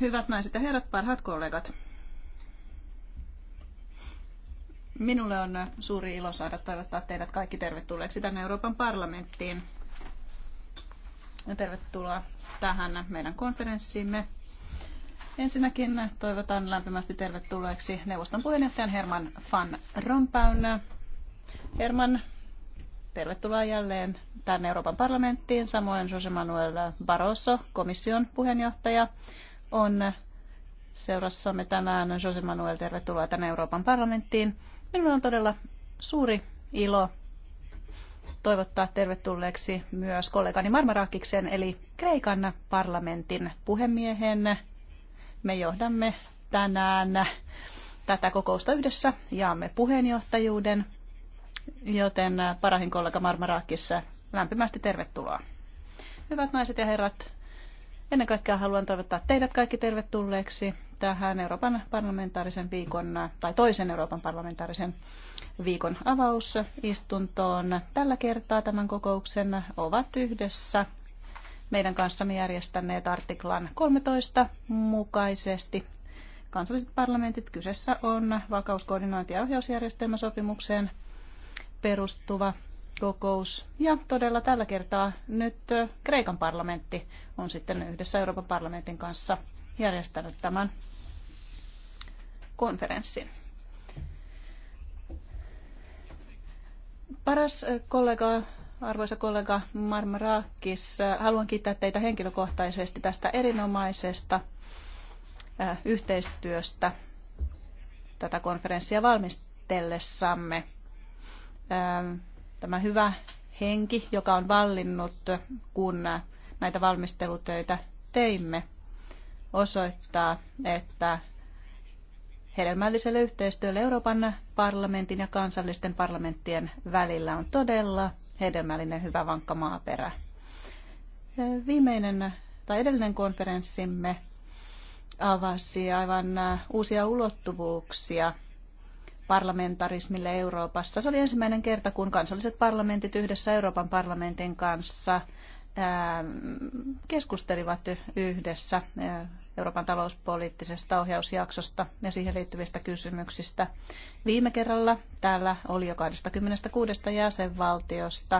Hyvät naiset ja herrat, parhaat kollegat. Minulle on suuri ilo saada toivottaa teidät kaikki tervetulleeksi tänne Euroopan parlamenttiin. Ja tervetuloa tähän meidän konferenssiimme. Ensinnäkin toivotan lämpimästi tervetulleeksi neuvoston puheenjohtajan Herman van Rompuyn. Herman, Tervetuloa jälleen tänne Euroopan parlamenttiin. Samoin Jose Manuel Barroso, komission puheenjohtaja, on seurassamme tänään. Jose Manuel, tervetuloa tänne Euroopan parlamenttiin. Minulla on todella suuri ilo toivottaa tervetulleeksi myös kollegani Marmarakiksen, eli Kreikan parlamentin puhemiehen. Me johdamme tänään tätä kokousta yhdessä, jaamme puheenjohtajuuden Joten äh, parahin kollega Marmaraakissa äh, lämpimästi tervetuloa. Hyvät naiset ja herrat, ennen kaikkea haluan toivottaa teidät kaikki tervetulleeksi tähän Euroopan parlamentaarisen viikon äh, tai toisen Euroopan parlamentaarisen viikon avausistuntoon. Tällä kertaa tämän kokouksen ovat yhdessä meidän kanssamme järjestäneet artiklan 13 mukaisesti kansalliset parlamentit. Kyseessä on vakauskoordinointi- ja ohjausjärjestelmäsopimukseen perustuva kokous. Ja todella tällä kertaa nyt Kreikan parlamentti on sitten yhdessä Euroopan parlamentin kanssa järjestänyt tämän konferenssin. Paras kollega, arvoisa kollega Marmarakis, haluan kiittää teitä henkilökohtaisesti tästä erinomaisesta yhteistyöstä tätä konferenssia valmistellessamme. Ähm, tämä hyvä henki, joka on vallinnut, kun näitä valmistelutöitä teimme, osoittaa, että hedelmälliselle yhteistyölle Euroopan parlamentin ja kansallisten parlamenttien välillä on todella hedelmällinen hyvä vankka maaperä. Äh, viimeinen tai edellinen konferenssimme avasi aivan äh, uusia ulottuvuuksia parlamentarismille Euroopassa. Se oli ensimmäinen kerta, kun kansalliset parlamentit yhdessä Euroopan parlamentin kanssa ähm, keskustelivat yhdessä äh, Euroopan talouspoliittisesta ohjausjaksosta ja siihen liittyvistä kysymyksistä. Viime kerralla täällä oli jo 26 jäsenvaltiosta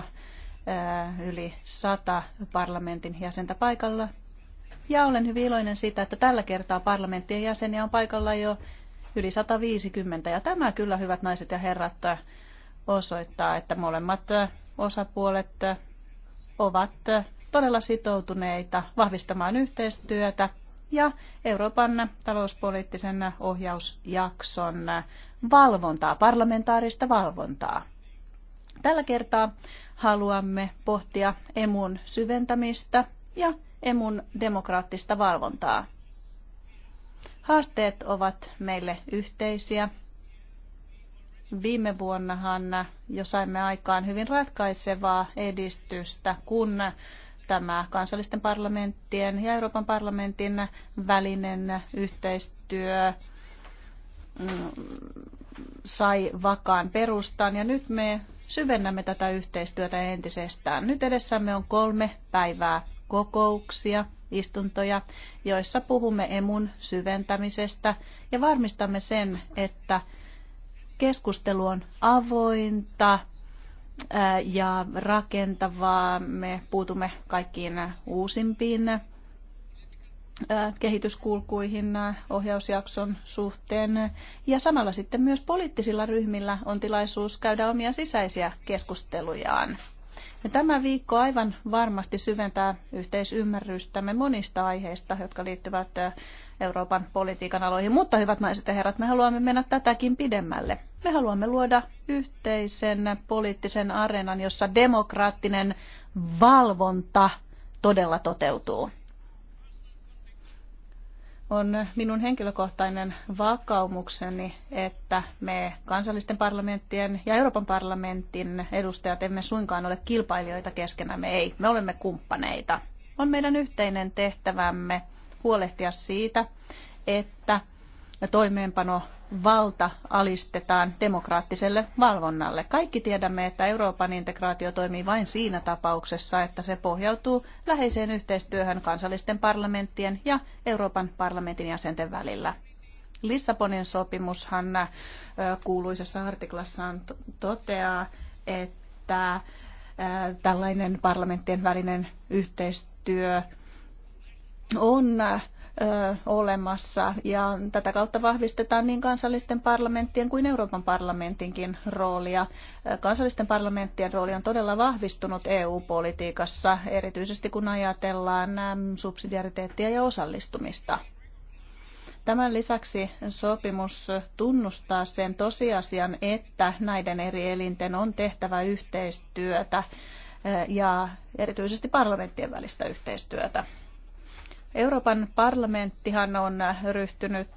äh, yli 100 parlamentin jäsentä paikalla. Ja olen hyvin iloinen siitä, että tällä kertaa parlamenttien jäseniä on paikalla jo yli 150. Ja tämä kyllä, hyvät naiset ja herrat, osoittaa, että molemmat osapuolet ovat todella sitoutuneita vahvistamaan yhteistyötä ja Euroopan talouspoliittisen ohjausjakson valvontaa, parlamentaarista valvontaa. Tällä kertaa haluamme pohtia emun syventämistä ja emun demokraattista valvontaa. Haasteet ovat meille yhteisiä. Viime vuonnahan jo saimme aikaan hyvin ratkaisevaa edistystä, kun tämä kansallisten parlamenttien ja Euroopan parlamentin välinen yhteistyö mm, sai vakaan perustan ja nyt me syvennämme tätä yhteistyötä entisestään. Nyt edessämme on kolme päivää kokouksia, istuntoja, joissa puhumme emun syventämisestä ja varmistamme sen, että keskustelu on avointa ja rakentavaa. Me puutumme kaikkiin uusimpiin kehityskulkuihin ohjausjakson suhteen. Ja samalla sitten myös poliittisilla ryhmillä on tilaisuus käydä omia sisäisiä keskustelujaan. Tämä viikko aivan varmasti syventää yhteisymmärrystämme monista aiheista, jotka liittyvät Euroopan politiikan aloihin. Mutta hyvät naiset ja herrat, me haluamme mennä tätäkin pidemmälle. Me haluamme luoda yhteisen poliittisen areenan, jossa demokraattinen valvonta todella toteutuu on minun henkilökohtainen vakaumukseni, että me kansallisten parlamenttien ja Euroopan parlamentin edustajat emme suinkaan ole kilpailijoita keskenämme, ei. Me olemme kumppaneita. On meidän yhteinen tehtävämme huolehtia siitä, että ja toimeenpano valta alistetaan demokraattiselle valvonnalle. Kaikki tiedämme, että Euroopan integraatio toimii vain siinä tapauksessa, että se pohjautuu läheiseen yhteistyöhön kansallisten parlamenttien ja Euroopan parlamentin jäsenten välillä. Lissabonin sopimushan kuuluisessa artiklassaan toteaa, että tällainen parlamenttien välinen yhteistyö on olemassa ja tätä kautta vahvistetaan niin kansallisten parlamenttien kuin Euroopan parlamentinkin roolia. Kansallisten parlamenttien rooli on todella vahvistunut EU-politiikassa, erityisesti kun ajatellaan subsidiariteettia ja osallistumista. Tämän lisäksi sopimus tunnustaa sen tosiasian, että näiden eri elinten on tehtävä yhteistyötä ja erityisesti parlamenttien välistä yhteistyötä. Euroopan parlamenttihan on ryhtynyt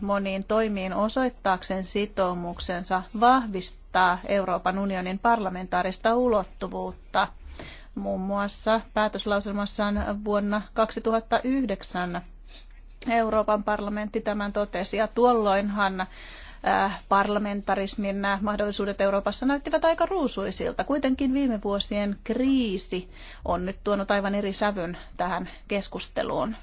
moniin toimiin osoittaakseen sitoumuksensa vahvistaa Euroopan unionin parlamentaarista ulottuvuutta. Muun muassa päätöslauselmassaan vuonna 2009 Euroopan parlamentti tämän totesi ja tuolloinhan Äh, parlamentarismin mahdollisuudet Euroopassa näyttivät aika ruusuisilta. Kuitenkin viime vuosien kriisi on nyt tuonut aivan eri sävyn tähän keskusteluun.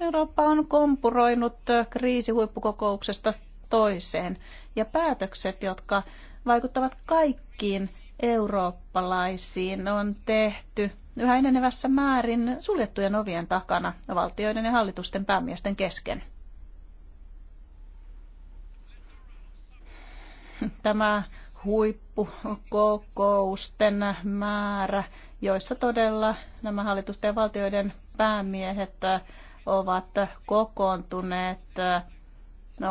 Eurooppa on kompuroinut kriisihuippukokouksesta toiseen ja päätökset, jotka vaikuttavat kaikkiin eurooppalaisiin, on tehty yhä enenevässä määrin suljettujen ovien takana valtioiden ja hallitusten päämiesten kesken. tämä huippukokousten määrä, joissa todella nämä hallitusten ja valtioiden päämiehet ovat kokoontuneet,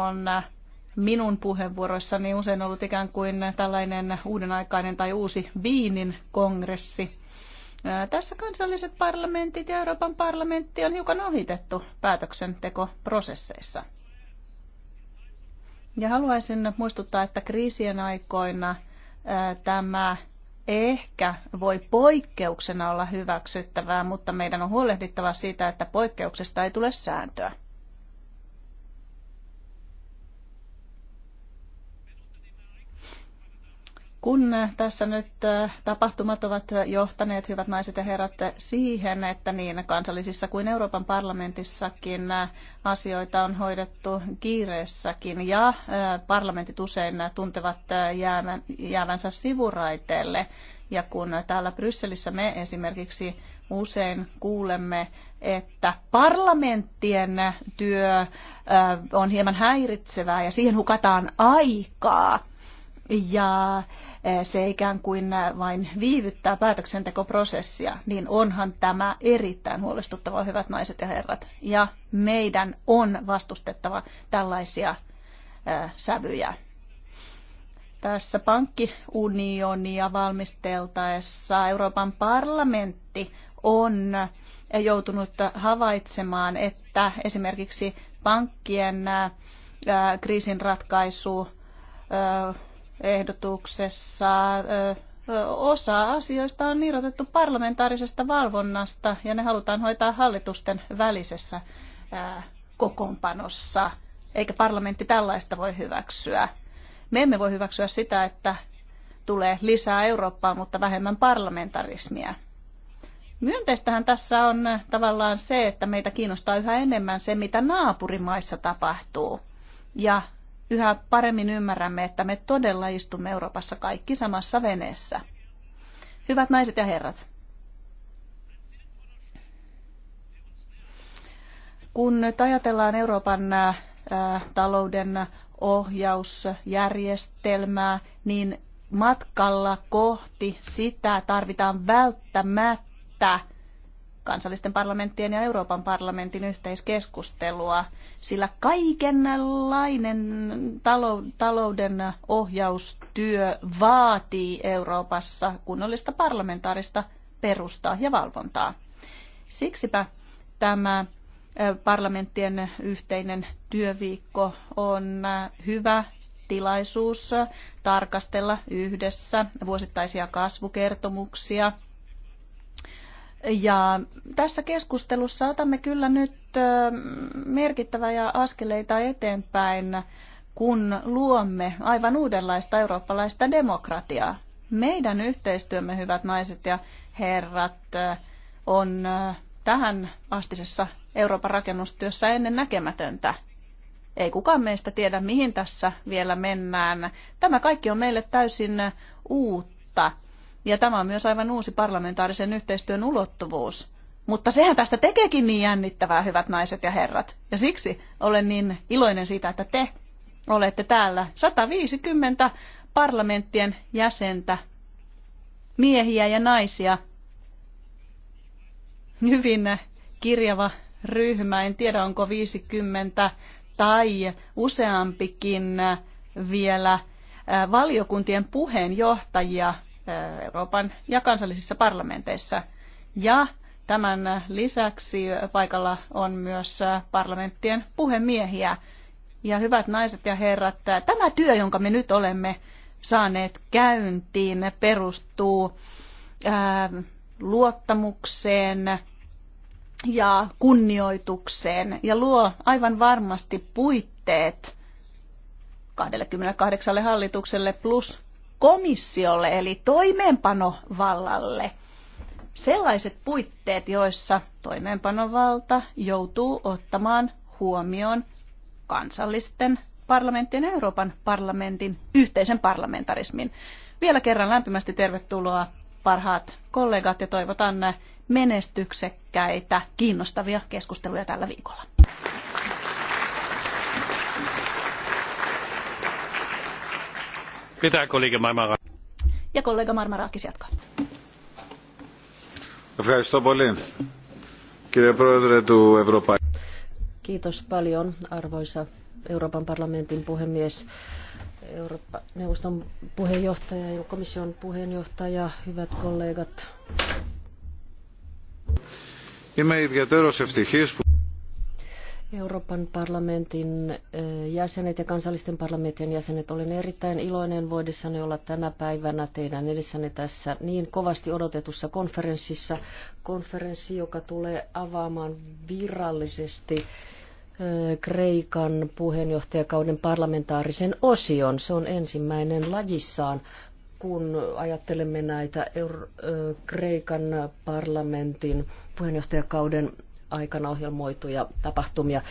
on minun puheenvuoroissani usein ollut ikään kuin tällainen uudenaikainen tai uusi Viinin kongressi. Tässä kansalliset parlamentit ja Euroopan parlamentti on hiukan ohitettu päätöksentekoprosesseissa. Ja haluaisin muistuttaa, että kriisien aikoina tämä ehkä voi poikkeuksena olla hyväksyttävää, mutta meidän on huolehdittava siitä, että poikkeuksesta ei tule sääntöä. kun tässä nyt tapahtumat ovat johtaneet, hyvät naiset ja herrat, siihen, että niin kansallisissa kuin Euroopan parlamentissakin asioita on hoidettu kiireessäkin ja parlamentit usein tuntevat jäävänsä sivuraiteelle. Ja kun täällä Brysselissä me esimerkiksi usein kuulemme, että parlamenttien työ on hieman häiritsevää ja siihen hukataan aikaa, ja eh, se ikään kuin eh, vain viivyttää päätöksentekoprosessia, niin onhan tämä erittäin huolestuttava, hyvät naiset ja herrat. Ja meidän on vastustettava tällaisia eh, sävyjä. Tässä pankkiunionia valmisteltaessa Euroopan parlamentti on joutunut havaitsemaan, että esimerkiksi pankkien kriisinratkaisu ehdotuksessa osa asioista on irrotettu parlamentaarisesta valvonnasta ja ne halutaan hoitaa hallitusten välisessä kokoonpanossa, eikä parlamentti tällaista voi hyväksyä. Me emme voi hyväksyä sitä, että tulee lisää Eurooppaa, mutta vähemmän parlamentarismia. Myönteistähän tässä on tavallaan se, että meitä kiinnostaa yhä enemmän se, mitä naapurimaissa tapahtuu. Ja yhä paremmin ymmärrämme, että me todella istumme Euroopassa kaikki samassa veneessä. Hyvät naiset ja herrat, kun nyt ajatellaan Euroopan talouden ohjausjärjestelmää, niin matkalla kohti sitä tarvitaan välttämättä – kansallisten parlamenttien ja Euroopan parlamentin yhteiskeskustelua, sillä kaikenlainen talouden ohjaustyö vaatii Euroopassa kunnollista parlamentaarista perustaa ja valvontaa. Siksipä tämä parlamenttien yhteinen työviikko on hyvä tilaisuus tarkastella yhdessä vuosittaisia kasvukertomuksia – ja tässä keskustelussa otamme kyllä nyt merkittäviä askeleita eteenpäin, kun luomme aivan uudenlaista eurooppalaista demokratiaa. Meidän yhteistyömme, hyvät naiset ja herrat, on tähän astisessa Euroopan rakennustyössä ennen näkemätöntä. Ei kukaan meistä tiedä, mihin tässä vielä mennään. Tämä kaikki on meille täysin uutta. Ja tämä on myös aivan uusi parlamentaarisen yhteistyön ulottuvuus. Mutta sehän tästä tekeekin niin jännittävää, hyvät naiset ja herrat. Ja siksi olen niin iloinen siitä, että te olette täällä 150 parlamenttien jäsentä, miehiä ja naisia. Hyvin kirjava ryhmä, en tiedä onko 50 tai useampikin vielä valiokuntien puheenjohtajia Euroopan ja kansallisissa parlamenteissa. Ja tämän lisäksi paikalla on myös parlamenttien puhemiehiä. Ja hyvät naiset ja herrat, tämä työ, jonka me nyt olemme saaneet käyntiin, perustuu luottamukseen ja kunnioitukseen ja luo aivan varmasti puitteet 28 hallitukselle plus komissiolle eli toimeenpanovallalle sellaiset puitteet, joissa toimeenpanovalta joutuu ottamaan huomioon kansallisten parlamenttien ja Euroopan parlamentin yhteisen parlamentarismin. Vielä kerran lämpimästi tervetuloa parhaat kollegat ja toivotan menestyksekkäitä, kiinnostavia keskusteluja tällä viikolla. Pitää kollega Marmara. Ja kollega Marmarakis jatkaa. Ευχαριστώ πολύ. Κύριε Kiitos paljon, arvoisa Euroopan parlamentin puhemies, eurooppa neuvoston puheenjohtaja ja komission puheenjohtaja, hyvät kollegat. Είμαι ιδιαίτερος ευτυχής που Euroopan parlamentin jäsenet ja kansallisten parlamentin jäsenet, olen erittäin iloinen voidessani olla tänä päivänä teidän edessänne tässä niin kovasti odotetussa konferenssissa. Konferenssi, joka tulee avaamaan virallisesti Kreikan puheenjohtajakauden parlamentaarisen osion. Se on ensimmäinen lajissaan kun ajattelemme näitä Euro- Kreikan parlamentin puheenjohtajakauden aikana ohjelmoituja tapahtumia.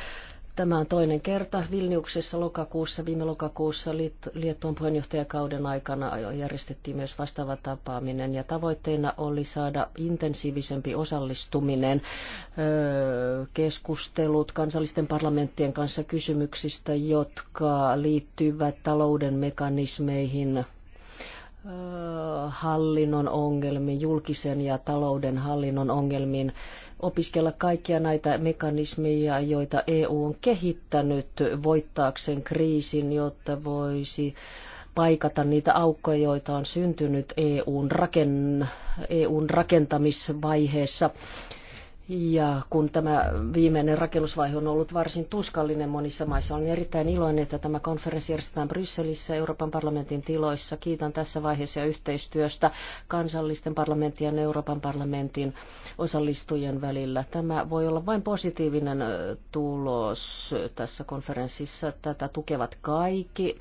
Tämä on toinen kerta Vilniuksessa lokakuussa, viime lokakuussa Liettuan puheenjohtajakauden aikana järjestettiin myös vastaava tapaaminen ja tavoitteena oli saada intensiivisempi osallistuminen, keskustelut kansallisten parlamenttien kanssa kysymyksistä, jotka liittyvät talouden mekanismeihin, hallinnon ongelmiin, julkisen ja talouden hallinnon ongelmiin opiskella kaikkia näitä mekanismeja, joita EU on kehittänyt voittaakseen kriisin, jotta voisi paikata niitä aukkoja, joita on syntynyt EUn, raken, EUn rakentamisvaiheessa. Ja kun tämä viimeinen rakennusvaihe on ollut varsin tuskallinen monissa maissa, olen erittäin iloinen, että tämä konferenssi järjestetään Brysselissä Euroopan parlamentin tiloissa. Kiitän tässä vaiheessa yhteistyöstä kansallisten parlamenttien ja Euroopan parlamentin osallistujien välillä. Tämä voi olla vain positiivinen tulos tässä konferenssissa. Tätä tukevat kaikki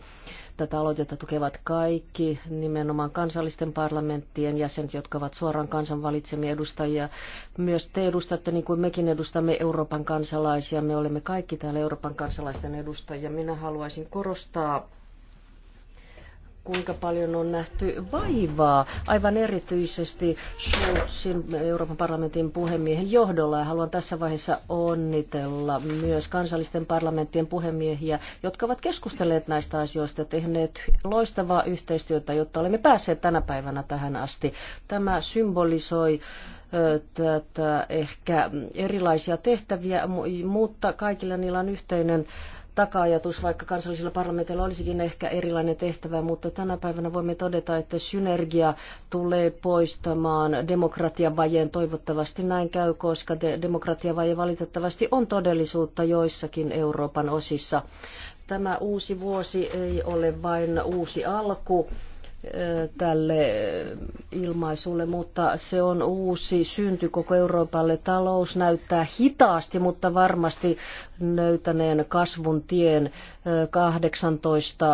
Tätä aloitetta tukevat kaikki, nimenomaan kansallisten parlamenttien jäsenet, jotka ovat suoraan kansan valitsemia edustajia. Myös te edustatte, niin kuin mekin edustamme Euroopan kansalaisia. Me olemme kaikki täällä Euroopan kansalaisten edustajia. Minä haluaisin korostaa kuinka paljon on nähty vaivaa, aivan erityisesti Schulzin Euroopan parlamentin puhemiehen johdolla. Ja haluan tässä vaiheessa onnitella myös kansallisten parlamenttien puhemiehiä, jotka ovat keskustelleet näistä asioista ja tehneet loistavaa yhteistyötä, jotta olemme päässeet tänä päivänä tähän asti. Tämä symbolisoi tätä ehkä erilaisia tehtäviä, mutta kaikilla niillä on yhteinen taka-ajatus, vaikka kansallisilla parlamenteilla olisikin ehkä erilainen tehtävä, mutta tänä päivänä voimme todeta, että synergia tulee poistamaan demokratiavajeen. Toivottavasti näin käy, koska de- demokratiavaje valitettavasti on todellisuutta joissakin Euroopan osissa. Tämä uusi vuosi ei ole vain uusi alku tälle ilmaisulle, mutta se on uusi synty koko Euroopalle. Talous näyttää hitaasti, mutta varmasti löytäneen kasvun tien 18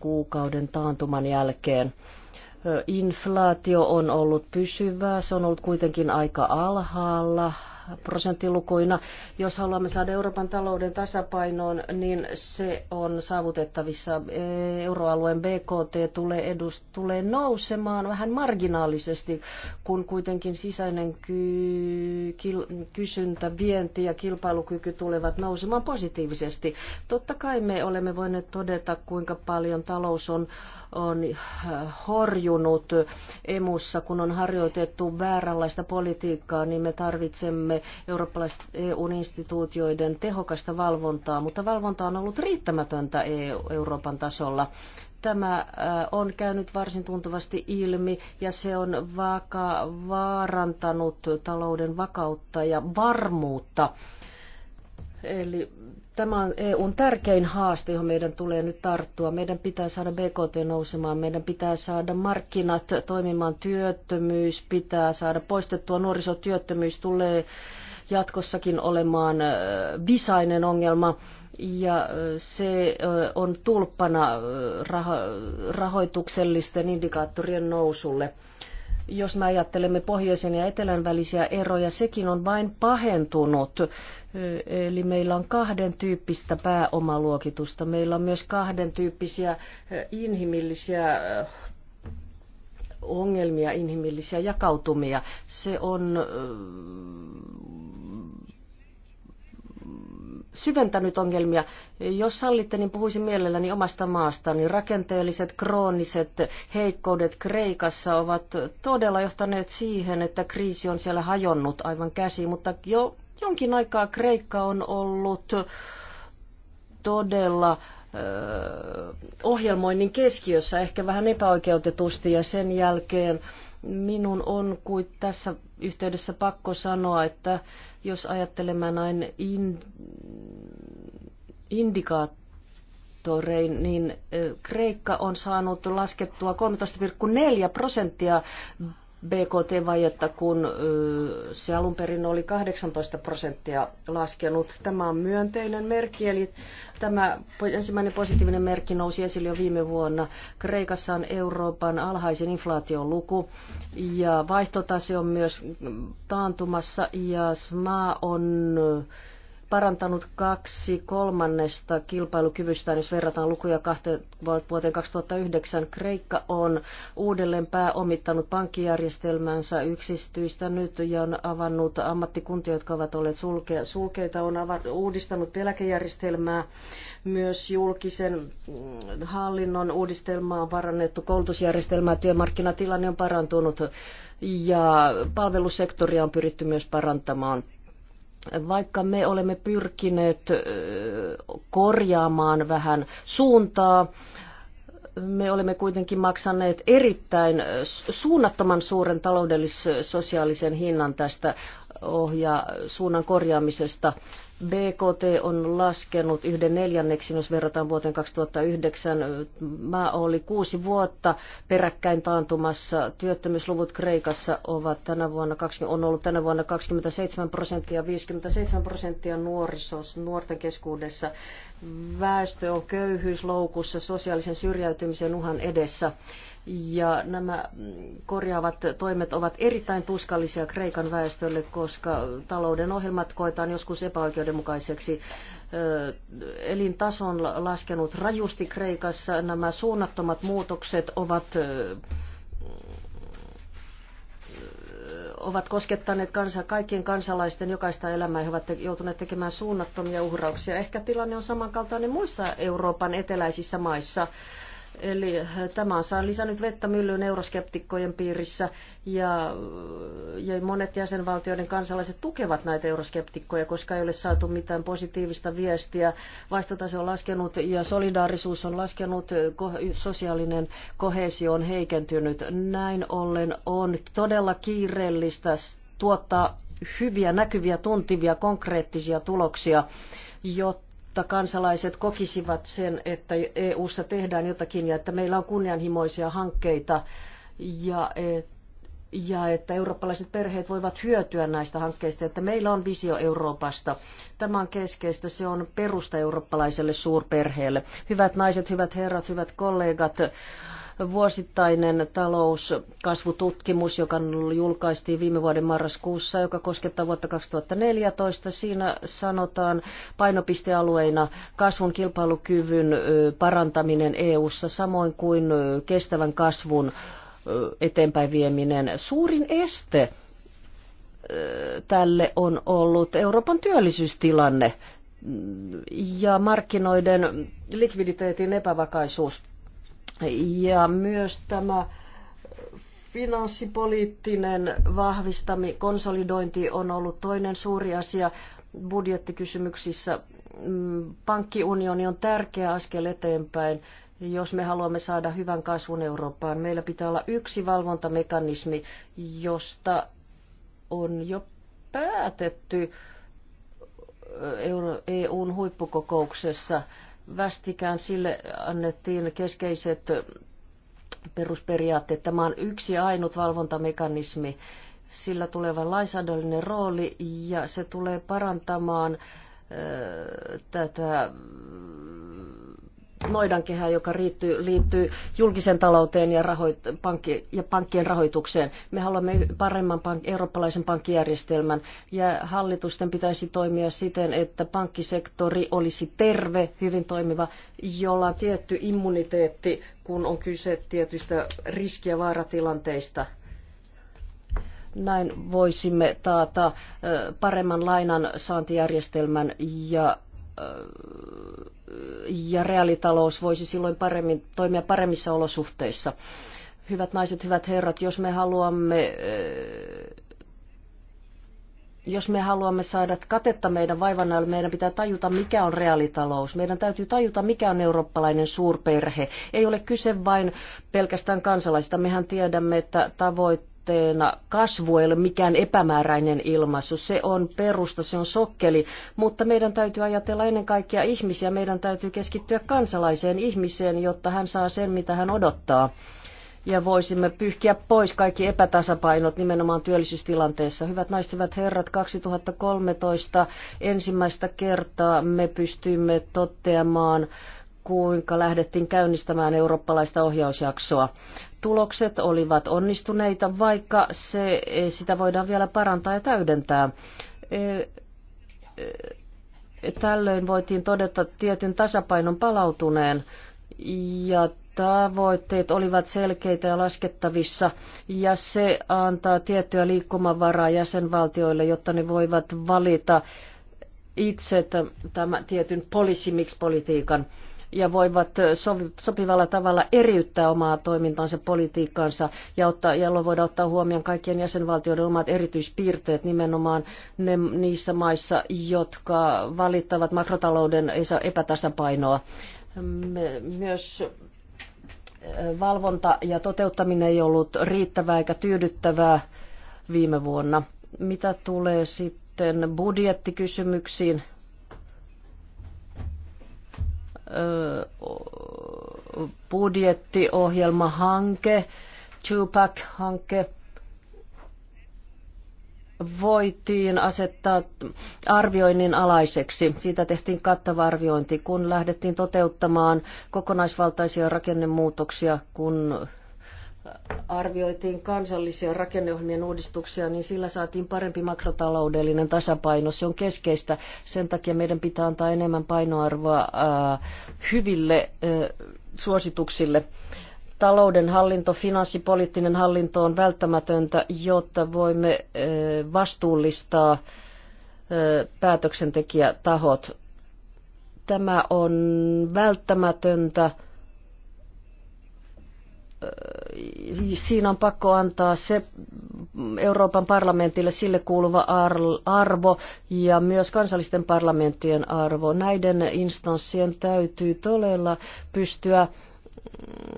kuukauden taantuman jälkeen. Inflaatio on ollut pysyvää, se on ollut kuitenkin aika alhaalla prosenttilukuina. Jos haluamme saada Euroopan talouden tasapainoon, niin se on saavutettavissa. Euroalueen BKT tulee, edus, tulee nousemaan vähän marginaalisesti, kun kuitenkin sisäinen ky, kil, kysyntä, vienti ja kilpailukyky tulevat nousemaan positiivisesti. Totta kai me olemme voineet todeta, kuinka paljon talous on äh, on äh, horjunut emussa, kun on harjoitettu vääränlaista politiikkaa, niin me tarvitsemme eurooppalaiset EU-instituutioiden tehokasta valvontaa, mutta valvonta on ollut riittämätöntä e Euroopan tasolla tämä äh, on käynyt varsin tuntuvasti ilmi ja se on vaka- vaarantanut talouden vakautta ja varmuutta Eli tämä on EUn tärkein haaste, johon meidän tulee nyt tarttua. Meidän pitää saada BKT nousemaan, meidän pitää saada markkinat toimimaan, työttömyys pitää saada poistettua, nuorisotyöttömyys tulee jatkossakin olemaan visainen ongelma ja se on tulppana rahoituksellisten indikaattorien nousulle jos me ajattelemme pohjoisen ja etelän välisiä eroja, sekin on vain pahentunut. Eli meillä on kahden tyyppistä pääomaluokitusta. Meillä on myös kahden tyyppisiä inhimillisiä ongelmia, inhimillisiä jakautumia. Se on syventänyt ongelmia. Jos sallitte, niin puhuisin mielelläni omasta maastani. Niin rakenteelliset, krooniset heikkoudet Kreikassa ovat todella johtaneet siihen, että kriisi on siellä hajonnut aivan käsi, mutta jo jonkin aikaa Kreikka on ollut todella ohjelmoinnin keskiössä, ehkä vähän epäoikeutetusti, ja sen jälkeen minun on kuin tässä yhteydessä pakko sanoa, että jos ajattelemme näin in, indikaattorein, niin Kreikka on saanut laskettua 13,4 prosenttia BKT-vajetta, kun se alun perin oli 18 prosenttia laskenut. Tämä on myönteinen merkki, eli tämä ensimmäinen positiivinen merkki nousi esille jo viime vuonna. Kreikassa on Euroopan alhaisin inflaation luku ja vaihtotase on myös taantumassa ja SMA on parantanut kaksi kolmannesta kilpailukyvystään, jos verrataan lukuja kahteen vuoteen 2009. Kreikka on uudelleen pääomittanut pankkijärjestelmänsä nyt ja on avannut ammattikuntia, jotka ovat olleet sulkea, sulkeita, on uudistanut eläkejärjestelmää, myös julkisen mm, hallinnon uudistelmaa on parannettu, koulutusjärjestelmää, työmarkkinatilanne on parantunut ja palvelusektoria on pyritty myös parantamaan vaikka me olemme pyrkineet korjaamaan vähän suuntaa, me olemme kuitenkin maksaneet erittäin suunnattoman suuren taloudellis-sosiaalisen hinnan tästä ohja suunnan korjaamisesta BKT on laskenut yhden neljänneksin, jos verrataan vuoteen 2009. Maa oli kuusi vuotta peräkkäin taantumassa. Työttömyysluvut Kreikassa ovat tänä vuonna, on ollut tänä vuonna 27 prosenttia, 57 prosenttia nuorisos, nuorten keskuudessa. Väestö on köyhyysloukussa, sosiaalisen syrjäytymisen uhan edessä. Ja nämä korjaavat toimet ovat erittäin tuskallisia Kreikan väestölle, koska talouden ohjelmat koetaan joskus epäoikeudenmukaiseksi. Elintason laskenut rajusti Kreikassa. Nämä suunnattomat muutokset ovat ovat koskettaneet kansa, kaikkien kansalaisten jokaista elämää. He ovat te, joutuneet tekemään suunnattomia uhrauksia. Ehkä tilanne on samankaltainen muissa Euroopan eteläisissä maissa. Eli eh, tämä on lisännyt vettä myllyyn euroskeptikkojen piirissä ja, ja monet jäsenvaltioiden kansalaiset tukevat näitä euroskeptikkoja, koska ei ole saatu mitään positiivista viestiä. Vaihtotase on laskenut ja solidaarisuus on laskenut, sosiaalinen kohesio on heikentynyt. Näin ollen on todella kiireellistä tuottaa hyviä, näkyviä, tuntivia, konkreettisia tuloksia, jotta jotta kansalaiset kokisivat sen, että EU-ssa tehdään jotakin ja että meillä on kunnianhimoisia hankkeita ja, ja että eurooppalaiset perheet voivat hyötyä näistä hankkeista, että meillä on visio Euroopasta. Tämä on keskeistä, se on perusta eurooppalaiselle suurperheelle. Hyvät naiset, hyvät herrat, hyvät kollegat, vuosittainen talouskasvututkimus, joka julkaistiin viime vuoden marraskuussa, joka koskettaa vuotta 2014. Siinä sanotaan painopistealueina kasvun kilpailukyvyn parantaminen EU:ssa samoin kuin kestävän kasvun eteenpäin vieminen. Suurin este tälle on ollut Euroopan työllisyystilanne ja markkinoiden likviditeetin epävakaisuus. Ja myös tämä finanssipoliittinen vahvistami, konsolidointi on ollut toinen suuri asia budjettikysymyksissä. Mm, pankkiunioni on tärkeä askel eteenpäin, jos me haluamme saada hyvän kasvun Eurooppaan. Meillä pitää olla yksi valvontamekanismi, josta on jo päätetty EUn e huippukokouksessa – vastikään sille annettiin keskeiset perusperiaatteet. Tämä on yksi ainut valvontamekanismi. Sillä tuleva lainsäädännöllinen rooli ja se tulee parantamaan tätä noidankehä, joka riittyy liittyy julkisen talouteen ja, rahoit, pankki, ja pankkien rahoitukseen. Me haluamme paremman pank, eurooppalaisen pankkijärjestelmän ja hallitusten pitäisi toimia siten, että pankkisektori olisi terve, hyvin toimiva, jolla on tietty immuniteetti, kun on kyse tietystä riski- ja vaaratilanteista näin voisimme taata paremman lainan saantijärjestelmän ja ja reaalitalous voisi silloin paremmin, toimia paremmissa olosuhteissa. Hyvät naiset, hyvät herrat, jos me haluamme eh, jos me haluamme saada katetta meidän vaivanaille, meidän pitää tajuta, mikä on reaalitalous. Meidän täytyy tajuta, mikä on eurooppalainen suurperhe. Ei ole kyse vain pelkästään kansalaisista. Mehän tiedämme, että tavoit, perusteena kasvu ei ole mikään epämääräinen ilmaisu. Se on perusta, se on sokkeli, mutta meidän täytyy ajatella ennen kaikkea ihmisiä. Meidän täytyy keskittyä kansalaiseen ihmiseen, jotta hän saa sen, mitä hän odottaa. Ja voisimme pyyhkiä pois kaikki epätasapainot nimenomaan työllisyystilanteessa. Hyvät naiset, hyvät herrat, 2013 ensimmäistä kertaa me pystymme toteamaan kuinka lähdettiin käynnistämään eurooppalaista ohjausjaksoa tulokset olivat onnistuneita, vaikka se, eh, sitä voidaan vielä parantaa ja täydentää. Eh, eh, tällöin voitiin todeta tietyn tasapainon palautuneen ja tavoitteet olivat selkeitä ja laskettavissa ja se antaa tiettyä liikkumavaraa jäsenvaltioille, jotta ne voivat valita itse tämän tietyn policy mix politiikan ja voivat sopivalla tavalla eriyttää omaa toimintaansa, politiikkaansa ja ottaa, jolloin voidaan ottaa huomioon kaikkien jäsenvaltioiden omat erityispiirteet nimenomaan ne, niissä maissa, jotka valittavat makrotalouden epätasapainoa. Me, myös valvonta ja toteuttaminen ei ollut riittävää eikä tyydyttävää viime vuonna. Mitä tulee sitten budjettikysymyksiin, budjettiohjelmahanke, Tupac-hanke, voitiin asettaa arvioinnin alaiseksi. Siitä tehtiin kattava arviointi, kun lähdettiin toteuttamaan kokonaisvaltaisia rakennemuutoksia, kun arvioitiin kansallisia rakenneohjelmien uudistuksia, niin sillä saatiin parempi makrotaloudellinen tasapaino. Se on keskeistä. Sen takia meidän pitää antaa enemmän painoarvoa hyville suosituksille. Talouden hallinto, finanssipoliittinen hallinto on välttämätöntä, jotta voimme vastuullistaa päätöksentekijätahot. Tämä on välttämätöntä siinä on pakko antaa se Euroopan parlamentille sille kuuluva arvo ja myös kansallisten parlamenttien arvo. Näiden instanssien täytyy todella pystyä mm,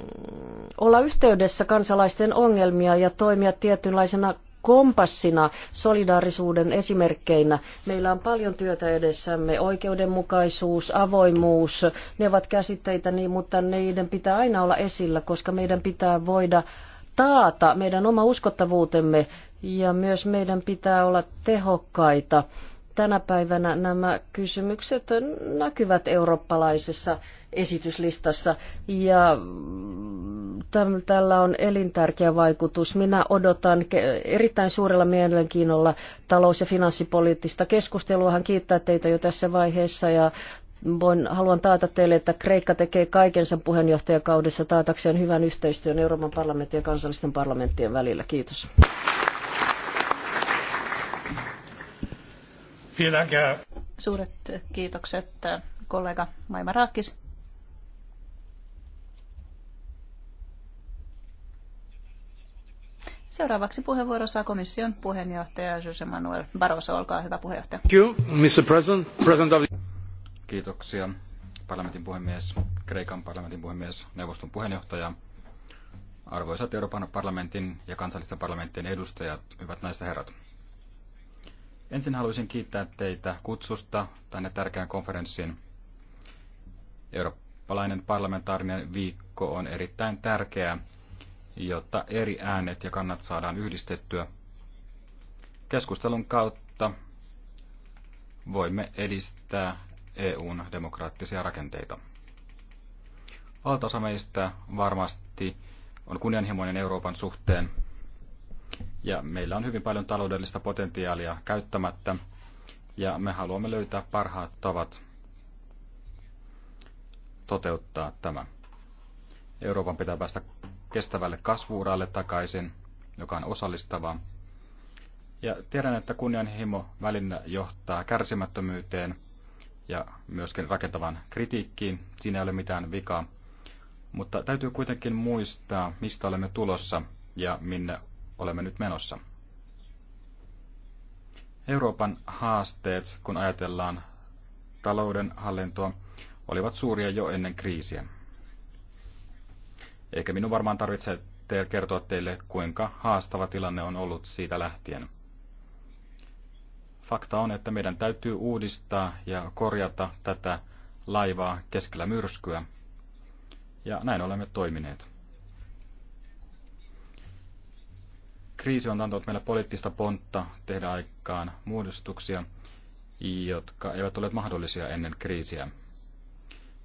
olla yhteydessä kansalaisten ongelmia ja toimia tietynlaisena kompassina, solidaarisuuden esimerkkeinä. Meillä on paljon työtä edessämme, oikeudenmukaisuus, avoimuus, ne ovat käsitteitä, niin, mutta niiden pitää aina olla esillä, koska meidän pitää voida taata meidän oma uskottavuutemme ja myös meidän pitää olla tehokkaita tänä päivänä nämä kysymykset näkyvät eurooppalaisessa esityslistassa ja mm, tällä on elintärkeä vaikutus. Minä odotan erittäin suurella mielenkiinnolla talous- ja finanssipoliittista keskustelua. Hän kiittää teitä jo tässä vaiheessa ja voin, haluan taata teille, että Kreikka tekee kaikensa puheenjohtajakaudessa taatakseen hyvän yhteistyön Euroopan parlamentin ja kansallisten parlamenttien välillä. Kiitos. Suuret kiitokset kollega Maima Raakis. Seuraavaksi puheenvuoro saa komission puheenjohtaja Jose Manuel Barroso. Olkaa hyvä puheenjohtaja. Kiitoksia parlamentin puhemies, Kreikan parlamentin puhemies, neuvoston puheenjohtaja, arvoisat Euroopan parlamentin ja kansallisten parlamenttien edustajat, hyvät naiset ja herrat. Ensin haluaisin kiittää teitä kutsusta tänne tärkeään konferenssiin. Eurooppalainen parlamentaarinen viikko on erittäin tärkeä, jotta eri äänet ja kannat saadaan yhdistettyä. Keskustelun kautta voimme edistää EUn demokraattisia rakenteita. Valtaosa meistä varmasti on kunnianhimoinen Euroopan suhteen, ja meillä on hyvin paljon taloudellista potentiaalia käyttämättä, ja me haluamme löytää parhaat tavat toteuttaa tämä. Euroopan pitää päästä kestävälle kasvuuralle takaisin, joka on osallistavaa. Ja tiedän, että kunnianhimo välinnä johtaa kärsimättömyyteen ja myöskin rakentavan kritiikkiin. Siinä ei ole mitään vikaa. Mutta täytyy kuitenkin muistaa, mistä olemme tulossa ja minne olemme nyt menossa. Euroopan haasteet, kun ajatellaan talouden hallintoa, olivat suuria jo ennen kriisiä. Eikä minun varmaan tarvitse kertoa teille, kuinka haastava tilanne on ollut siitä lähtien. Fakta on, että meidän täytyy uudistaa ja korjata tätä laivaa keskellä myrskyä, ja näin olemme toimineet. kriisi on antanut meille poliittista pontta tehdä aikaan muodostuksia, jotka eivät ole mahdollisia ennen kriisiä.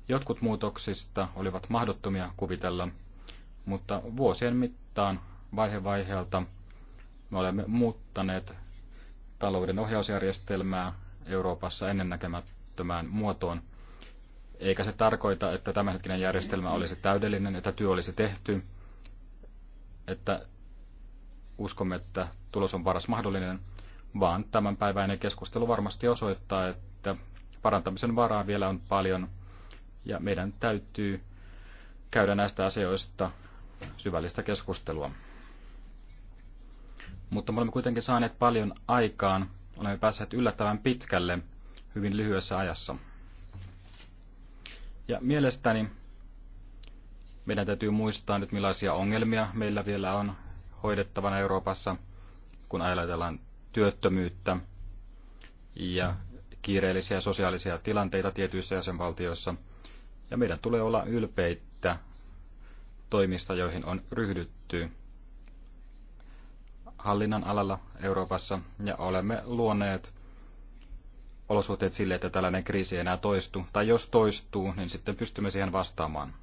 Jotkut muutoksista olivat mahdottomia kuvitella, mutta vuosien mittaan vaihe vaiheelta me olemme muuttaneet talouden ohjausjärjestelmää Euroopassa ennennäkemättömään muotoon. Eikä se tarkoita, että tämänhetkinen järjestelmä olisi täydellinen, että työ olisi tehty, että uskomme, että tulos on paras mahdollinen, vaan tämänpäiväinen keskustelu varmasti osoittaa, että parantamisen varaa vielä on paljon ja meidän täytyy käydä näistä asioista syvällistä keskustelua. Mutta me olemme kuitenkin saaneet paljon aikaan, olemme päässeet yllättävän pitkälle hyvin lyhyessä ajassa. Ja mielestäni meidän täytyy muistaa nyt millaisia ongelmia meillä vielä on hoidettavana Euroopassa, kun ajatellaan työttömyyttä ja kiireellisiä sosiaalisia tilanteita tietyissä jäsenvaltioissa. Ja meidän tulee olla ylpeitä toimista, joihin on ryhdytty hallinnan alalla Euroopassa, ja olemme luoneet olosuhteet sille, että tällainen kriisi ei enää toistu, tai jos toistuu, niin sitten pystymme siihen vastaamaan.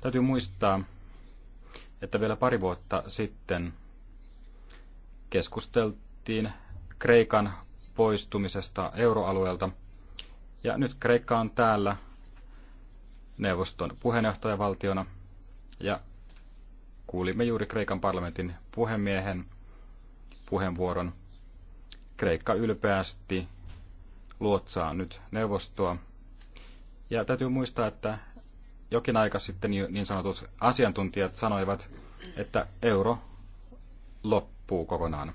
Täytyy muistaa, että vielä pari vuotta sitten keskusteltiin Kreikan poistumisesta euroalueelta. Ja nyt Kreikka on täällä neuvoston puheenjohtajavaltiona. Ja kuulimme juuri Kreikan parlamentin puhemiehen puheenvuoron. Kreikka ylpeästi luotsaa nyt neuvostoa. Ja täytyy muistaa, että jokin aika sitten niin, niin sanotut asiantuntijat sanoivat, että euro loppuu kokonaan.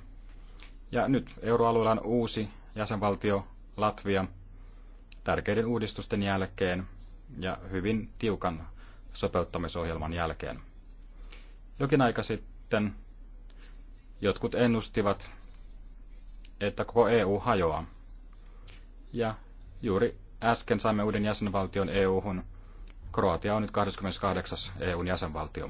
Ja nyt euroalueella on uusi jäsenvaltio Latvia tärkeiden uudistusten jälkeen ja hyvin tiukan sopeuttamisohjelman jälkeen. Jokin aika sitten jotkut ennustivat, että koko EU hajoaa. Ja juuri äsken saimme uuden jäsenvaltion EU-hun, Kroatia on nyt 28. EUn jäsenvaltio.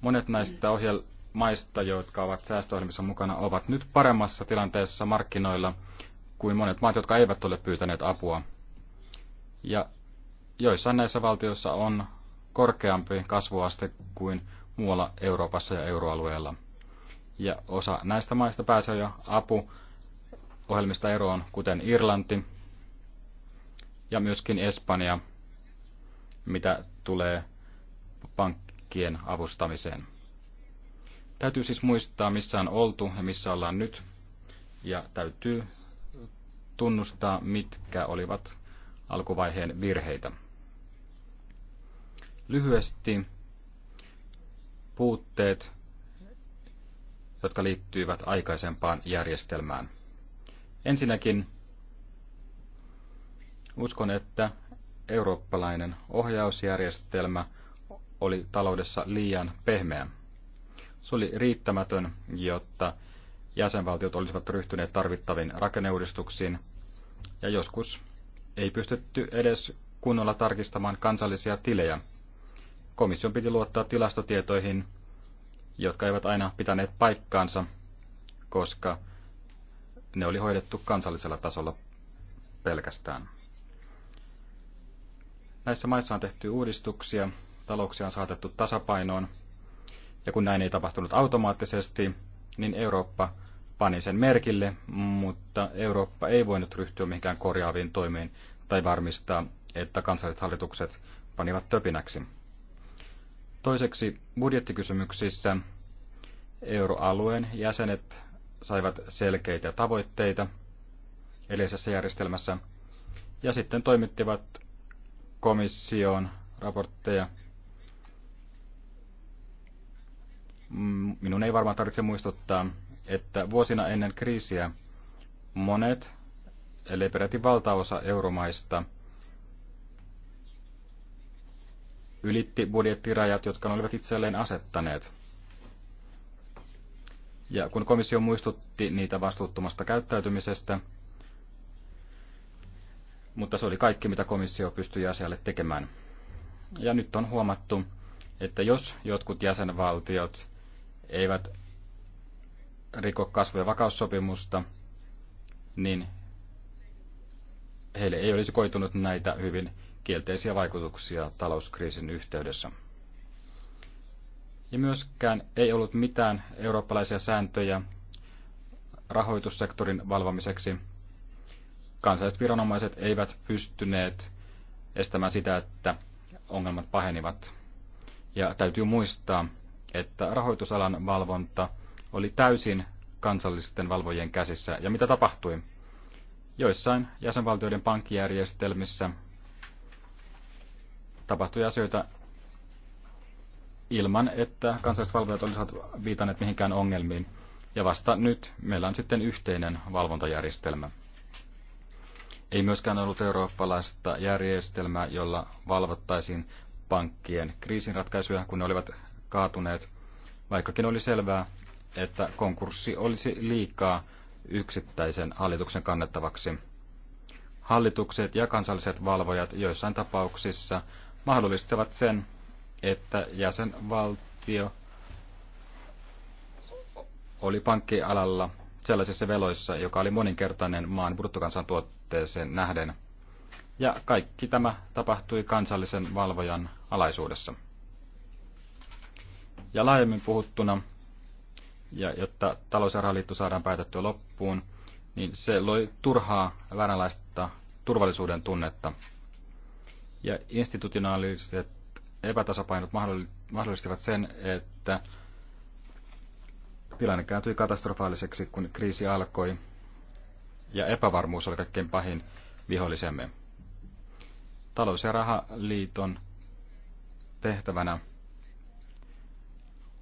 Monet näistä ohjel- maista, jotka ovat säästöohjelmissa mukana, ovat nyt paremmassa tilanteessa markkinoilla kuin monet maat, jotka eivät ole pyytäneet apua. Ja joissain näissä valtioissa on korkeampi kasvuaste kuin muualla Euroopassa ja euroalueella. Ja osa näistä maista pääsee jo apuohjelmista eroon, kuten Irlanti, ja myöskin Espanja, mitä tulee pankkien avustamiseen. Täytyy siis muistaa, missä on oltu ja missä ollaan nyt, ja täytyy tunnustaa, mitkä olivat alkuvaiheen virheitä. Lyhyesti puutteet, jotka liittyivät aikaisempaan järjestelmään. Ensinnäkin Uskon, että eurooppalainen ohjausjärjestelmä oli taloudessa liian pehmeä. Se oli riittämätön, jotta jäsenvaltiot olisivat ryhtyneet tarvittaviin rakenneuudistuksiin, ja joskus ei pystytty edes kunnolla tarkistamaan kansallisia tilejä. Komission piti luottaa tilastotietoihin, jotka eivät aina pitäneet paikkaansa, koska ne oli hoidettu kansallisella tasolla pelkästään. Näissä maissa on tehty uudistuksia, talouksia on saatettu tasapainoon, ja kun näin ei tapahtunut automaattisesti, niin Eurooppa pani sen merkille, mutta Eurooppa ei voinut ryhtyä mihinkään korjaaviin toimiin tai varmistaa, että kansalliset hallitukset panivat töpinäksi. Toiseksi budjettikysymyksissä euroalueen jäsenet saivat selkeitä tavoitteita edellisessä järjestelmässä ja sitten toimittivat komission raportteja. Mm, minun ei varmaan tarvitse muistuttaa, että vuosina ennen kriisiä monet, eli peräti valtaosa euromaista, ylitti budjettirajat, jotka ne olivat itselleen asettaneet. Ja kun komissio muistutti niitä vastuuttomasta käyttäytymisestä, mutta se oli kaikki, mitä komissio pystyi asialle tekemään. Ja nyt on huomattu, että jos jotkut jäsenvaltiot eivät riko kasvu- ja vakaussopimusta, niin heille ei olisi koitunut näitä hyvin kielteisiä vaikutuksia talouskriisin yhteydessä. Ja myöskään ei ollut mitään eurooppalaisia sääntöjä rahoitussektorin valvomiseksi – kansalliset viranomaiset eivät pystyneet estämään sitä, että ongelmat pahenivat. Ja täytyy muistaa, että rahoitusalan valvonta oli täysin kansallisten valvojien käsissä. Ja mitä tapahtui? Joissain jäsenvaltioiden pankkijärjestelmissä tapahtui asioita ilman, että kansalliset valvojat olisivat viitanneet mihinkään ongelmiin. Ja vasta nyt meillä on sitten yhteinen valvontajärjestelmä. Ei myöskään ollut eurooppalaista järjestelmää, jolla valvottaisiin pankkien kriisinratkaisuja, kun ne olivat kaatuneet, vaikkakin oli selvää, että konkurssi olisi liikaa yksittäisen hallituksen kannettavaksi. Hallitukset ja kansalliset valvojat joissain tapauksissa mahdollistavat sen, että jäsenvaltio oli pankkialalla sellaisissa veloissa, joka oli moninkertainen maan bruttokansantuotto tavoitteeseen nähden. Ja kaikki tämä tapahtui kansallisen valvojan alaisuudessa. Ja laajemmin puhuttuna, ja jotta talous- ja saadaan päätettyä loppuun, niin se loi turhaa vääränlaista turvallisuuden tunnetta. Ja institutionaaliset epätasapainot mahdollistivat sen, että tilanne kääntyi katastrofaaliseksi, kun kriisi alkoi, ja epävarmuus oli kaikkein pahin vihollisemme. Talous- ja rahaliiton tehtävänä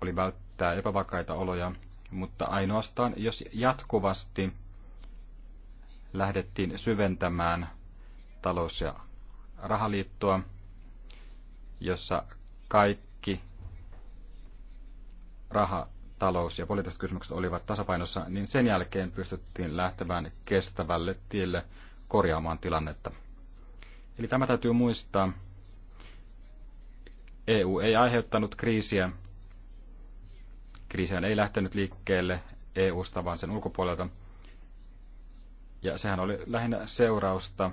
oli välttää epävakaita oloja, mutta ainoastaan jos jatkuvasti lähdettiin syventämään talous- ja rahaliittoa, jossa kaikki raha talous- ja poliittiset kysymykset olivat tasapainossa, niin sen jälkeen pystyttiin lähtemään kestävälle tielle korjaamaan tilannetta. Eli tämä täytyy muistaa. EU ei aiheuttanut kriisiä. Kriisiä ei lähtenyt liikkeelle EUsta, vaan sen ulkopuolelta. Ja sehän oli lähinnä seurausta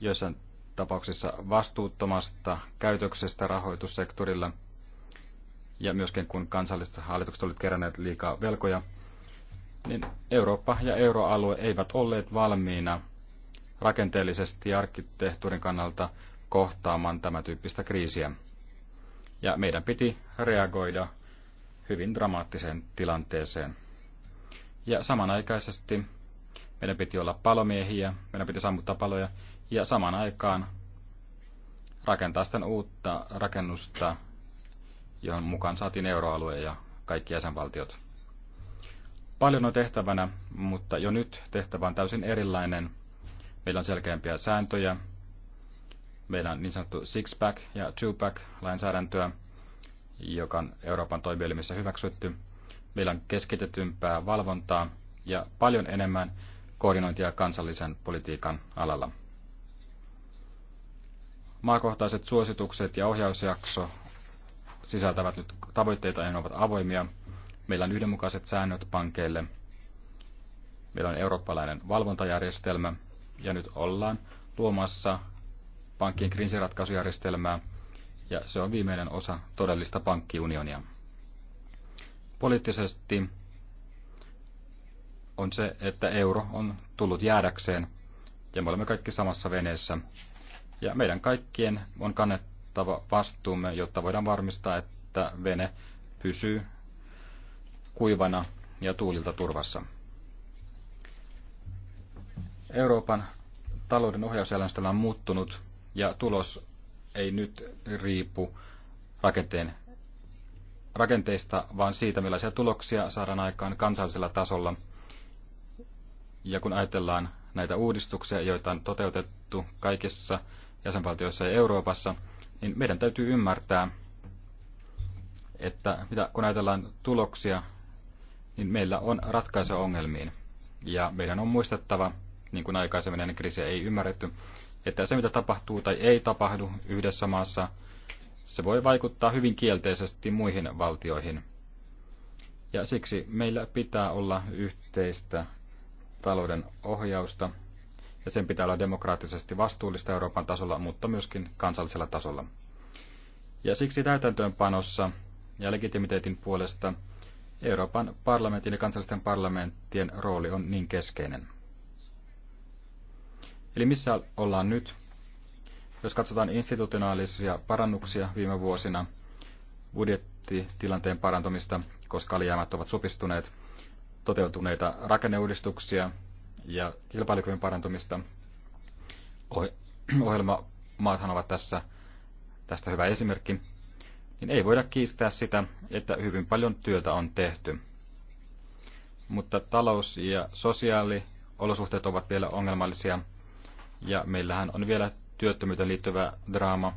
joissain tapauksissa vastuuttomasta käytöksestä rahoitussektorilla – ja myöskin kun kansalliset hallitukset olivat keränneet liikaa velkoja, niin Eurooppa ja euroalue eivät olleet valmiina rakenteellisesti ja arkkitehtuurin kannalta kohtaamaan tämä tyyppistä kriisiä. Ja meidän piti reagoida hyvin dramaattiseen tilanteeseen. Ja samanaikaisesti meidän piti olla palomiehiä, meidän piti sammuttaa paloja ja samaan aikaan rakentaa sitä uutta rakennusta johon mukaan saatiin euroalue ja kaikki jäsenvaltiot. Paljon on tehtävänä, mutta jo nyt tehtävä on täysin erilainen. Meillä on selkeämpiä sääntöjä, meillä on niin sanottu six-pack ja two-pack lainsäädäntöä, joka on Euroopan toimielimissä hyväksytty. Meillä on keskitetympää valvontaa ja paljon enemmän koordinointia kansallisen politiikan alalla. Maakohtaiset suositukset ja ohjausjakso sisältävät nyt tavoitteita ja ne ovat avoimia. Meillä on yhdenmukaiset säännöt pankeille. Meillä on eurooppalainen valvontajärjestelmä ja nyt ollaan luomassa pankkien kriisiratkaisujärjestelmää ja se on viimeinen osa todellista pankkiunionia. Poliittisesti on se, että euro on tullut jäädäkseen ja me olemme kaikki samassa veneessä. Ja meidän kaikkien on kannettu otettava vastuumme, jotta voidaan varmistaa, että vene pysyy kuivana ja tuulilta turvassa. Euroopan talouden ohjausjärjestelmä on muuttunut ja tulos ei nyt riipu rakenteen, rakenteista, vaan siitä, millaisia tuloksia saadaan aikaan kansallisella tasolla. Ja kun ajatellaan näitä uudistuksia, joita on toteutettu kaikissa jäsenvaltioissa ja Euroopassa, niin meidän täytyy ymmärtää, että mitä, kun ajatellaan tuloksia, niin meillä on ratkaisu ongelmiin. Ja meidän on muistettava, niin kuin aikaisemmin ennen kriisiä ei ymmärretty, että se mitä tapahtuu tai ei tapahdu yhdessä maassa, se voi vaikuttaa hyvin kielteisesti muihin valtioihin. Ja siksi meillä pitää olla yhteistä talouden ohjausta ja sen pitää olla demokraattisesti vastuullista Euroopan tasolla, mutta myöskin kansallisella tasolla. Ja siksi täytäntöönpanossa ja legitimiteetin puolesta Euroopan parlamentin ja kansallisten parlamenttien rooli on niin keskeinen. Eli missä ollaan nyt? Jos katsotaan institutionaalisia parannuksia viime vuosina, budjettitilanteen parantamista, koska alijäämät ovat supistuneet, toteutuneita rakenneuudistuksia, ja kilpailukyvyn parantumista. Ohjelmamaathan ovat tässä, tästä hyvä esimerkki. Niin ei voida kiistää sitä, että hyvin paljon työtä on tehty. Mutta talous- ja sosiaaliolosuhteet ovat vielä ongelmallisia, ja meillähän on vielä työttömyyteen liittyvä draama,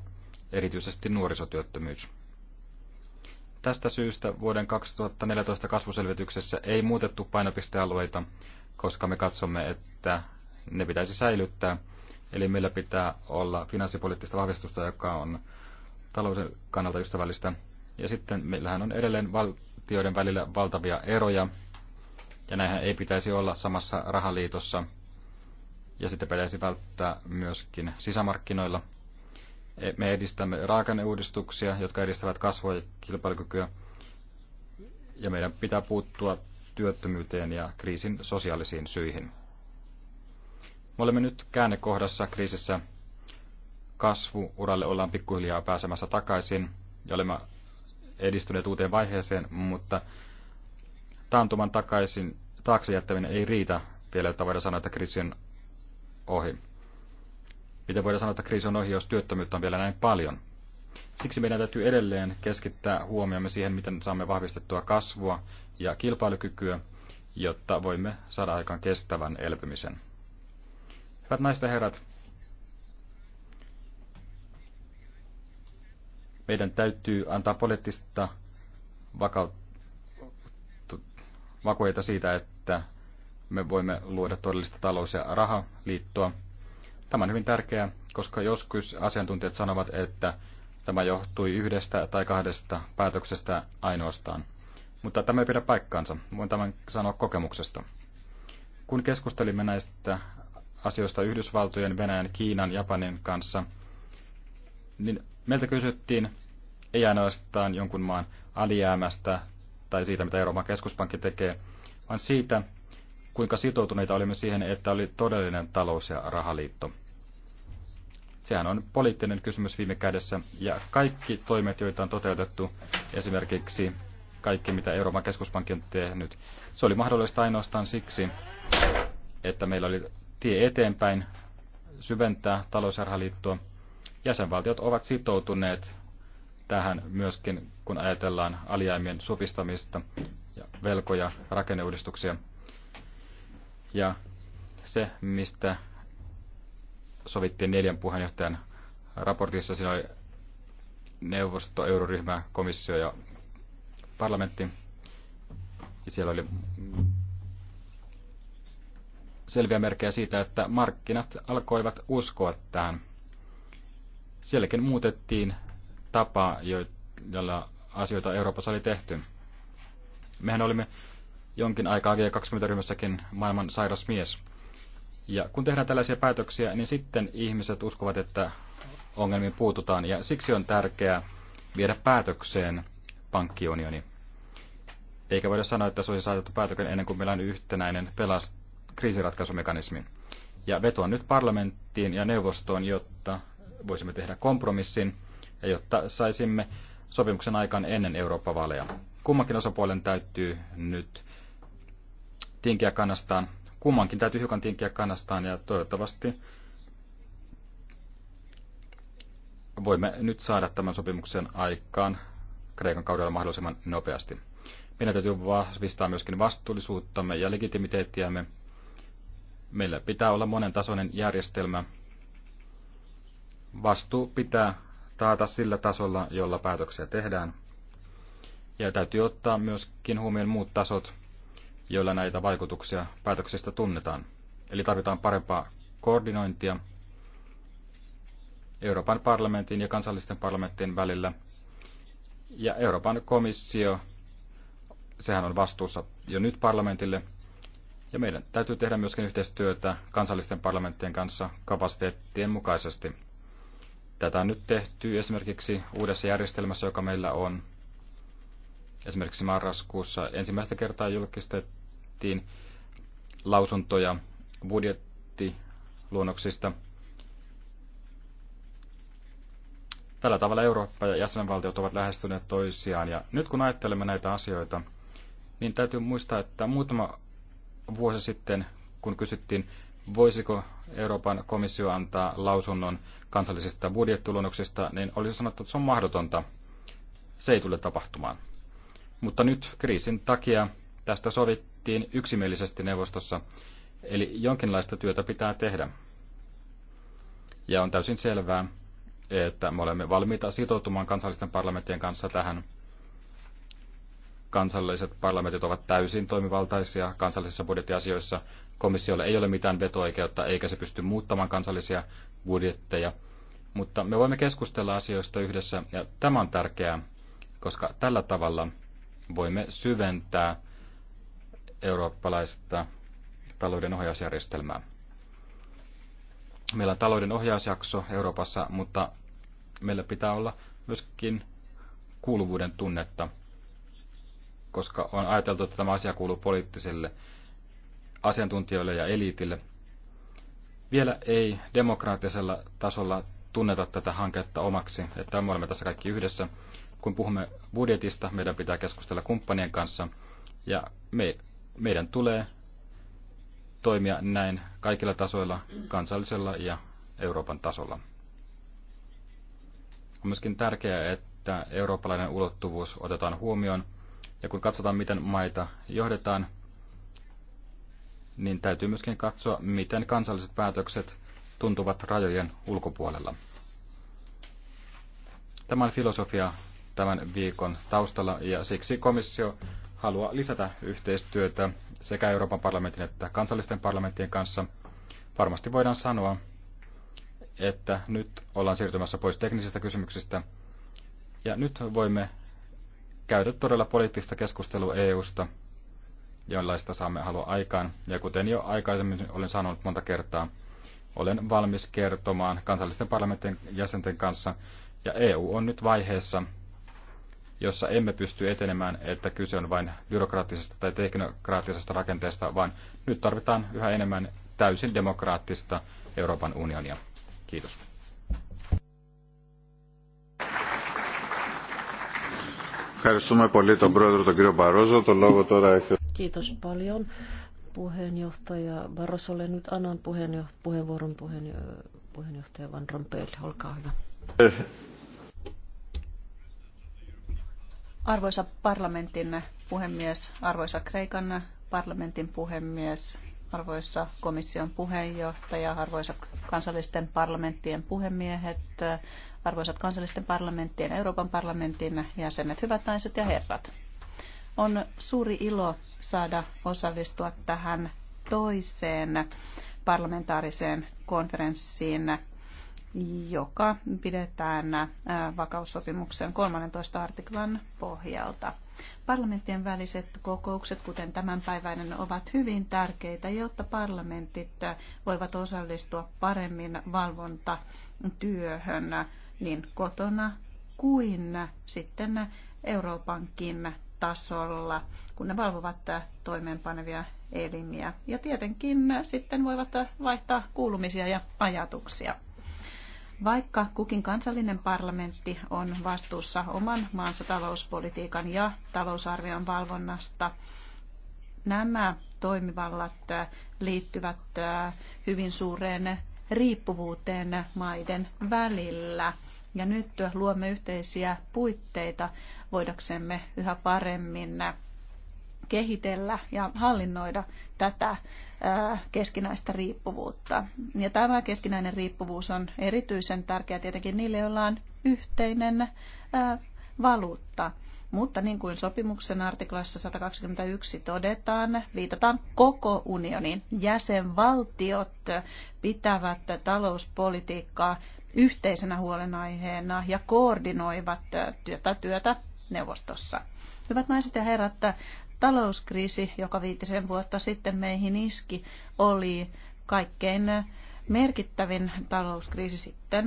erityisesti nuorisotyöttömyys. Tästä syystä vuoden 2014 kasvuselvityksessä ei muutettu painopistealueita, koska me katsomme, että ne pitäisi säilyttää. Eli meillä pitää olla finanssipoliittista vahvistusta, joka on talouden kannalta ystävällistä. Ja sitten meillähän on edelleen valtioiden välillä valtavia eroja, ja näinhän ei pitäisi olla samassa rahaliitossa. Ja sitten pitäisi välttää myöskin sisämarkkinoilla – me edistämme raakaneuudistuksia, jotka edistävät kasvua ja kilpailukykyä. Ja meidän pitää puuttua työttömyyteen ja kriisin sosiaalisiin syihin. Me olemme nyt käännekohdassa kriisissä. Kasvuuralle ollaan pikkuhiljaa pääsemässä takaisin ja olemme edistyneet uuteen vaiheeseen, mutta taantuman takaisin taakse jättäminen ei riitä vielä, että voidaan sanoa, että kriisi on ohi. Miten voidaan sanoa, että kriisi on ohi, jos työttömyyttä on vielä näin paljon? Siksi meidän täytyy edelleen keskittää huomiomme siihen, miten saamme vahvistettua kasvua ja kilpailukykyä, jotta voimme saada aikaan kestävän elpymisen. Hyvät naiset ja herrat, meidän täytyy antaa poliittista vakaut- siitä, että me voimme luoda todellista talous- ja rahaliittoa, Tämä on hyvin tärkeää, koska joskus asiantuntijat sanovat, että tämä johtui yhdestä tai kahdesta päätöksestä ainoastaan. Mutta tämä ei pidä paikkaansa. Voin tämän sanoa kokemuksesta. Kun keskustelimme näistä asioista Yhdysvaltojen, Venäjän, Kiinan, Japanin kanssa, niin meiltä kysyttiin ei ainoastaan jonkun maan alijäämästä tai siitä, mitä Euroopan keskuspankki tekee, vaan siitä, kuinka sitoutuneita olimme siihen, että oli todellinen talous- ja rahaliitto. Sehän on poliittinen kysymys viime kädessä, ja kaikki toimet, joita on toteutettu, esimerkiksi kaikki, mitä Euroopan keskuspankki on tehnyt, se oli mahdollista ainoastaan siksi, että meillä oli tie eteenpäin syventää talous- ja rahaliittoa. Jäsenvaltiot ovat sitoutuneet tähän myöskin, kun ajatellaan alijäämien supistamista ja velkoja, rakenneuudistuksia – ja se, mistä sovittiin neljän puheenjohtajan raportissa, siinä oli neuvosto, euroryhmä, komissio ja parlamentti. Ja siellä oli selviä merkkejä siitä, että markkinat alkoivat uskoa tähän. Sielläkin muutettiin tapa, jolla asioita Euroopassa oli tehty. Mehän olimme jonkin aikaa G20-ryhmässäkin maailman sairas mies. Ja kun tehdään tällaisia päätöksiä, niin sitten ihmiset uskovat, että ongelmiin puututaan, ja siksi on tärkeää viedä päätökseen pankkiunioni. Eikä voida sanoa, että se olisi saatettu päätöksen ennen kuin meillä on yhtenäinen pelas kriisiratkaisumekanismi. Ja vetoan nyt parlamenttiin ja neuvostoon, jotta voisimme tehdä kompromissin ja jotta saisimme sopimuksen aikaan ennen Eurooppa-vaaleja. Kummankin osapuolen täytyy nyt tinkiä kannastaan. Kummankin täytyy hiukan tinkiä kannastaan ja toivottavasti voimme nyt saada tämän sopimuksen aikaan Kreikan kaudella mahdollisimman nopeasti. Meidän täytyy vahvistaa myöskin vastuullisuuttamme ja legitimiteettiämme. Meillä pitää olla monen tasoinen järjestelmä. Vastuu pitää taata sillä tasolla, jolla päätöksiä tehdään. Ja täytyy ottaa myöskin huomioon muut tasot, joilla näitä vaikutuksia päätöksistä tunnetaan. Eli tarvitaan parempaa koordinointia Euroopan parlamentin ja kansallisten parlamenttien välillä. Ja Euroopan komissio, sehän on vastuussa jo nyt parlamentille. Ja meidän täytyy tehdä myöskin yhteistyötä kansallisten parlamenttien kanssa kapasiteettien mukaisesti. Tätä on nyt tehty esimerkiksi uudessa järjestelmässä, joka meillä on. Esimerkiksi marraskuussa ensimmäistä kertaa julkistettu pyydettiin lausuntoja budjettiluonnoksista. Tällä tavalla Eurooppa ja jäsenvaltiot ovat lähestyneet toisiaan. Ja nyt kun ajattelemme näitä asioita, niin täytyy muistaa, että muutama vuosi sitten, kun kysyttiin, voisiko Euroopan komissio antaa lausunnon kansallisista budjettiluonnoksista, niin olisi sanottu, että se on mahdotonta. Se ei tule tapahtumaan. Mutta nyt kriisin takia tästä sovittiin päätettiin yksimielisesti neuvostossa, eli jonkinlaista työtä pitää tehdä. Ja on täysin selvää, että me olemme valmiita sitoutumaan kansallisten parlamenttien kanssa tähän. Kansalliset parlamentit ovat täysin toimivaltaisia kansallisissa budjettiasioissa. Komissiolla ei ole mitään veto-oikeutta eikä se pysty muuttamaan kansallisia budjetteja. Mutta me voimme keskustella asioista yhdessä ja tämä on tärkeää, koska tällä tavalla voimme syventää eurooppalaista talouden ohjausjärjestelmää. Meillä on talouden ohjausjakso Euroopassa, mutta meillä pitää olla myöskin kuuluvuuden tunnetta, koska on ajateltu, että tämä asia kuuluu poliittisille asiantuntijoille ja eliitille. Vielä ei demokraattisella tasolla tunneta tätä hanketta omaksi, että me olemme tässä kaikki yhdessä. Kun puhumme budjetista, meidän pitää keskustella kumppanien kanssa, ja me meidän tulee toimia näin kaikilla tasoilla, kansallisella ja Euroopan tasolla. On myöskin tärkeää, että eurooppalainen ulottuvuus otetaan huomioon, ja kun katsotaan, miten maita johdetaan, niin täytyy myöskin katsoa, miten kansalliset päätökset tuntuvat rajojen ulkopuolella. Tämä on filosofia tämän viikon taustalla, ja siksi komissio halua lisätä yhteistyötä sekä Euroopan parlamentin että kansallisten parlamenttien kanssa. Varmasti voidaan sanoa, että nyt ollaan siirtymässä pois teknisistä kysymyksistä ja nyt voimme käydä todella poliittista keskustelua EU-sta, jollaista saamme halua aikaan. Ja kuten jo aikaisemmin olen sanonut monta kertaa, olen valmis kertomaan kansallisten parlamentin jäsenten kanssa, ja EU on nyt vaiheessa, jossa emme pysty etenemään, että kyse on vain byrokraattisesta tai teknokraattisesta rakenteesta, vaan nyt tarvitaan yhä enemmän täysin demokraattista Euroopan unionia. Kiitos. Kiitos paljon puheenjohtaja Barrosolle. Nyt annan puheenjo- puheenvuoron puheenjohtaja Van Rompuylle. Olkaa hyvä. Arvoisa parlamentin puhemies, arvoisa Kreikan parlamentin puhemies, arvoisa komission puheenjohtaja, arvoisa kansallisten parlamenttien puhemiehet, arvoisat kansallisten parlamenttien Euroopan parlamentin jäsenet, hyvät naiset ja herrat. On suuri ilo saada osallistua tähän toiseen parlamentaariseen konferenssiin joka pidetään äh, vakaussopimuksen 13 artiklan pohjalta. Parlamenttien väliset kokoukset, kuten tämänpäiväinen, ovat hyvin tärkeitä, jotta parlamentit äh, voivat osallistua paremmin valvontatyöhön niin kotona kuin sitten Euroopankin tasolla, kun ne valvovat äh, toimeenpanevia elimiä. Ja tietenkin sitten voivat vaihtaa kuulumisia ja ajatuksia. Vaikka kukin kansallinen parlamentti on vastuussa oman maansa talouspolitiikan ja talousarvion valvonnasta, nämä toimivallat äh, liittyvät äh, hyvin suureen riippuvuuteen maiden välillä. Ja nyt luomme yhteisiä puitteita voidaksemme yhä paremmin kehitellä ja hallinnoida tätä keskinäistä riippuvuutta. Ja tämä keskinäinen riippuvuus on erityisen tärkeä tietenkin niille, joilla on yhteinen valuutta. Mutta niin kuin sopimuksen artiklassa 121 todetaan, viitataan koko unionin jäsenvaltiot pitävät talouspolitiikkaa yhteisenä huolenaiheena ja koordinoivat työtä työtä neuvostossa. Hyvät naiset ja herrat, Talouskriisi, joka viitisen vuotta sitten meihin iski, oli kaikkein merkittävin talouskriisi sitten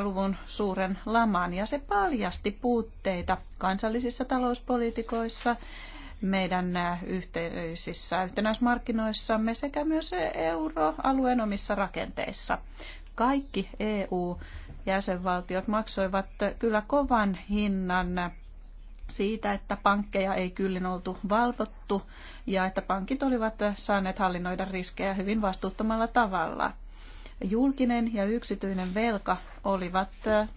30-luvun suuren laman ja se paljasti puutteita kansallisissa talouspolitiikoissa, meidän yhteisissä yhtenäismarkkinoissamme sekä myös euroalueen omissa rakenteissa. Kaikki EU-jäsenvaltiot maksoivat kyllä kovan hinnan siitä, että pankkeja ei kyllin oltu valvottu ja että pankit olivat saaneet hallinnoida riskejä hyvin vastuuttomalla tavalla. Julkinen ja yksityinen velka olivat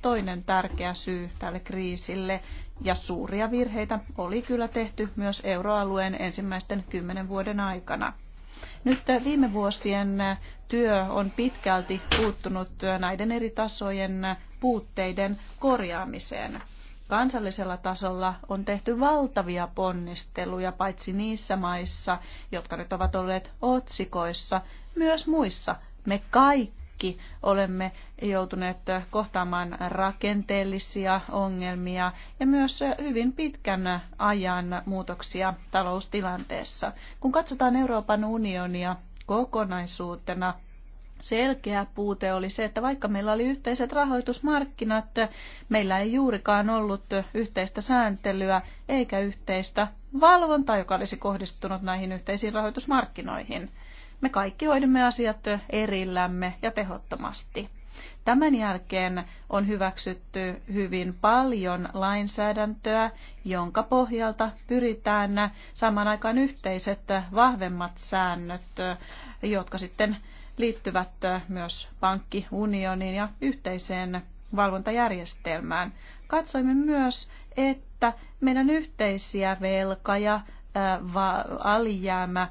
toinen tärkeä syy tälle kriisille ja suuria virheitä oli kyllä tehty myös euroalueen ensimmäisten kymmenen vuoden aikana. Nyt viime vuosien työ on pitkälti puuttunut näiden eri tasojen puutteiden korjaamiseen kansallisella tasolla on tehty valtavia ponnisteluja paitsi niissä maissa, jotka nyt ovat olleet otsikoissa, myös muissa. Me kaikki olemme joutuneet kohtaamaan rakenteellisia ongelmia ja myös hyvin pitkän ajan muutoksia taloustilanteessa. Kun katsotaan Euroopan unionia kokonaisuutena, selkeä puute oli se, että vaikka meillä oli yhteiset rahoitusmarkkinat, meillä ei juurikaan ollut yhteistä sääntelyä eikä yhteistä valvontaa, joka olisi kohdistunut näihin yhteisiin rahoitusmarkkinoihin. Me kaikki hoidimme asiat erillämme ja tehottomasti. Tämän jälkeen on hyväksytty hyvin paljon lainsäädäntöä, jonka pohjalta pyritään saamaan aikaan yhteiset vahvemmat säännöt, jotka sitten liittyvät myös pankkiunioniin ja yhteiseen valvontajärjestelmään. Katsoimme myös, että meidän yhteisiä velka- ja alijäämä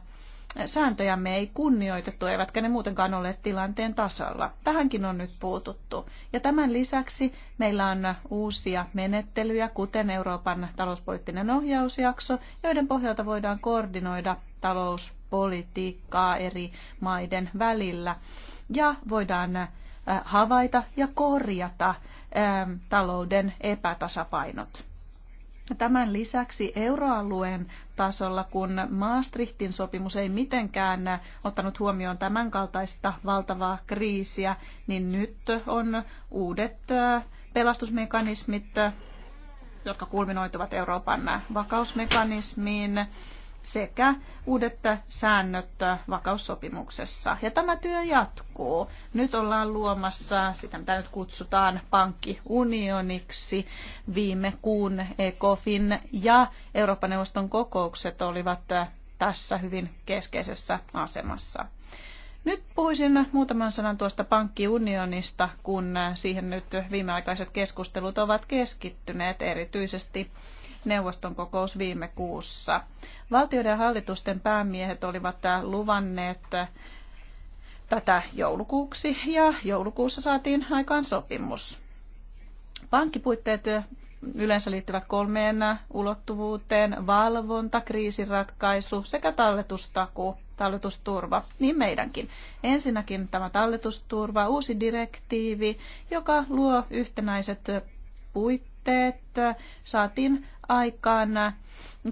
sääntöjämme ei kunnioitettu, eivätkä ne muutenkaan ole tilanteen tasalla. Tähänkin on nyt puututtu. Ja tämän lisäksi meillä on uusia menettelyjä, kuten Euroopan talouspoliittinen ohjausjakso, joiden pohjalta voidaan koordinoida talouspolitiikkaa eri maiden välillä. Ja voidaan äh, havaita ja korjata äh, talouden epätasapainot. Tämän lisäksi euroalueen tasolla, kun Maastrichtin sopimus ei mitenkään ottanut huomioon tämän kaltaista valtavaa kriisiä, niin nyt on uudet pelastusmekanismit, jotka kulminoituvat Euroopan vakausmekanismiin sekä uudet säännöt vakaussopimuksessa. Ja tämä työ jatkuu. Nyt ollaan luomassa sitä, mitä nyt kutsutaan pankkiunioniksi. Viime kuun ECOFIN ja Euroopan neuvoston kokoukset olivat tässä hyvin keskeisessä asemassa. Nyt puhuisin muutaman sanan tuosta pankkiunionista, kun siihen nyt viimeaikaiset keskustelut ovat keskittyneet erityisesti neuvoston kokous viime kuussa. Valtioiden ja hallitusten päämiehet olivat luvanneet tätä joulukuuksi ja joulukuussa saatiin aikaan sopimus. Pankkipuitteet yleensä liittyvät kolmeen ulottuvuuteen, valvonta, kriisiratkaisu sekä talletustaku, talletusturva, niin meidänkin. Ensinnäkin tämä talletusturva, uusi direktiivi, joka luo yhtenäiset puitteet, saatiin aikaan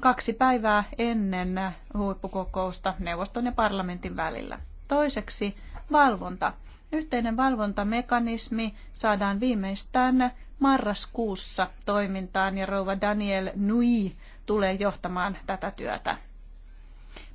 kaksi päivää ennen huippukokousta neuvoston ja parlamentin välillä. Toiseksi valvonta. Yhteinen valvontamekanismi saadaan viimeistään marraskuussa toimintaan ja rouva Daniel Nui tulee johtamaan tätä työtä.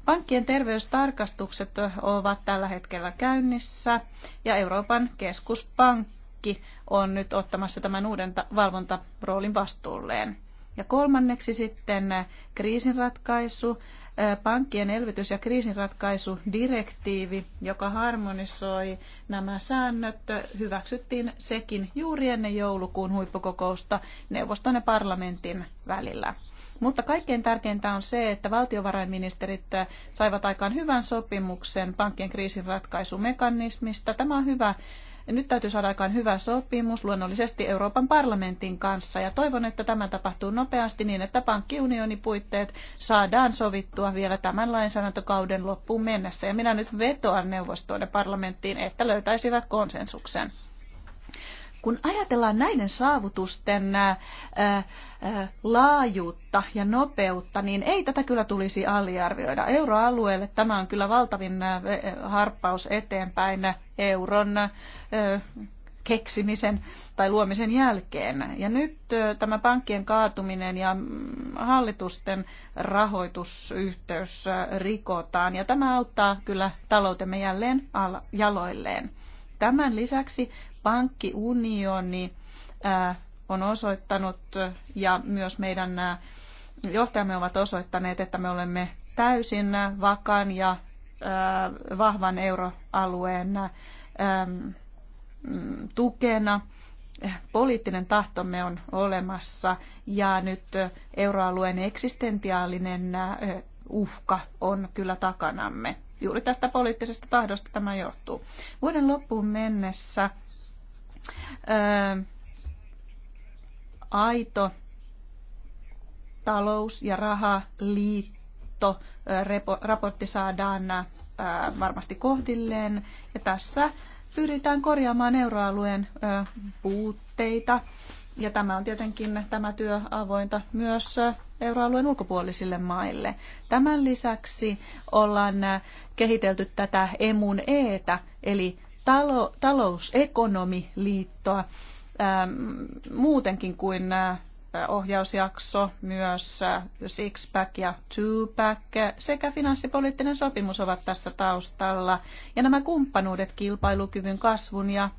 Pankkien terveystarkastukset ovat tällä hetkellä käynnissä ja Euroopan keskuspankki on nyt ottamassa tämän uuden valvontaroolin vastuulleen. Ja kolmanneksi sitten äh, kriisinratkaisu, äh, pankkien elvytys- ja kriisinratkaisudirektiivi, joka harmonisoi nämä säännöt, hyväksyttiin sekin juuri ennen joulukuun huippukokousta neuvoston ja parlamentin välillä. Mutta kaikkein tärkeintä on se, että valtiovarainministerit äh, saivat aikaan hyvän sopimuksen pankkien kriisinratkaisumekanismista. Tämä on hyvä nyt täytyy saada aikaan hyvä sopimus luonnollisesti Euroopan parlamentin kanssa ja toivon, että tämä tapahtuu nopeasti niin, että pankkiunionin puitteet saadaan sovittua vielä tämän lainsäädäntökauden loppuun mennessä. Ja minä nyt vetoan neuvostoon ja parlamenttiin, että löytäisivät konsensuksen. Kun ajatellaan näiden saavutusten laajuutta ja nopeutta, niin ei tätä kyllä tulisi aliarvioida. Euroalueelle tämä on kyllä valtavin harppaus eteenpäin euron keksimisen tai luomisen jälkeen. Ja nyt tämä pankkien kaatuminen ja mm, hallitusten rahoitusyhteys rikotaan ja tämä auttaa kyllä taloutemme jälleen jaloilleen. Tämän lisäksi pankkiunioni on osoittanut ja myös meidän johtajamme ovat osoittaneet, että me olemme täysin vakaan ja vahvan euroalueen tukena. Poliittinen tahtomme on olemassa ja nyt euroalueen eksistentiaalinen uhka on kyllä takanamme. Juuri tästä poliittisesta tahdosta tämä johtuu. Vuoden loppuun mennessä aito talous- ja rahaliitto raportti saadaan varmasti kohdilleen. Ja tässä pyritään korjaamaan euroalueen puutteita. Ja tämä on tietenkin tämä työ avointa myös euroalueen ulkopuolisille maille. Tämän lisäksi ollaan kehitelty tätä emun eetä, eli talo, talousekonomiliittoa ähm, muutenkin kuin äh, ohjausjakso, myös äh, Sixpack ja Twopack sekä finanssipoliittinen sopimus ovat tässä taustalla. Ja nämä kumppanuudet kilpailukyvyn kasvun ja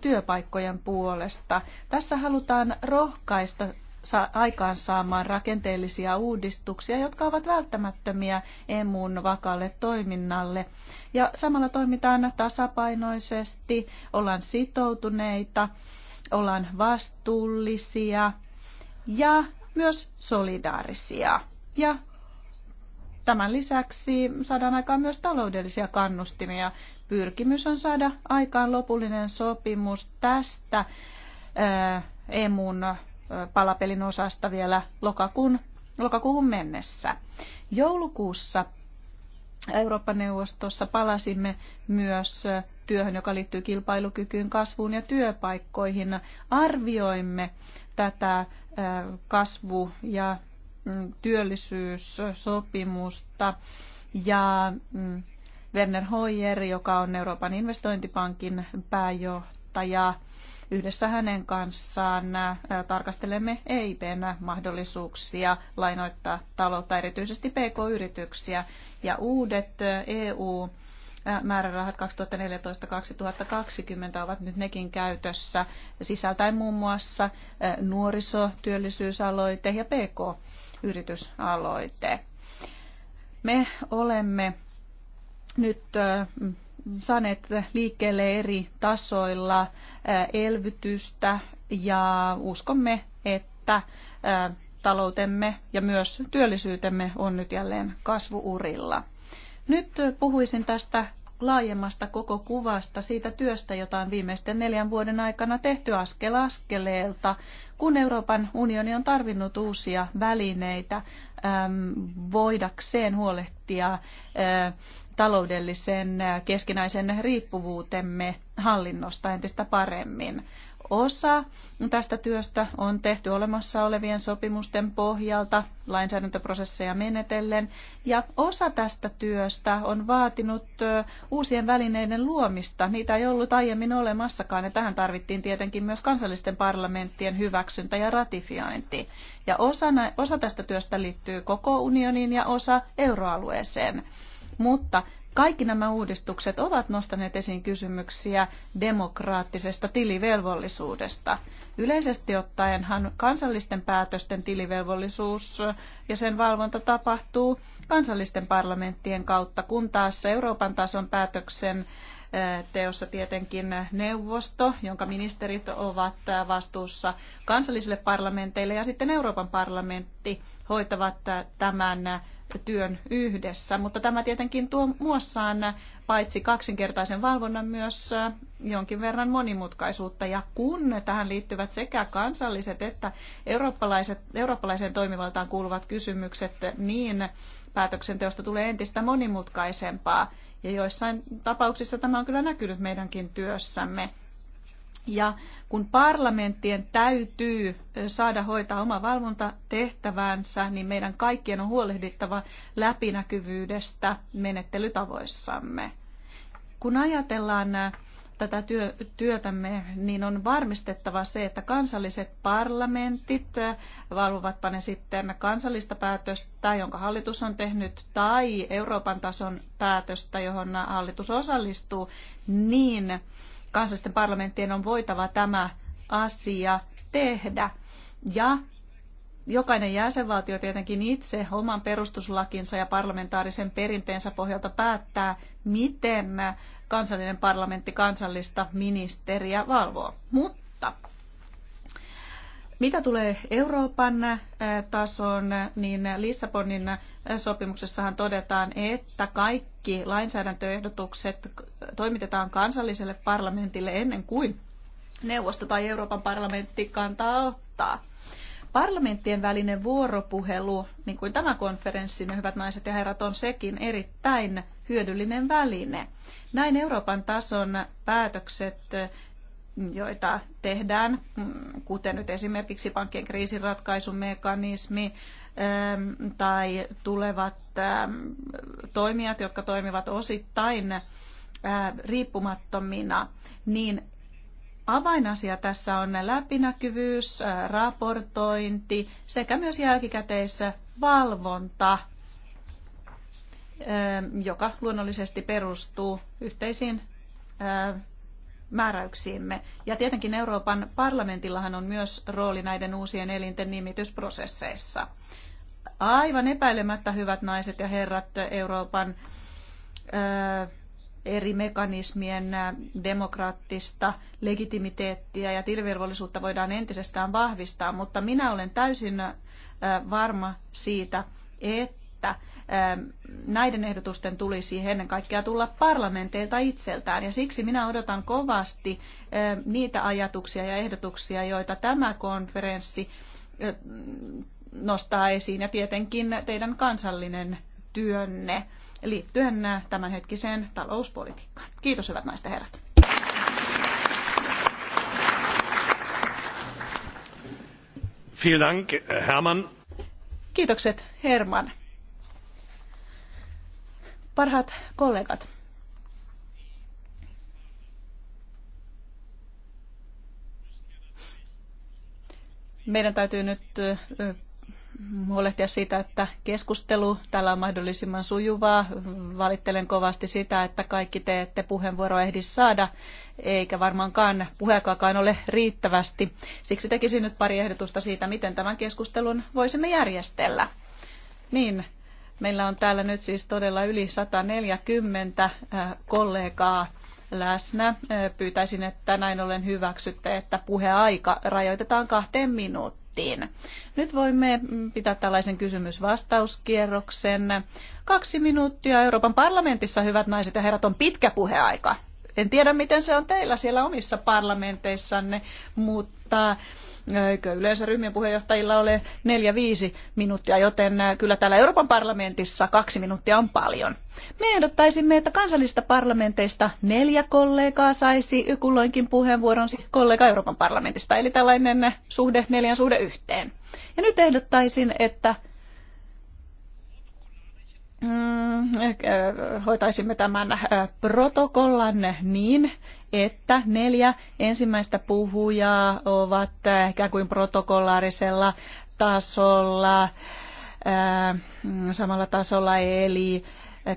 työpaikkojen puolesta. Tässä halutaan rohkaista aikaansaamaan rakenteellisia uudistuksia, jotka ovat välttämättömiä EMUn vakalle toiminnalle. Ja samalla toimitaan tasapainoisesti, ollaan sitoutuneita, ollaan vastuullisia ja myös solidaarisia. Ja Tämän lisäksi saadaan aikaan myös taloudellisia kannustimia. Pyrkimys on saada aikaan lopullinen sopimus tästä emun palapelin osasta vielä lokakuun, lokakuun mennessä. Joulukuussa Eurooppa-neuvostossa palasimme myös työhön, joka liittyy kilpailukykyyn, kasvuun ja työpaikkoihin. Arvioimme tätä kasvu- ja mm, työllisyyssopimusta ja mm, Werner Hoyer, joka on Euroopan investointipankin pääjohtaja, Yhdessä hänen kanssaan tarkastelemme EIPn mahdollisuuksia lainoittaa taloutta, erityisesti PK-yrityksiä ja uudet EU määrärahat 2014-2020 ovat nyt nekin käytössä, sisältäen muun muassa nuorisotyöllisyysaloite ja PK-yritysaloite. Me olemme nyt saaneet liikkeelle eri tasoilla elvytystä ja uskomme, että taloutemme ja myös työllisyytemme on nyt jälleen kasvuurilla. Nyt puhuisin tästä laajemmasta koko kuvasta siitä työstä, jota on viimeisten neljän vuoden aikana tehty askel askeleelta, kun Euroopan unioni on tarvinnut uusia välineitä äm, voidakseen huolehtia taloudellisen äh, keskinäisen riippuvuutemme hallinnosta entistä paremmin. Osa tästä työstä on tehty olemassa olevien sopimusten pohjalta lainsäädäntöprosesseja menetellen, ja osa tästä työstä on vaatinut uusien välineiden luomista. Niitä ei ollut aiemmin olemassakaan, ja tähän tarvittiin tietenkin myös kansallisten parlamenttien hyväksyntä ja ratifiointi. Ja osa, osa tästä työstä liittyy koko unioniin ja osa euroalueeseen mutta kaikki nämä uudistukset ovat nostaneet esiin kysymyksiä demokraattisesta tilivelvollisuudesta. Yleisesti ottaenhan kansallisten päätösten tilivelvollisuus ja sen valvonta tapahtuu kansallisten parlamenttien kautta, kun taas Euroopan tason päätöksen eh, teossa tietenkin neuvosto, jonka ministerit ovat eh, vastuussa kansallisille parlamenteille ja sitten Euroopan parlamentti hoitavat eh, tämän työn yhdessä, mutta tämä tietenkin tuo muossaan paitsi kaksinkertaisen valvonnan myös äh, jonkin verran monimutkaisuutta. Ja kun tähän liittyvät sekä kansalliset että eurooppalaiset, eurooppalaiseen toimivaltaan kuuluvat kysymykset, niin päätöksenteosta tulee entistä monimutkaisempaa. Ja joissain tapauksissa tämä on kyllä näkynyt meidänkin työssämme. Ja kun parlamenttien täytyy saada hoitaa oma valvontatehtävänsä, niin meidän kaikkien on huolehdittava läpinäkyvyydestä menettelytavoissamme. Kun ajatellaan tätä työtämme, niin on varmistettava se, että kansalliset parlamentit, valvovatpa ne sitten kansallista päätöstä, jonka hallitus on tehnyt, tai Euroopan tason päätöstä, johon hallitus osallistuu, niin kansallisten parlamenttien on voitava tämä asia tehdä. Ja jokainen jäsenvaltio tietenkin itse oman perustuslakinsa ja parlamentaarisen perinteensä pohjalta päättää, miten kansallinen parlamentti kansallista ministeriä valvoo. Mutta mitä tulee Euroopan tason, niin Lissabonin sopimuksessahan todetaan, että kaikki lainsäädäntöehdotukset toimitetaan kansalliselle parlamentille ennen kuin neuvosto tai Euroopan parlamentti kantaa ottaa. Parlamenttien välinen vuoropuhelu, niin kuin tämä konferenssi, me hyvät naiset ja herrat, on sekin erittäin hyödyllinen väline. Näin Euroopan tason päätökset joita tehdään, kuten nyt esimerkiksi pankkien kriisinratkaisumekanismi ähm, tai tulevat ähm, toimijat, jotka toimivat osittain äh, riippumattomina, niin avainasia tässä on läpinäkyvyys, äh, raportointi sekä myös jälkikäteissä valvonta, ähm, joka luonnollisesti perustuu yhteisiin äh, määräyksiimme. Ja tietenkin Euroopan parlamentillahan on myös rooli näiden uusien elinten nimitysprosesseissa. Aivan epäilemättä, hyvät naiset ja herrat, Euroopan ö, eri mekanismien demokraattista legitimiteettiä ja tilivelvollisuutta voidaan entisestään vahvistaa, mutta minä olen täysin varma siitä, että että ähm, näiden ehdotusten tulisi ennen kaikkea tulla parlamenteilta itseltään. Ja siksi minä odotan kovasti ähm, niitä ajatuksia ja ehdotuksia, joita tämä konferenssi äh, nostaa esiin ja tietenkin teidän kansallinen työnne liittyen äh, tämänhetkiseen talouspolitiikkaan. Kiitos hyvät naiset ja herrat. Vielen Dank, Herman. Kiitokset, Herman. Parhaat kollegat, meidän täytyy nyt huolehtia siitä, että keskustelu täällä on mahdollisimman sujuvaa. Valittelen kovasti sitä, että kaikki te ette puheenvuoroa ehdi saada, eikä varmaankaan puheenkaan ole riittävästi. Siksi tekisin nyt pari ehdotusta siitä, miten tämän keskustelun voisimme järjestellä. Niin, Meillä on täällä nyt siis todella yli 140 kollegaa läsnä. Pyytäisin, että näin ollen hyväksytte, että puheaika rajoitetaan kahteen minuuttiin. Nyt voimme mm, pitää tällaisen kysymysvastauskierroksen. Kaksi minuuttia Euroopan parlamentissa, hyvät naiset ja herrat, on pitkä puheaika. En tiedä, miten se on teillä siellä omissa parlamenteissanne, mutta Eikö yleensä ryhmien puheenjohtajilla ole neljä viisi minuuttia, joten äh, kyllä täällä Euroopan parlamentissa kaksi minuuttia on paljon. Me ehdottaisimme, että kansallisista parlamenteista neljä kollegaa saisi kulloinkin puheenvuoron siis kollega Euroopan parlamentista, eli tällainen äh, suhde neljän suhde yhteen. Ja nyt ehdottaisin, että Mm, eh, eh, hoitaisimme tämän eh, protokollan niin, että neljä ensimmäistä puhujaa ovat ikään kuin protokollaarisella tasolla, samalla tasolla eli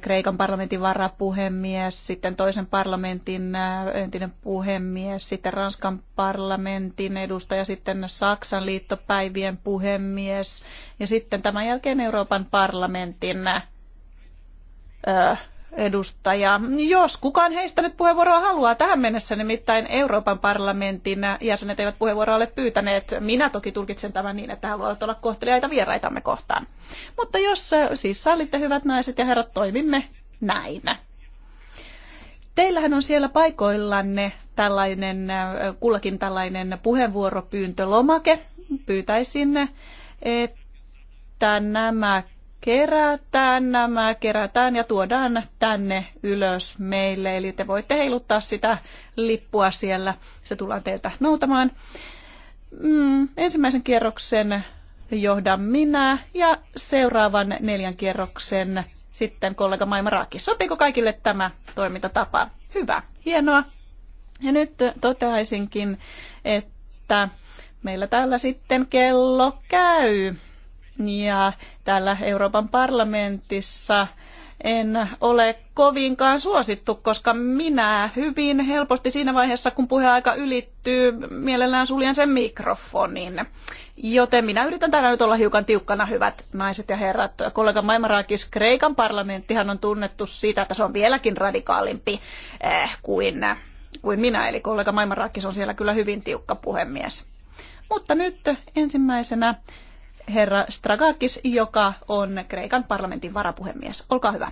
Kreikan parlamentin varapuhemies, sitten toisen parlamentin entinen puhemies, sitten Ranskan parlamentin edustaja, sitten Saksan liittopäivien puhemies ja sitten tämän jälkeen Euroopan parlamentin edustaja. Jos kukaan heistä nyt puheenvuoroa haluaa, tähän mennessä nimittäin Euroopan parlamentin jäsenet eivät puheenvuoroa ole pyytäneet. Minä toki tulkitsen tämän niin, että haluavat olla kohteliaita vieraitamme kohtaan. Mutta jos siis sallitte hyvät naiset ja herrat, toimimme näin. Teillähän on siellä paikoillanne tällainen, kullakin tällainen puheenvuoropyyntölomake. Pyytäisin, että nämä kerätään nämä, kerätään ja tuodaan tänne ylös meille. Eli te voitte heiluttaa sitä lippua siellä, se tullaan teiltä noutamaan. Mm, ensimmäisen kierroksen johdan minä ja seuraavan neljän kierroksen sitten kollega Maima Raaki. Sopiiko kaikille tämä toimintatapa? Hyvä, hienoa. Ja nyt toteaisinkin, että meillä täällä sitten kello käy ja täällä Euroopan parlamentissa en ole kovinkaan suosittu, koska minä hyvin helposti siinä vaiheessa, kun puheaika ylittyy, mielellään suljen sen mikrofonin. Joten minä yritän täällä nyt olla hiukan tiukkana, hyvät naiset ja herrat. Kollega Maimaraakis, Kreikan parlamenttihan on tunnettu siitä, että se on vieläkin radikaalimpi eh, kuin, kuin minä. Eli kollega Maimaraakis on siellä kyllä hyvin tiukka puhemies. Mutta nyt ensimmäisenä herra Stragakis, joka on Kreikan parlamentin varapuhemies. Olkaa hyvä.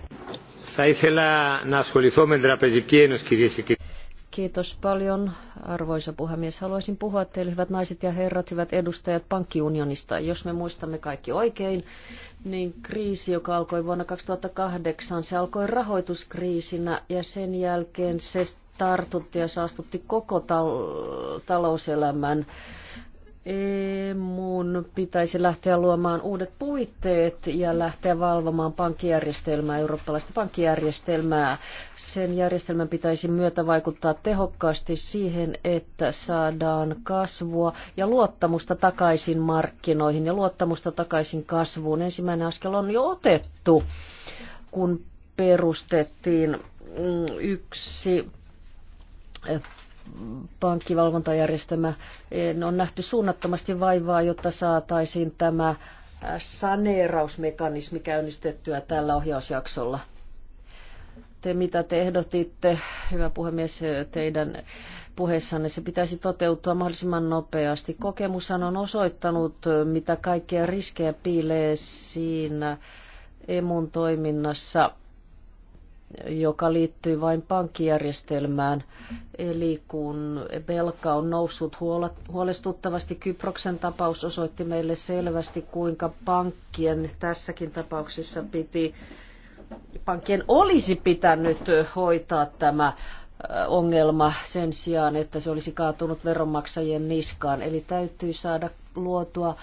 Kiitos paljon, arvoisa puhemies. Haluaisin puhua teille, hyvät naiset ja herrat, hyvät edustajat, pankkiunionista. Jos me muistamme kaikki oikein, niin kriisi, joka alkoi vuonna 2008, se alkoi rahoituskriisinä ja sen jälkeen se tartutti ja saastutti koko tal- talouselämän Mun pitäisi lähteä luomaan uudet puitteet ja lähteä valvomaan pankkijärjestelmää, eurooppalaista pankkijärjestelmää. Sen järjestelmän pitäisi myötä vaikuttaa tehokkaasti siihen, että saadaan kasvua ja luottamusta takaisin markkinoihin ja luottamusta takaisin kasvuun. Ensimmäinen askel on jo otettu, kun perustettiin mm, yksi pankkivalvontajärjestelmä eh, on nähty suunnattomasti vaivaa, jotta saataisiin tämä eh, saneerausmekanismi käynnistettyä tällä ohjausjaksolla. Te, mitä te ehdotitte, hyvä puhemies, teidän puheessanne, se pitäisi toteutua mahdollisimman nopeasti. Kokemushan on osoittanut, mitä kaikkea riskejä piilee siinä emun toiminnassa – joka liittyy vain pankkijärjestelmään. Eli kun velka on noussut huolestuttavasti, Kyproksen tapaus osoitti meille selvästi, kuinka pankkien tässäkin tapauksessa piti, pankkien olisi pitänyt hoitaa tämä ongelma sen sijaan, että se olisi kaatunut veronmaksajien niskaan. Eli täytyy saada luotua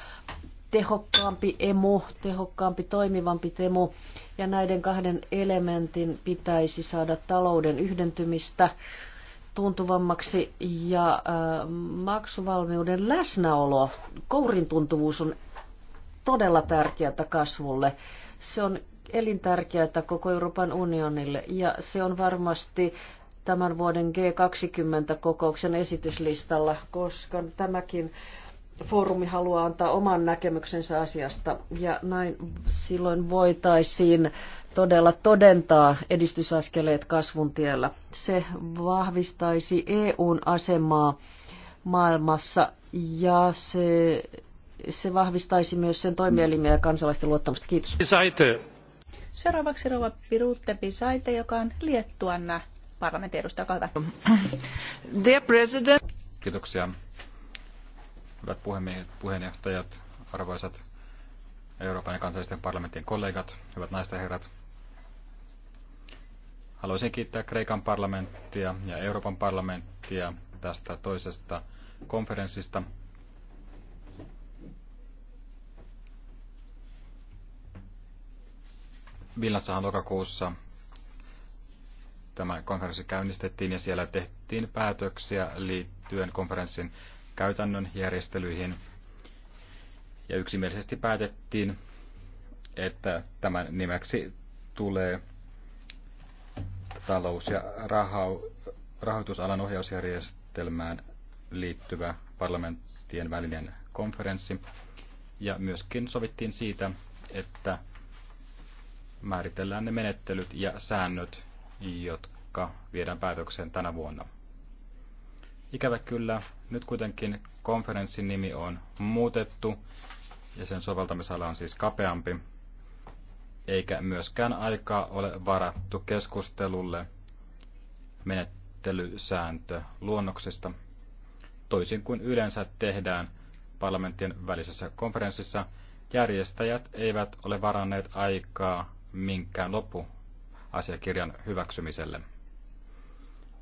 tehokkaampi emu, tehokkaampi, toimivampi temu ja näiden kahden elementin pitäisi saada talouden yhdentymistä tuntuvammaksi ja ä, maksuvalmiuden läsnäolo. Kourin tuntuvuus on todella tärkeää kasvulle. Se on elintärkeää koko Euroopan unionille ja se on varmasti tämän vuoden G20-kokouksen esityslistalla, koska tämäkin foorumi haluaa antaa oman näkemyksensä asiasta ja näin silloin voitaisiin todella todentaa edistysaskeleet kasvun tiellä. Se vahvistaisi EUn asemaa maailmassa ja se, se vahvistaisi myös sen toimielimiä ja kansalaisten luottamusta. Kiitos. Saite. Seuraavaksi rouva Pirutte Pisaite, joka on Liettuanna parlamentin edustaja. Dear President. Kiitoksia hyvät puheenjohtajat, arvoisat Euroopan ja kansallisten parlamenttien kollegat, hyvät naiset ja herrat. Haluaisin kiittää Kreikan parlamenttia ja Euroopan parlamenttia tästä toisesta konferenssista. Vilnassahan lokakuussa tämä konferenssi käynnistettiin ja siellä tehtiin päätöksiä liittyen konferenssin käytännön järjestelyihin. Ja yksimielisesti päätettiin, että tämän nimeksi tulee talous- ja rahoitusalan ohjausjärjestelmään liittyvä parlamenttien välinen konferenssi. Ja myöskin sovittiin siitä, että määritellään ne menettelyt ja säännöt, jotka viedään päätökseen tänä vuonna. Ikävä kyllä, nyt kuitenkin konferenssin nimi on muutettu ja sen soveltamisala on siis kapeampi, eikä myöskään aikaa ole varattu keskustelulle menettelysääntö luonnoksista. toisin kuin yleensä tehdään parlamenttien välisessä konferenssissa, järjestäjät eivät ole varanneet aikaa minkään loppuasiakirjan hyväksymiselle.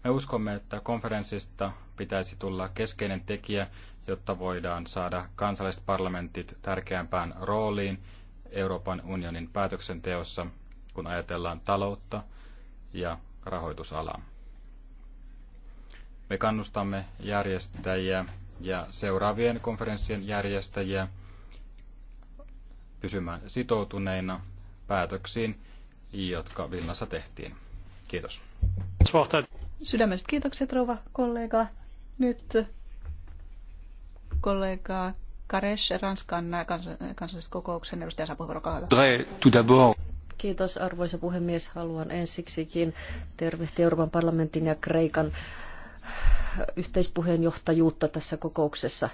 Me uskomme, että konferenssista pitäisi tulla keskeinen tekijä, jotta voidaan saada kansalliset parlamentit tärkeämpään rooliin Euroopan unionin päätöksenteossa, kun ajatellaan taloutta ja rahoitusalaa. Me kannustamme järjestäjiä ja seuraavien konferenssien järjestäjiä pysymään sitoutuneina päätöksiin, jotka Vilnassa tehtiin. Kiitos. Sydämestä kiitokset, rouva kollega. Nyt kollega Karesh, Ranskan kansalliskokouksen edustaja Sapuhoro, hyvä. Kiitos arvoisa puhemies. Haluan ensiksikin tervehtiä Euroopan parlamentin ja Kreikan yhteispuheenjohtajuutta tässä kokouksessa.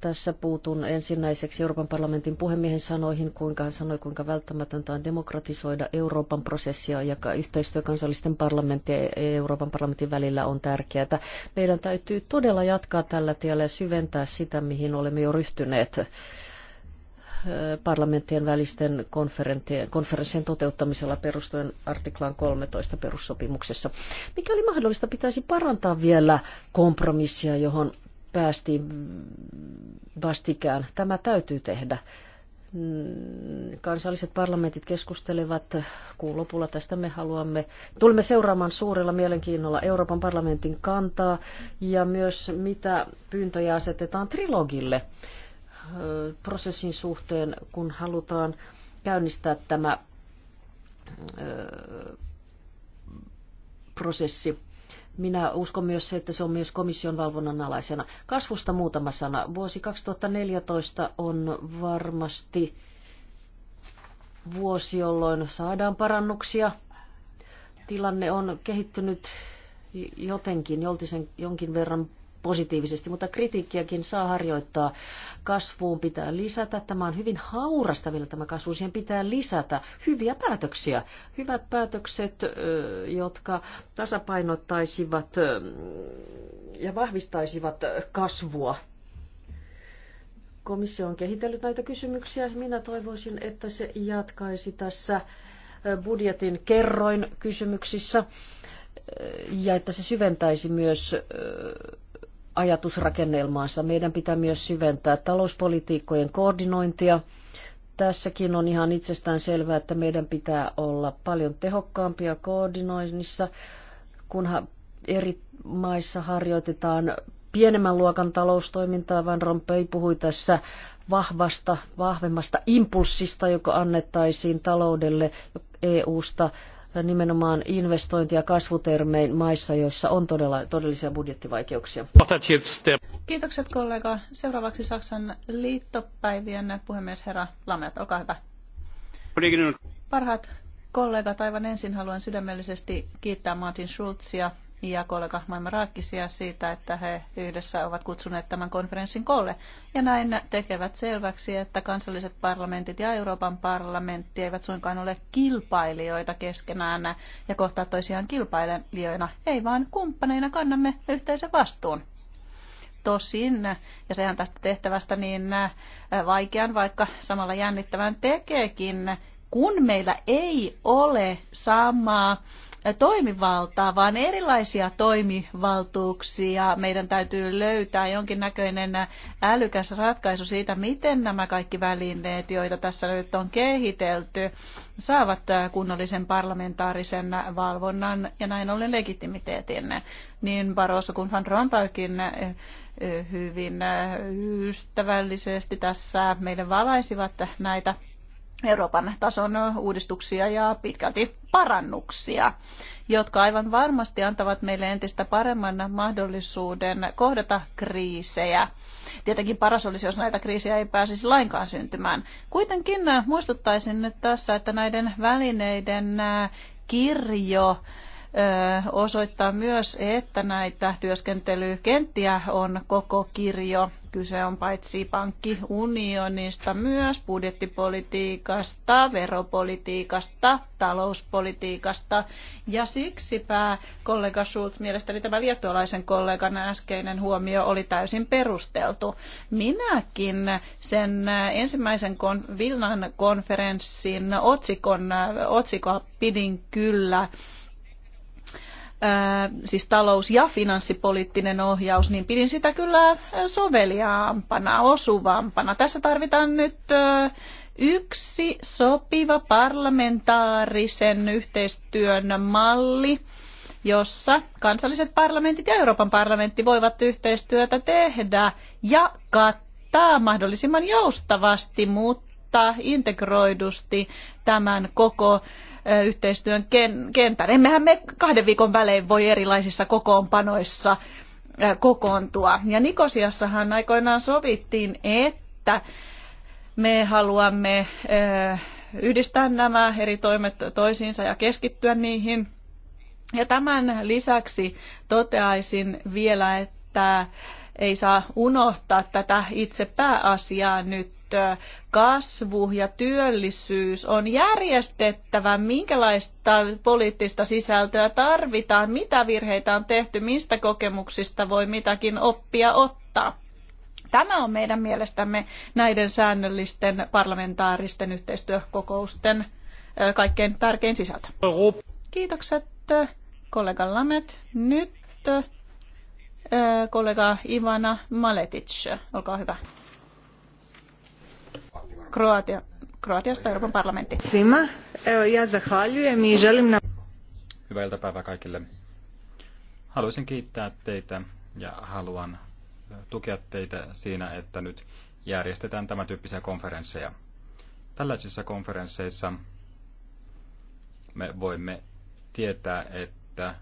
Tässä puutun ensinnäiseksi Euroopan parlamentin puhemiehen sanoihin, kuinka hän sanoi, kuinka välttämätöntä on demokratisoida Euroopan prosessia ja yhteistyö kansallisten parlamenttien ja Euroopan parlamentin välillä on tärkeää. Meidän täytyy todella jatkaa tällä tiellä ja syventää sitä, mihin olemme jo ryhtyneet parlamenttien välisten konferenssien toteuttamisella perustuen artiklaan 13 perussopimuksessa. Mikä oli mahdollista, pitäisi parantaa vielä kompromissia, johon päästiin vastikään. Tämä täytyy tehdä. Kansalliset parlamentit keskustelevat kuun lopulla tästä me haluamme. Tulemme seuraamaan suurella mielenkiinnolla Euroopan parlamentin kantaa ja myös mitä pyyntöjä asetetaan trilogille prosessin suhteen, kun halutaan käynnistää tämä prosessi minä uskon myös se, että se on myös komission valvonnan alaisena. Kasvusta muutama sana. Vuosi 2014 on varmasti vuosi, jolloin saadaan parannuksia. Tilanne on kehittynyt jotenkin, joltisen, jonkin verran positiivisesti, mutta kritiikkiäkin saa harjoittaa. Kasvuun pitää lisätä. Tämä on hyvin haurasta vielä tämä kasvu. Siihen pitää lisätä hyviä päätöksiä. Hyvät päätökset, jotka tasapainottaisivat ja vahvistaisivat kasvua komissio on kehitellyt näitä kysymyksiä. Minä toivoisin, että se jatkaisi tässä budjetin kerroin kysymyksissä ja että se syventäisi myös ajatusrakennelmaansa. Meidän pitää myös syventää talouspolitiikkojen koordinointia. Tässäkin on ihan itsestään selvää, että meidän pitää olla paljon tehokkaampia koordinoinnissa, kunhan eri maissa harjoitetaan pienemmän luokan taloustoimintaa. Van Rompuy puhui tässä vahvasta, vahvemmasta impulssista, joka annettaisiin taloudelle EU-sta nimenomaan investointi- ja kasvutermein maissa, joissa on todella, todellisia budjettivaikeuksia. Kiitokset kollega. Seuraavaksi Saksan liittopäivien puhemies herra Lamet, olkaa hyvä. Parhaat kollegat, aivan ensin haluan sydämellisesti kiittää Martin Schulzia ja kollega Maimarakkisia siitä, että he yhdessä ovat kutsuneet tämän konferenssin koolle. Ja näin tekevät selväksi, että kansalliset parlamentit ja Euroopan parlamentti eivät suinkaan ole kilpailijoita keskenään ja kohtaa toisiaan kilpailijoina, ei vaan kumppaneina kannamme yhteisen vastuun. Tosin, ja sehän tästä tehtävästä niin vaikean, vaikka samalla jännittävän tekeekin, kun meillä ei ole samaa toimivaltaa, vaan erilaisia toimivaltuuksia. Meidän täytyy löytää jonkinnäköinen älykäs ratkaisu siitä, miten nämä kaikki välineet, joita tässä nyt on kehitelty, saavat kunnollisen parlamentaarisen valvonnan ja näin ollen legitimiteetin. Niin Barroso kuin Van Rompuykin eh, eh, hyvin eh, ystävällisesti tässä meille valaisivat näitä Euroopan tason uudistuksia ja pitkälti parannuksia, jotka aivan varmasti antavat meille entistä paremman mahdollisuuden kohdata kriisejä. Tietenkin paras olisi, jos näitä kriisejä ei pääsisi lainkaan syntymään. Kuitenkin muistuttaisin nyt tässä, että näiden välineiden kirjo osoittaa myös, että näitä työskentelykenttiä on koko kirjo. Kyse on paitsi pankkiunionista, myös budjettipolitiikasta, veropolitiikasta, talouspolitiikasta. Ja siksipä kollega Schulz, mielestäni tämä liettualaisen kollegan äskeinen huomio oli täysin perusteltu. Minäkin sen ensimmäisen kon, Vilnan konferenssin otsikon, otsikoa pidin kyllä siis talous- ja finanssipoliittinen ohjaus, niin pidin sitä kyllä soveliaampana, osuvampana. Tässä tarvitaan nyt yksi sopiva parlamentaarisen yhteistyön malli, jossa kansalliset parlamentit ja Euroopan parlamentti voivat yhteistyötä tehdä ja kattaa mahdollisimman joustavasti, mutta integroidusti tämän koko yhteistyön kentän. Emmehän me kahden viikon välein voi erilaisissa kokoonpanoissa kokoontua. Ja Nikosiassahan aikoinaan sovittiin, että me haluamme yhdistää nämä eri toimet toisiinsa ja keskittyä niihin. Ja tämän lisäksi toteaisin vielä, että ei saa unohtaa tätä itse pääasiaa nyt kasvu ja työllisyys on järjestettävä, minkälaista poliittista sisältöä tarvitaan, mitä virheitä on tehty, mistä kokemuksista voi mitäkin oppia ottaa. Tämä on meidän mielestämme näiden säännöllisten parlamentaaristen yhteistyökokousten kaikkein tärkein sisältö. Kiitokset kollega Lamet. Nyt kollega Ivana Maletic, olkaa hyvä. Kroatia, Kroatiasta Euroopan parlamentti. Sima, ja zahvaljujem i želim na... Hyvää iltapäivää kaikille. Haluaisin kiittää teitä ja haluan tukea teitä siinä, että nyt järjestetään tämän tyyppisiä konferensseja. Tällaisissa konferensseissa me voimme tietää, että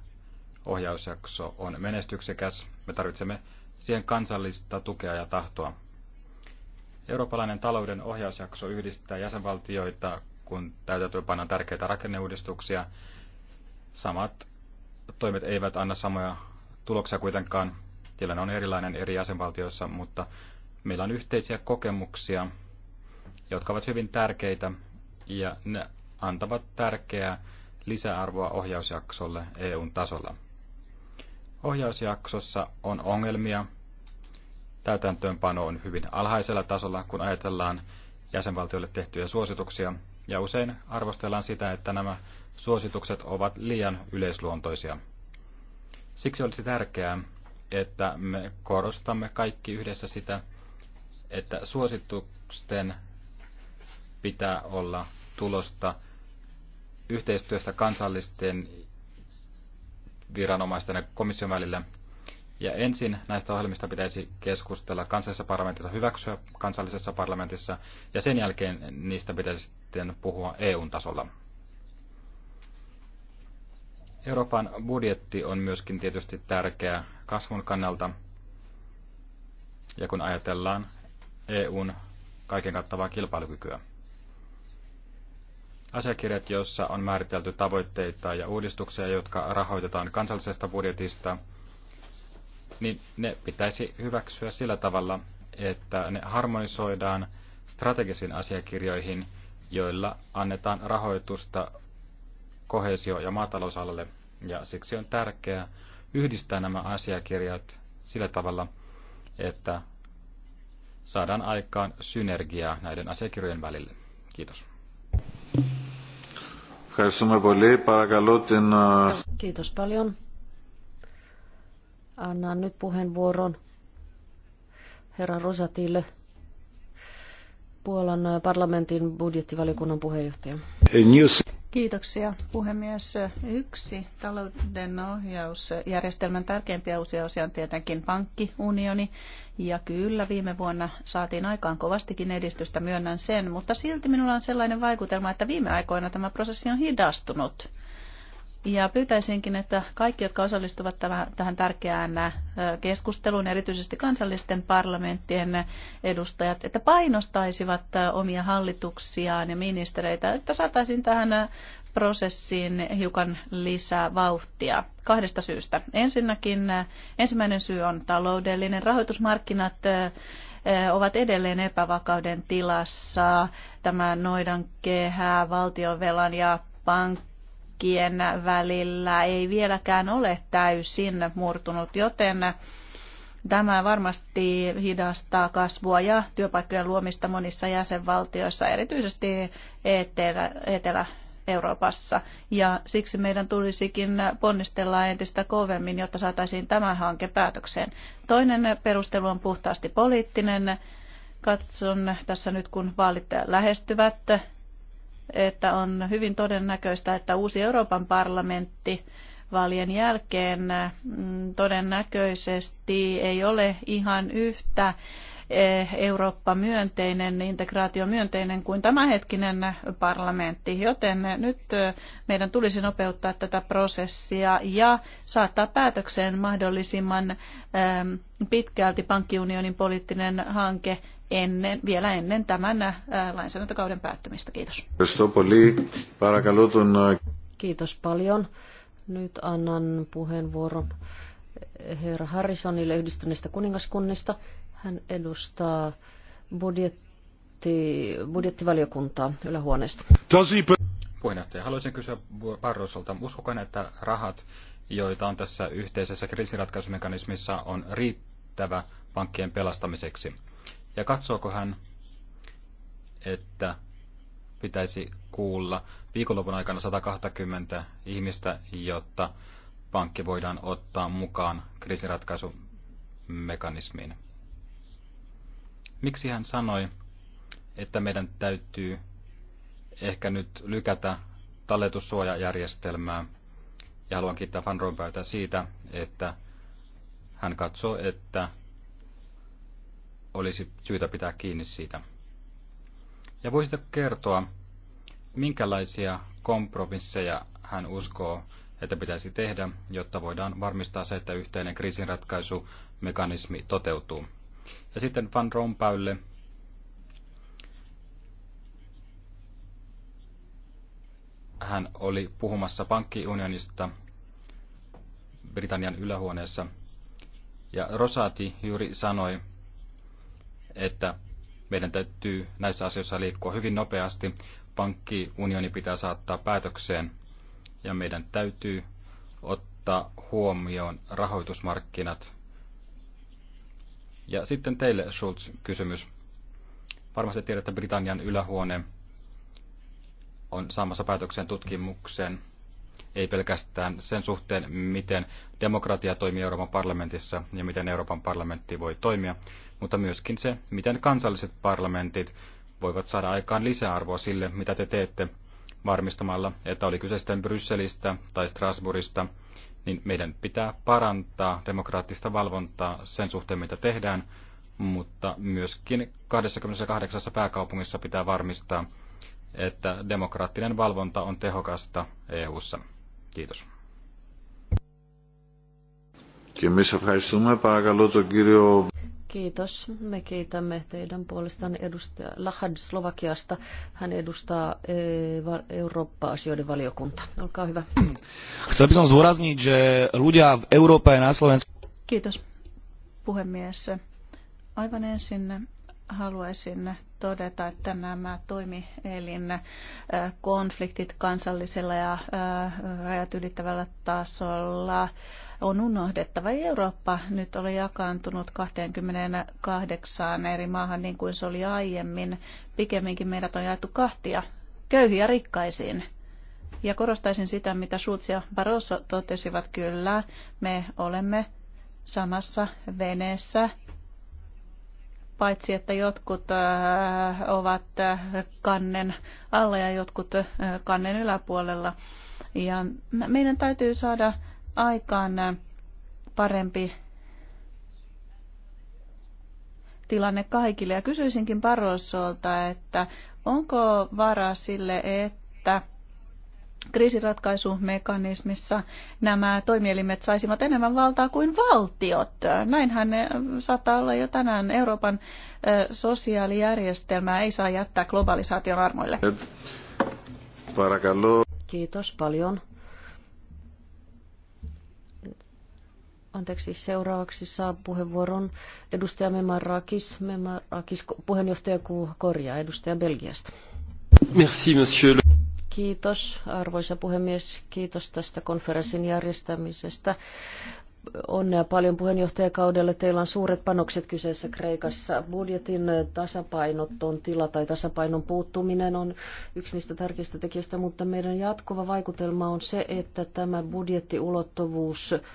ohjausjakso on menestyksekäs. Me tarvitsemme siihen kansallista tukea ja tahtoa. Eurooppalainen talouden ohjausjakso yhdistää jäsenvaltioita, kun täytäntöönpannaan tärkeitä rakenneuudistuksia. Samat toimet eivät anna samoja tuloksia kuitenkaan. Tilanne on erilainen eri jäsenvaltioissa, mutta meillä on yhteisiä kokemuksia, jotka ovat hyvin tärkeitä ja ne antavat tärkeää lisäarvoa ohjausjaksolle EUn tasolla. Ohjausjaksossa on ongelmia, täytäntöönpano on hyvin alhaisella tasolla, kun ajatellaan jäsenvaltioille tehtyjä suosituksia, ja usein arvostellaan sitä, että nämä suositukset ovat liian yleisluontoisia. Siksi olisi tärkeää, että me korostamme kaikki yhdessä sitä, että suositusten pitää olla tulosta yhteistyöstä kansallisten viranomaisten ja komission välillä ja ensin näistä ohjelmista pitäisi keskustella kansallisessa parlamentissa, hyväksyä kansallisessa parlamentissa, ja sen jälkeen niistä pitäisi sitten puhua EU-tasolla. Euroopan budjetti on myöskin tietysti tärkeä kasvun kannalta, ja kun ajatellaan EUn kaiken kattavaa kilpailukykyä. Asiakirjat, joissa on määritelty tavoitteita ja uudistuksia, jotka rahoitetaan kansallisesta budjetista – niin ne pitäisi hyväksyä sillä tavalla, että ne harmonisoidaan strategisiin asiakirjoihin, joilla annetaan rahoitusta kohesio- ja maatalousalalle, ja siksi on tärkeää yhdistää nämä asiakirjat sillä tavalla, että saadaan aikaan synergiaa näiden asiakirjojen välille. Kiitos. Kiitos paljon. Annan nyt puheenvuoron herra Rosatille, Puolan parlamentin budjettivaliokunnan puheenjohtaja. News. Kiitoksia puhemies. Yksi talouden ohjausjärjestelmän tärkeimpiä uusia osia on tietenkin pankkiunioni. Ja kyllä viime vuonna saatiin aikaan kovastikin edistystä, myönnän sen, mutta silti minulla on sellainen vaikutelma, että viime aikoina tämä prosessi on hidastunut. Ja pyytäisinkin, että kaikki, jotka osallistuvat tähän tärkeään keskusteluun, erityisesti kansallisten parlamenttien edustajat, että painostaisivat omia hallituksiaan ja ministereitä, että saataisiin tähän prosessiin hiukan lisää vauhtia kahdesta syystä. Ensinnäkin ensimmäinen syy on taloudellinen. Rahoitusmarkkinat ovat edelleen epävakauden tilassa. Tämä kehää valtionvelan ja pankkien pankkien välillä ei vieläkään ole täysin murtunut, joten Tämä varmasti hidastaa kasvua ja työpaikkojen luomista monissa jäsenvaltioissa, erityisesti Etelä- Etelä-Euroopassa. Ja siksi meidän tulisikin ponnistella entistä kovemmin, jotta saataisiin tämä hanke päätökseen. Toinen perustelu on puhtaasti poliittinen. Katson tässä nyt, kun vaalit lähestyvät, että on hyvin todennäköistä, että uusi Euroopan parlamentti vaalien jälkeen mm, todennäköisesti ei ole ihan yhtä eh, Eurooppa-myönteinen, myönteinen kuin tämänhetkinen parlamentti, joten nyt eh, meidän tulisi nopeuttaa tätä prosessia ja saattaa päätökseen mahdollisimman eh, pitkälti pankkiunionin poliittinen hanke ennen, vielä ennen tämän äh, lainsäädäntökauden päättymistä. Kiitos. Kiitos paljon. Nyt annan puheenvuoron eh, herra Harrisonille yhdistyneistä kuningaskunnista. Hän edustaa budjetti, budjettivaliokuntaa ylähuoneesta. Puheenjohtaja, haluaisin kysyä Barrosolta, uskoko että rahat, joita on tässä yhteisessä kriisiratkaisumekanismissa, on riittävä pankkien pelastamiseksi? Ja katsooko hän, että pitäisi kuulla viikonlopun aikana 120 ihmistä, jotta pankki voidaan ottaa mukaan kriisiratkaisumekanismiin. Miksi hän sanoi, että meidän täytyy ehkä nyt lykätä talletussuojajärjestelmää, ja haluan kiittää Van Rompuyta siitä, että hän katsoo, että olisi syytä pitää kiinni siitä. Ja voisitko kertoa, minkälaisia kompromisseja hän uskoo, että pitäisi tehdä, jotta voidaan varmistaa se, että yhteinen kriisinratkaisumekanismi toteutuu. Ja sitten Van Rompuylle hän oli puhumassa pankkiunionista Britannian ylähuoneessa. Ja Rosati juuri sanoi, että meidän täytyy näissä asioissa liikkua hyvin nopeasti. Pankkiunioni pitää saattaa päätökseen ja meidän täytyy ottaa huomioon rahoitusmarkkinat. Ja sitten teille, Schulz, kysymys. Varmasti tiedätte, että Britannian ylähuone on saamassa päätökseen tutkimuksen, ei pelkästään sen suhteen, miten demokratia toimii Euroopan parlamentissa ja miten Euroopan parlamentti voi toimia, mutta myöskin se, miten kansalliset parlamentit voivat saada aikaan lisäarvoa sille, mitä te teette, varmistamalla, että oli kyse sitten Brysselistä tai Strasbourgista, niin meidän pitää parantaa demokraattista valvontaa sen suhteen, mitä tehdään, mutta myöskin 28 pääkaupungissa pitää varmistaa, että demokraattinen valvonta on tehokasta EU:ssa. Kiitos. Kiitos. Kiitos. Me kiitämme teidän puolestaan edustaja Lahad Slovakiasta. Hän edustaa eh, Eurooppa-asioiden valiokunta. Olkaa hyvä. Kiitos, puhemies. Aivan ensin haluaisin todeta, että nämä toimielin eh, konfliktit kansallisella ja eh, rajat ylittävällä tasolla – on unohdettava. Eurooppa nyt oli jakaantunut 28 eri maahan niin kuin se oli aiemmin. Pikemminkin meidät on jaettu kahtia köyhiä rikkaisiin. Ja korostaisin sitä, mitä Schulz ja Barroso totesivat, kyllä, me olemme samassa veneessä, paitsi että jotkut äh, ovat äh, kannen alla ja jotkut äh, kannen yläpuolella. Ja meidän täytyy saada aikaan parempi tilanne kaikille. Ja kysyisinkin Barrosolta, että onko varaa sille, että kriisiratkaisumekanismissa nämä toimielimet saisivat enemmän valtaa kuin valtiot. Näinhän ne saattaa olla jo tänään. Euroopan sosiaalijärjestelmää ei saa jättää globalisaation armoille. Kiitos paljon. Anteeksi, seuraavaksi saa puheenvuoron edustaja Memarakis, Memarakis puheenjohtaja korjaa edustaja Belgiasta. Merci, monsieur. Kiitos, arvoisa puhemies. Kiitos tästä konferenssin järjestämisestä. Onnea paljon puheenjohtajakaudelle. Teillä on suuret panokset kyseessä Kreikassa. Budjetin tasapainoton tila tai tasapainon puuttuminen on yksi niistä tärkeistä tekijöistä, mutta meidän jatkuva vaikutelma on se, että tämä budjettiulottuvuus ulottuvuus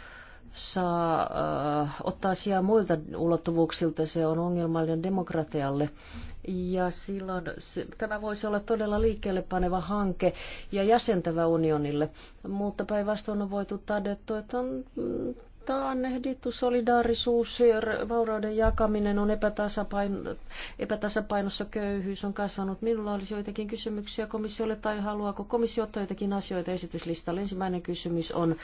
saa äh, ottaa sijaa muilta ulottuvuuksilta, se on ongelmallinen demokratialle. Ja silloin se, tämä voisi olla todella liikkeelle paneva hanke ja jäsentävä unionille, mutta päinvastoin on voitu todeta, että on mm, taannehdittu solidaarisuus, vaurauden jakaminen on epätasapaino, epätasapainossa, köyhyys on kasvanut. Minulla olisi joitakin kysymyksiä komissiolle tai haluaako komissio ottaa joitakin asioita esityslistalle. Ensimmäinen kysymys on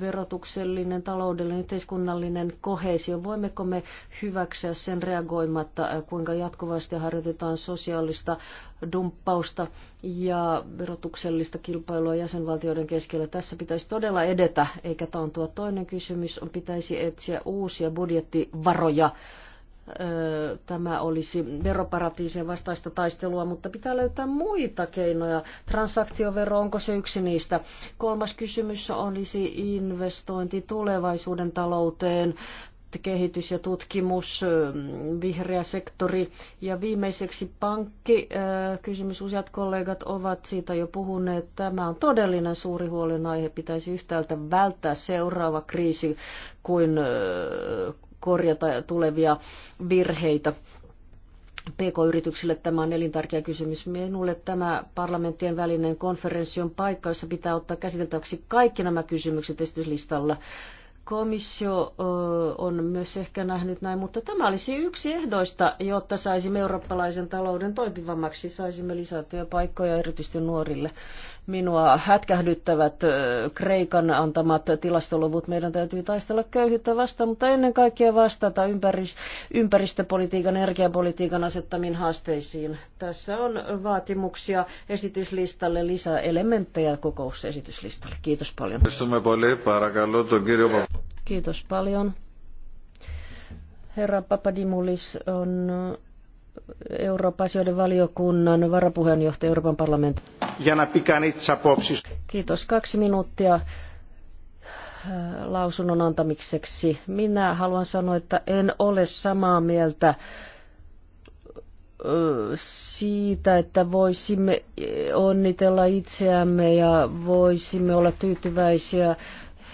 verotuksellinen, taloudellinen, yhteiskunnallinen kohesio. Voimmeko me hyväksyä sen reagoimatta, kuinka jatkuvasti harjoitetaan sosiaalista dumppausta ja verotuksellista kilpailua jäsenvaltioiden keskellä. Tässä pitäisi todella edetä, eikä taantua. Toinen kysymys on, pitäisi etsiä uusia budjettivaroja tämä olisi veroparatiisien vastaista taistelua, mutta pitää löytää muita keinoja. Transaktiovero, onko se yksi niistä? Kolmas kysymys olisi investointi tulevaisuuden talouteen, kehitys ja tutkimus, ähm, vihreä sektori ja viimeiseksi pankki. Äh, kysymys useat kollegat ovat siitä jo puhuneet. Tämä on todellinen suuri huolenaihe. Pitäisi yhtäältä välttää seuraava kriisi kuin äh, korjata tulevia virheitä. PK-yrityksille tämä on elintärkeä kysymys. Minulle tämä parlamenttien välinen konferenssi on paikka, jossa pitää ottaa käsiteltäväksi kaikki nämä kysymykset esityslistalla. Komissio on myös ehkä nähnyt näin, mutta tämä olisi yksi ehdoista, jotta saisimme eurooppalaisen talouden toimivammaksi, saisimme lisää työpaikkoja erityisesti nuorille minua hätkähdyttävät Kreikan antamat tilastoluvut. Meidän täytyy taistella köyhyyttä vastaan, mutta ennen kaikkea vastata ympäristöpolitiikan, energiapolitiikan asettamiin haasteisiin. Tässä on vaatimuksia esityslistalle, lisää elementtejä kokousesityslistalle. Kiitos paljon. Kiitos paljon. Herra Papadimulis on Euroopan asioiden valiokunnan varapuheenjohtaja Euroopan parlamentti. Jana Pikanitsa Popsis. Kiitos. Kaksi minuuttia äh, lausunnon antamiseksi. Minä haluan sanoa, että en ole samaa mieltä äh, siitä, että voisimme äh, onnitella itseämme ja voisimme olla tyytyväisiä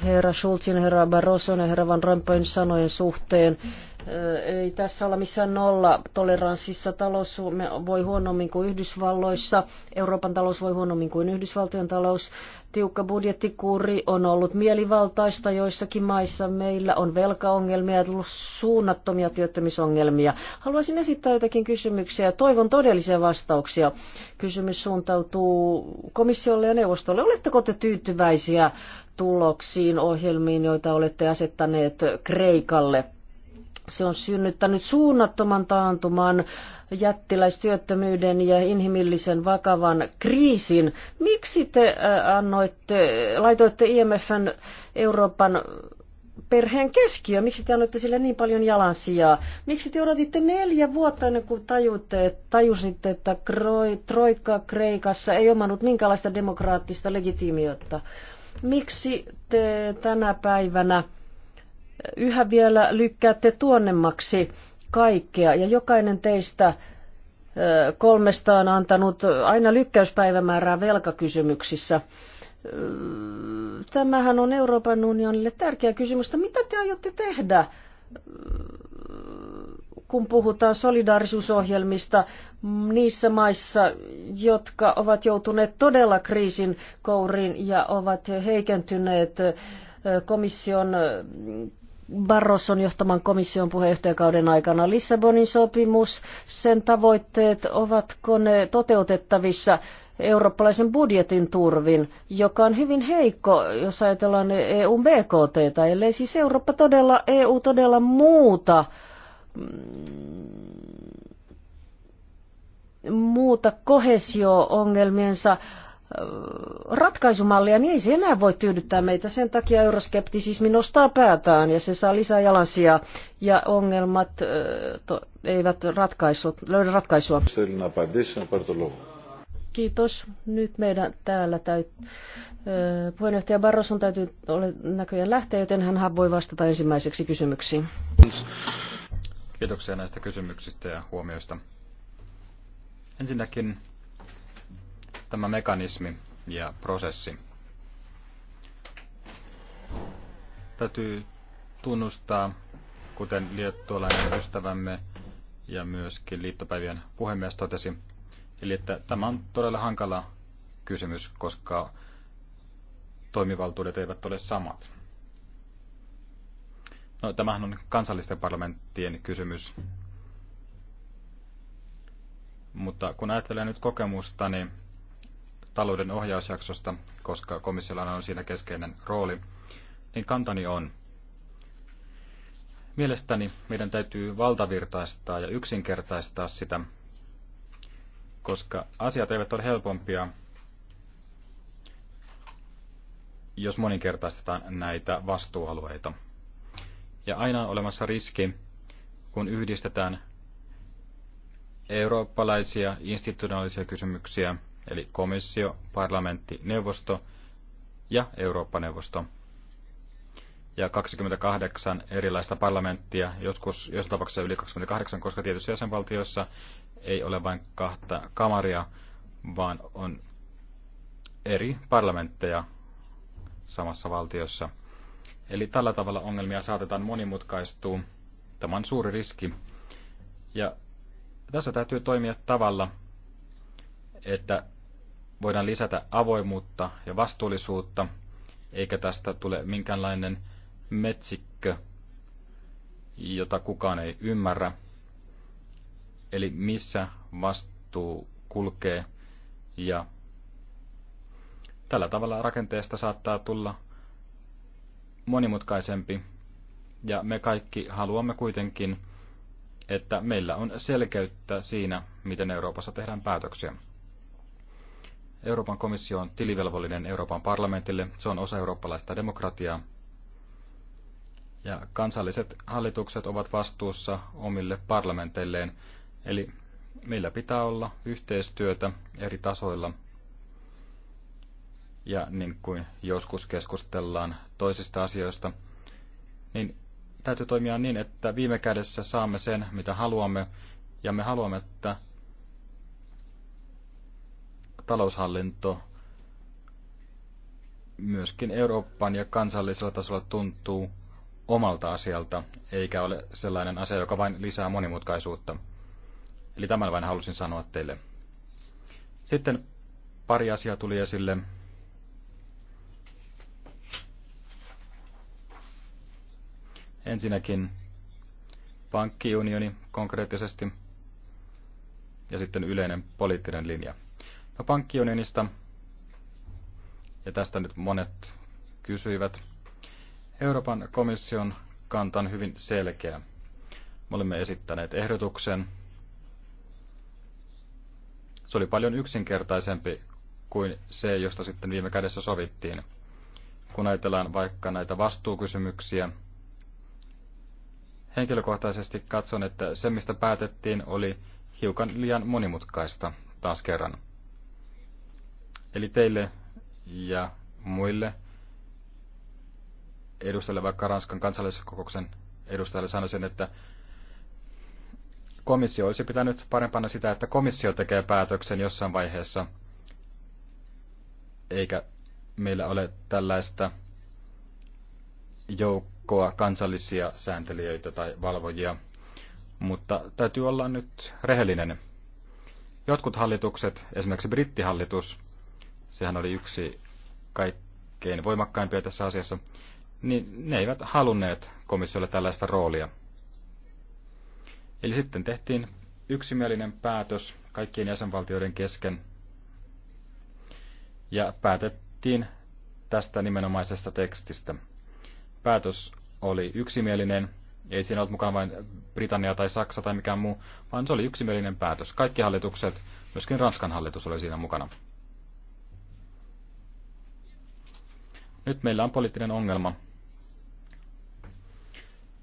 herra Schulzin, herra Barroson ja herra Van Rompuyn sanojen suhteen. Mm ei tässä olla missään nolla toleranssissa. Talous voi huonommin kuin Yhdysvalloissa. Euroopan talous voi huonommin kuin Yhdysvaltojen talous. Tiukka budjettikuuri on ollut mielivaltaista joissakin maissa. Meillä on velkaongelmia ja tullut suunnattomia työttömyysongelmia. Haluaisin esittää jotakin kysymyksiä ja toivon todellisia vastauksia. Kysymys suuntautuu komissiolle ja neuvostolle. Oletteko te tyytyväisiä tuloksiin, ohjelmiin, joita olette asettaneet Kreikalle? Se on synnyttänyt suunnattoman taantuman, jättiläistyöttömyyden ja inhimillisen vakavan kriisin. Miksi te äh, annoitte, laitoitte IMFn Euroopan perheen keskiö? Miksi te annoitte sille niin paljon jalansijaa? Miksi te odotitte neljä vuotta ennen kuin tajutte, tajusitte, että Troikka Kreikassa ei omannut minkäänlaista demokraattista legitiimiötä? Miksi te tänä päivänä yhä vielä lykkäätte tuonnemmaksi kaikkea ja jokainen teistä kolmesta on antanut aina lykkäyspäivämäärää velkakysymyksissä. Tämähän on Euroopan unionille tärkeä kysymys. Mitä te aiotte tehdä, kun puhutaan solidaarisuusohjelmista niissä maissa, jotka ovat joutuneet todella kriisin kouriin ja ovat heikentyneet komission Barroson johtaman komission puheenjohtajakauden aikana. Lissabonin sopimus, sen tavoitteet, ovatko ne toteutettavissa eurooppalaisen budjetin turvin, joka on hyvin heikko, jos ajatellaan EUn BKT, tai ellei siis Eurooppa todella, EU todella muuta mm, muuta kohesio-ongelmiensa ratkaisumallia, niin ei se enää voi tyydyttää meitä. Sen takia euroskeptisismi nostaa päätään ja se saa lisää jalansia ja ongelmat to, eivät ratkaisut, löydä ratkaisua. Kiitos. Nyt meidän täällä täyt, puheenjohtaja Barros on täytyy ole näköjään lähteä, joten hän voi vastata ensimmäiseksi kysymyksiin. Kiitoksia näistä kysymyksistä ja huomioista. Ensinnäkin tämä mekanismi ja prosessi. Täytyy tunnustaa, kuten liettualainen ystävämme ja myöskin liittopäivien puhemies totesi, eli että tämä on todella hankala kysymys, koska toimivaltuudet eivät ole samat. No, tämähän on kansallisten parlamenttien kysymys. Mutta kun ajattelen nyt niin talouden ohjausjaksosta, koska komissiolla on siinä keskeinen rooli, niin kantani on. Mielestäni meidän täytyy valtavirtaistaa ja yksinkertaistaa sitä, koska asiat eivät ole helpompia, jos moninkertaistetaan näitä vastuualueita. Ja aina on olemassa riski, kun yhdistetään eurooppalaisia institutionaalisia kysymyksiä – eli komissio, parlamentti, neuvosto ja Eurooppa-neuvosto. Ja 28 erilaista parlamenttia, joskus jos tapauksessa yli 28, koska tietyissä jäsenvaltioissa ei ole vain kahta kamaria, vaan on eri parlamentteja samassa valtiossa. Eli tällä tavalla ongelmia saatetaan monimutkaistua. Tämä on suuri riski. Ja tässä täytyy toimia tavalla, että voidaan lisätä avoimuutta ja vastuullisuutta, eikä tästä tule minkäänlainen metsikkö, jota kukaan ei ymmärrä. Eli missä vastuu kulkee ja tällä tavalla rakenteesta saattaa tulla monimutkaisempi ja me kaikki haluamme kuitenkin, että meillä on selkeyttä siinä, miten Euroopassa tehdään päätöksiä. Euroopan komissio on tilivelvollinen Euroopan parlamentille, se on osa eurooppalaista demokratiaa. Ja kansalliset hallitukset ovat vastuussa omille parlamenteilleen, eli meillä pitää olla yhteistyötä eri tasoilla. Ja niin kuin joskus keskustellaan toisista asioista, niin täytyy toimia niin, että viime kädessä saamme sen, mitä haluamme, ja me haluamme, että taloushallinto myöskin Euroopan ja kansallisella tasolla tuntuu omalta asialta, eikä ole sellainen asia, joka vain lisää monimutkaisuutta. Eli tämän vain halusin sanoa teille. Sitten pari asiaa tuli esille. Ensinnäkin pankkiunioni konkreettisesti ja sitten yleinen poliittinen linja. No pankkiunionista, ja tästä nyt monet kysyivät. Euroopan komission kanta on hyvin selkeä. Me olemme esittäneet ehdotuksen. Se oli paljon yksinkertaisempi kuin se, josta sitten viime kädessä sovittiin. Kun ajatellaan vaikka näitä vastuukysymyksiä, henkilökohtaisesti katson, että se mistä päätettiin oli hiukan liian monimutkaista taas kerran. Eli teille ja muille edustajille, vaikka Ranskan kansalliskokouksen edustajille sanoisin, että komissio olisi pitänyt parempana sitä, että komissio tekee päätöksen jossain vaiheessa, eikä meillä ole tällaista joukkoa kansallisia sääntelijöitä tai valvojia. Mutta täytyy olla nyt rehellinen. Jotkut hallitukset, esimerkiksi brittihallitus, sehän oli yksi kaikkein voimakkaimpia tässä asiassa, niin ne eivät halunneet komissiolle tällaista roolia. Eli sitten tehtiin yksimielinen päätös kaikkien jäsenvaltioiden kesken ja päätettiin tästä nimenomaisesta tekstistä. Päätös oli yksimielinen, ei siinä ollut mukana vain Britannia tai Saksa tai mikään muu, vaan se oli yksimielinen päätös. Kaikki hallitukset, myöskin Ranskan hallitus oli siinä mukana. Nyt meillä on poliittinen ongelma.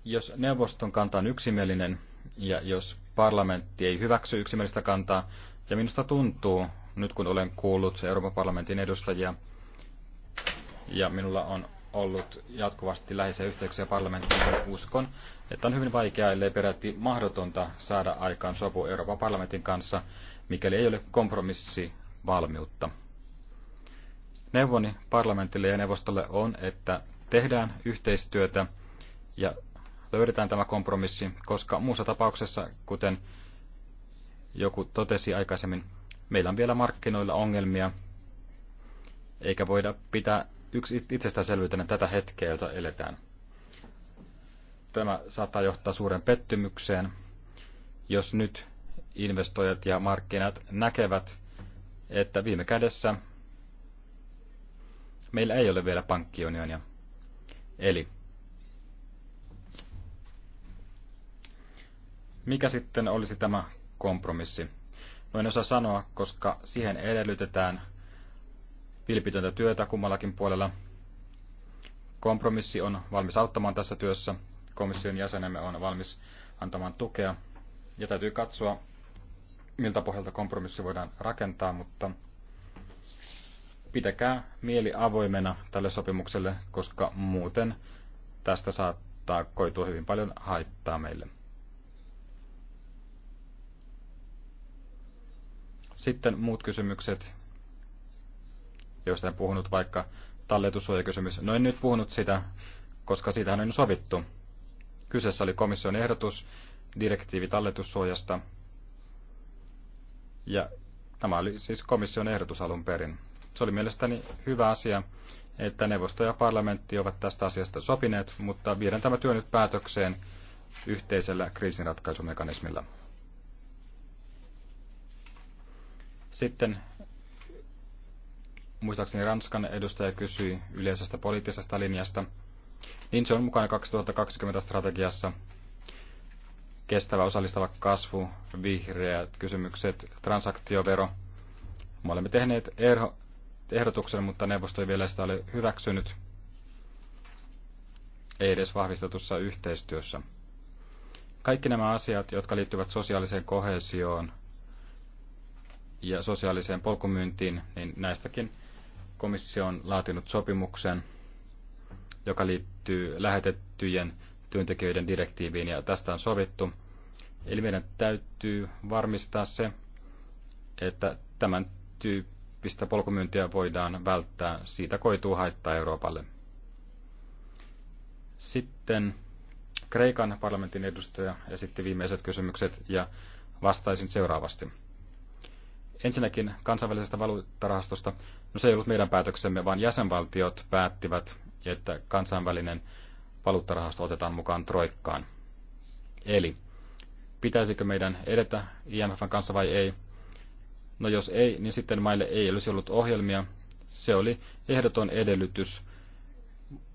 Jos neuvoston kanta on yksimielinen ja jos parlamentti ei hyväksy yksimielistä kantaa, ja minusta tuntuu, nyt kun olen kuullut Euroopan parlamentin edustajia, ja minulla on ollut jatkuvasti läheisiä yhteyksiä parlamenttiin, niin uskon, että on hyvin vaikeaa, ellei peräti mahdotonta saada aikaan sopu Euroopan parlamentin kanssa, mikäli ei ole kompromissi valmiutta. Neuvoni parlamentille ja neuvostolle on, että tehdään yhteistyötä ja löydetään tämä kompromissi, koska muussa tapauksessa, kuten joku totesi aikaisemmin, meillä on vielä markkinoilla ongelmia, eikä voida pitää yksi itsestäänselvyytenä tätä hetkeä, jota eletään. Tämä saattaa johtaa suuren pettymykseen, jos nyt investoijat ja markkinat näkevät, että viime kädessä Meillä ei ole vielä pankkiunionia. Eli mikä sitten olisi tämä kompromissi? No en osaa sanoa, koska siihen edellytetään vilpitöntä työtä kummallakin puolella. Kompromissi on valmis auttamaan tässä työssä. Komission jäsenemme on valmis antamaan tukea. Ja täytyy katsoa, miltä pohjalta kompromissi voidaan rakentaa, mutta pitäkää mieli avoimena tälle sopimukselle, koska muuten tästä saattaa koitua hyvin paljon haittaa meille. Sitten muut kysymykset, joista en puhunut vaikka talletussuojakysymys. No en nyt puhunut sitä, koska siitähän on sovittu. Kyseessä oli komission ehdotus, direktiivi talletussuojasta. Ja tämä oli siis komission ehdotus alun perin. Se oli mielestäni hyvä asia, että neuvosto ja parlamentti ovat tästä asiasta sopineet, mutta viedään tämä työ nyt päätökseen yhteisellä kriisinratkaisumekanismilla. Sitten muistaakseni Ranskan edustaja kysyi yleisestä poliittisesta linjasta. Niin se on mukana 2020 strategiassa. Kestävä osallistava kasvu, vihreät kysymykset, transaktiovero. Me olemme tehneet ehdotuksen, mutta neuvosto ei vielä sitä ole hyväksynyt, ei edes vahvistetussa yhteistyössä. Kaikki nämä asiat, jotka liittyvät sosiaaliseen kohesioon ja sosiaaliseen polkumyyntiin, niin näistäkin komissio on laatinut sopimuksen, joka liittyy lähetettyjen työntekijöiden direktiiviin, ja tästä on sovittu. Eli meidän täytyy varmistaa se, että tämän tyyppi tyyppistä polkumyyntiä voidaan välttää, siitä koituu haittaa Euroopalle. Sitten Kreikan parlamentin edustaja esitti viimeiset kysymykset ja vastaisin seuraavasti. Ensinnäkin kansainvälisestä valuuttarahastosta. No se ei ollut meidän päätöksemme, vaan jäsenvaltiot päättivät, että kansainvälinen valuuttarahasto otetaan mukaan troikkaan. Eli pitäisikö meidän edetä IMFn kanssa vai ei? No jos ei, niin sitten maille ei olisi ollut ohjelmia. Se oli ehdoton edellytys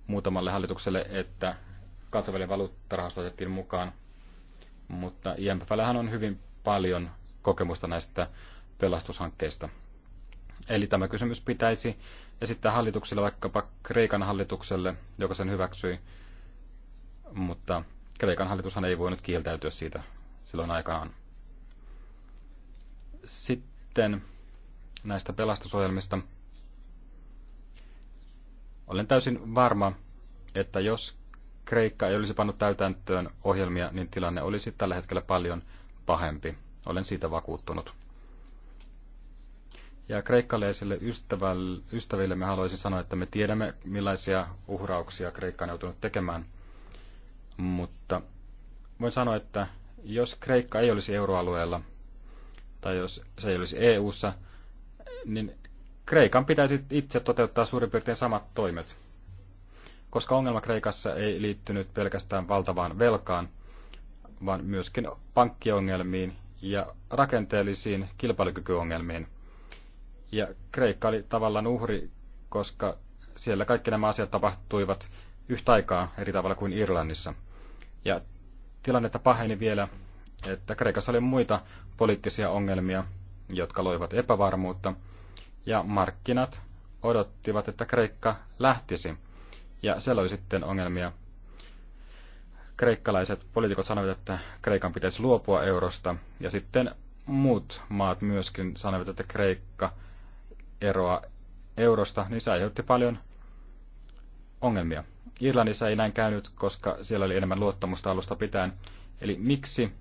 muutamalle hallitukselle, että kansainvälinen valuuttarahasto otettiin mukaan. Mutta IMFllähän on hyvin paljon kokemusta näistä pelastushankkeista. Eli tämä kysymys pitäisi esittää hallitukselle, vaikkapa Kreikan hallitukselle, joka sen hyväksyi. Mutta Kreikan hallitushan ei voinut kieltäytyä siitä silloin aikaan. Sitten sitten näistä pelastusohjelmista. Olen täysin varma, että jos Kreikka ei olisi pannut täytäntöön ohjelmia, niin tilanne olisi tällä hetkellä paljon pahempi. Olen siitä vakuuttunut. Ja kreikkalaisille ystäville me haluaisin sanoa, että me tiedämme, millaisia uhrauksia Kreikka on joutunut tekemään. Mutta voin sanoa, että jos Kreikka ei olisi euroalueella, tai jos se ei olisi EU-ssa, niin Kreikan pitäisi itse toteuttaa suurin piirtein samat toimet. Koska ongelma Kreikassa ei liittynyt pelkästään valtavaan velkaan, vaan myöskin pankkiongelmiin ja rakenteellisiin kilpailukykyongelmiin. Ja Kreikka oli tavallaan uhri, koska siellä kaikki nämä asiat tapahtuivat yhtä aikaa eri tavalla kuin Irlannissa. Ja tilannetta paheni vielä, että Kreikassa oli muita poliittisia ongelmia, jotka loivat epävarmuutta, ja markkinat odottivat, että Kreikka lähtisi, ja se loi sitten ongelmia. Kreikkalaiset poliitikot sanoivat, että Kreikan pitäisi luopua eurosta, ja sitten muut maat myöskin sanoivat, että Kreikka eroa eurosta, niin se aiheutti paljon ongelmia. Irlannissa ei näin käynyt, koska siellä oli enemmän luottamusta alusta pitäen. Eli miksi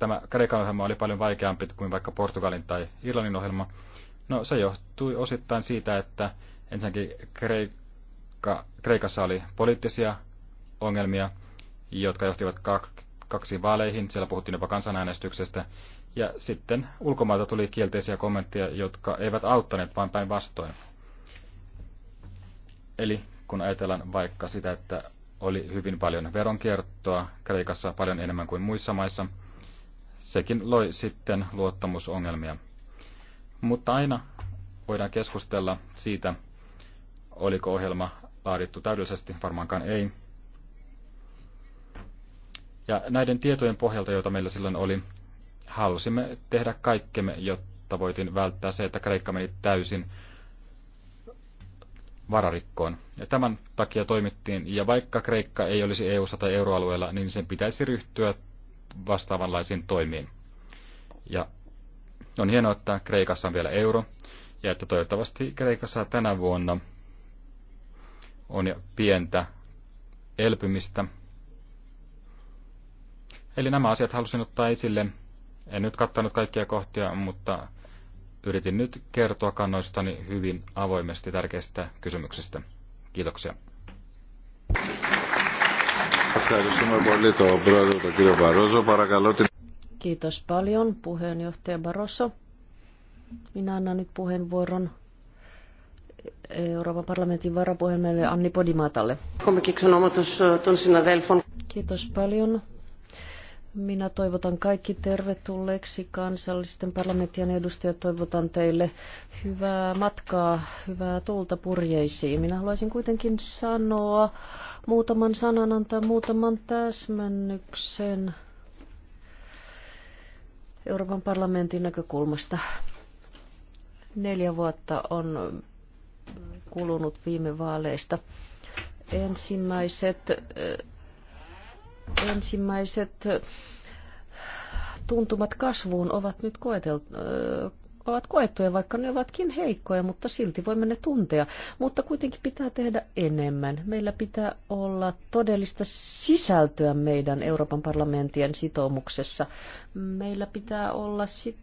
tämä Kreikan ohjelma oli paljon vaikeampi kuin vaikka Portugalin tai Irlannin ohjelma. No se johtui osittain siitä, että ensinnäkin Kreikka, Kreikassa oli poliittisia ongelmia, jotka johtivat kaksi vaaleihin. Siellä puhuttiin jopa kansanäänestyksestä. Ja sitten ulkomailta tuli kielteisiä kommentteja, jotka eivät auttaneet, vaan päinvastoin. Eli kun ajatellaan vaikka sitä, että oli hyvin paljon veronkiertoa Kreikassa paljon enemmän kuin muissa maissa – sekin loi sitten luottamusongelmia. Mutta aina voidaan keskustella siitä, oliko ohjelma laadittu täydellisesti, varmaankaan ei. Ja näiden tietojen pohjalta, joita meillä silloin oli, halusimme tehdä kaikkemme, jotta voitiin välttää se, että Kreikka meni täysin vararikkoon. Ja tämän takia toimittiin, ja vaikka Kreikka ei olisi eu sata tai euroalueella, niin sen pitäisi ryhtyä vastaavanlaisiin toimiin. Ja on hienoa, että Kreikassa on vielä euro, ja että toivottavasti Kreikassa tänä vuonna on jo pientä elpymistä. Eli nämä asiat halusin ottaa esille. En nyt kattanut kaikkia kohtia, mutta yritin nyt kertoa kannoistani hyvin avoimesti tärkeistä kysymyksistä. Kiitoksia. Ευχαριστούμε πολύ τον πρόεδρο τον κύριο Παρακαλώ την... Kiitos paljon puheenjohtaja Barroso. Minä annan nyt puheenvuoron eh, Euroopan parlamentin varapuheenjohtajalle Anni Podimatalle. Kiitos paljon minä toivotan kaikki tervetulleeksi kansallisten parlamenttien edustajat. Toivotan teille hyvää matkaa, hyvää tuulta purjeisiin. Minä haluaisin kuitenkin sanoa muutaman sanan, antaa muutaman täsmännyksen Euroopan parlamentin näkökulmasta. Neljä vuotta on kulunut viime vaaleista. Ensimmäiset Ensimmäiset äh, tuntumat kasvuun ovat nyt koeteltu, äh, ovat koettuja, vaikka ne ovatkin heikkoja, mutta silti voimme ne tuntea. Mutta kuitenkin pitää tehdä enemmän. Meillä pitää olla todellista sisältöä meidän Euroopan parlamentien sitoumuksessa. Meillä pitää olla sit,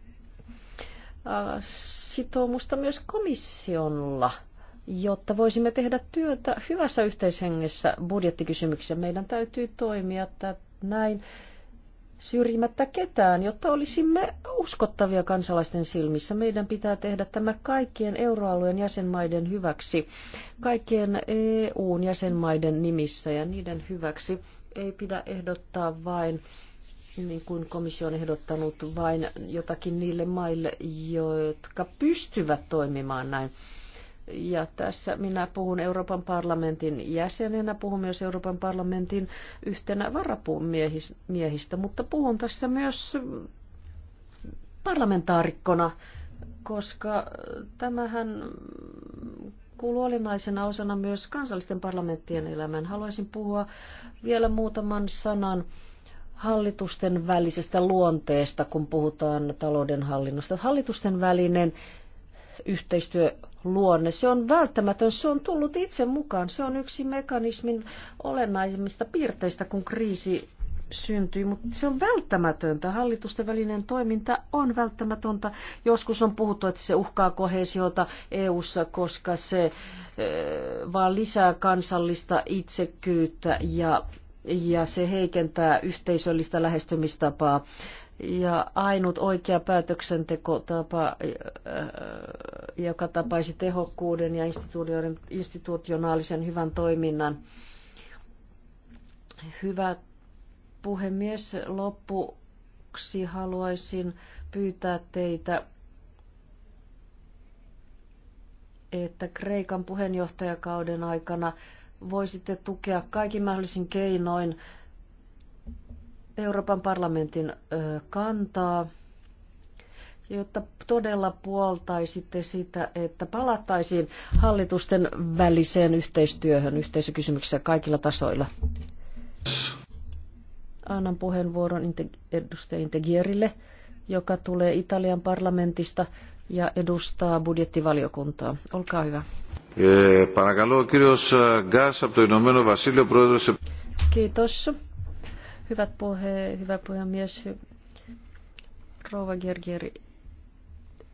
äh, sitoumusta myös komissiolla – jotta voisimme tehdä työtä hyvässä yhteishengessä budjettikysymyksiä. Meidän täytyy toimia että näin syrjimättä ketään, jotta olisimme uskottavia kansalaisten silmissä. Meidän pitää tehdä tämä kaikkien euroalueen jäsenmaiden hyväksi, kaikkien EUn jäsenmaiden nimissä ja niiden hyväksi. Ei pidä ehdottaa vain niin kuin komissio on ehdottanut vain jotakin niille maille, jotka pystyvät toimimaan näin. Ja tässä minä puhun Euroopan parlamentin jäsenenä, puhun myös Euroopan parlamentin yhtenä miehistä, mutta puhun tässä myös parlamentaarikkona, koska tämähän kuuluu olennaisena osana myös kansallisten parlamenttien elämään. Haluaisin puhua vielä muutaman sanan hallitusten välisestä luonteesta, kun puhutaan taloudenhallinnosta. Hallitusten välinen yhteistyö luonne. Se on välttämätön, se on tullut itse mukaan. Se on yksi mekanismin olennaisimmista piirteistä, kun kriisi syntyi, mutta se on välttämätöntä. Hallitusten välinen toiminta on välttämätöntä. Joskus on puhuttu, että se uhkaa kohesiota EU-ssa, koska se eh, vaan lisää kansallista itsekyyttä ja ja se heikentää yhteisöllistä lähestymistapaa ja ainut oikea päätöksentekotapa, äh, joka tapaisi tehokkuuden ja institutionaalisen hyvän toiminnan. Hyvä puhemies, loppuksi haluaisin pyytää teitä, että Kreikan puheenjohtajakauden aikana voisitte tukea kaikin mahdollisin keinoin Euroopan parlamentin kantaa, jotta todella puoltaisitte sitä, että palattaisiin hallitusten väliseen yhteistyöhön yhteisökysymyksissä kaikilla tasoilla. Annan puheenvuoron edustaja Integierille, joka tulee Italian parlamentista ja edustaa budjettivaliokuntaa. Olkaa hyvä. Eh, eh, Kiitos. Hyvät puhe, hyvä puhemies, hy, rouva Gergeri,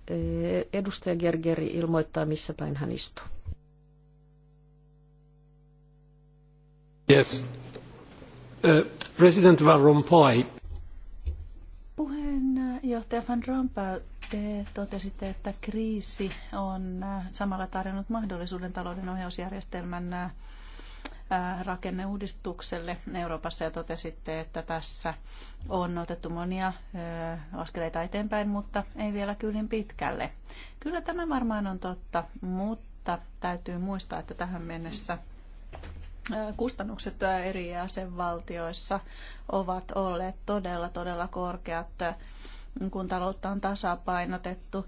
eh, edustaja Gergeri ilmoittaa, missä päin hän istuu. Yes. Uh, President Van Rompuy. Puheenjohtaja Van Rompuy, te totesitte, että kriisi on eh, samalla tarjonnut mahdollisuuden talouden ohjausjärjestelmän Äh, rakenneuudistukselle Euroopassa ja totesitte, että tässä on otettu monia äh, askeleita eteenpäin, mutta ei vielä kyllin pitkälle. Kyllä tämä varmaan on totta, mutta täytyy muistaa, että tähän mennessä äh, kustannukset eri jäsenvaltioissa ovat olleet todella, todella korkeat, kun taloutta on tasapainotettu.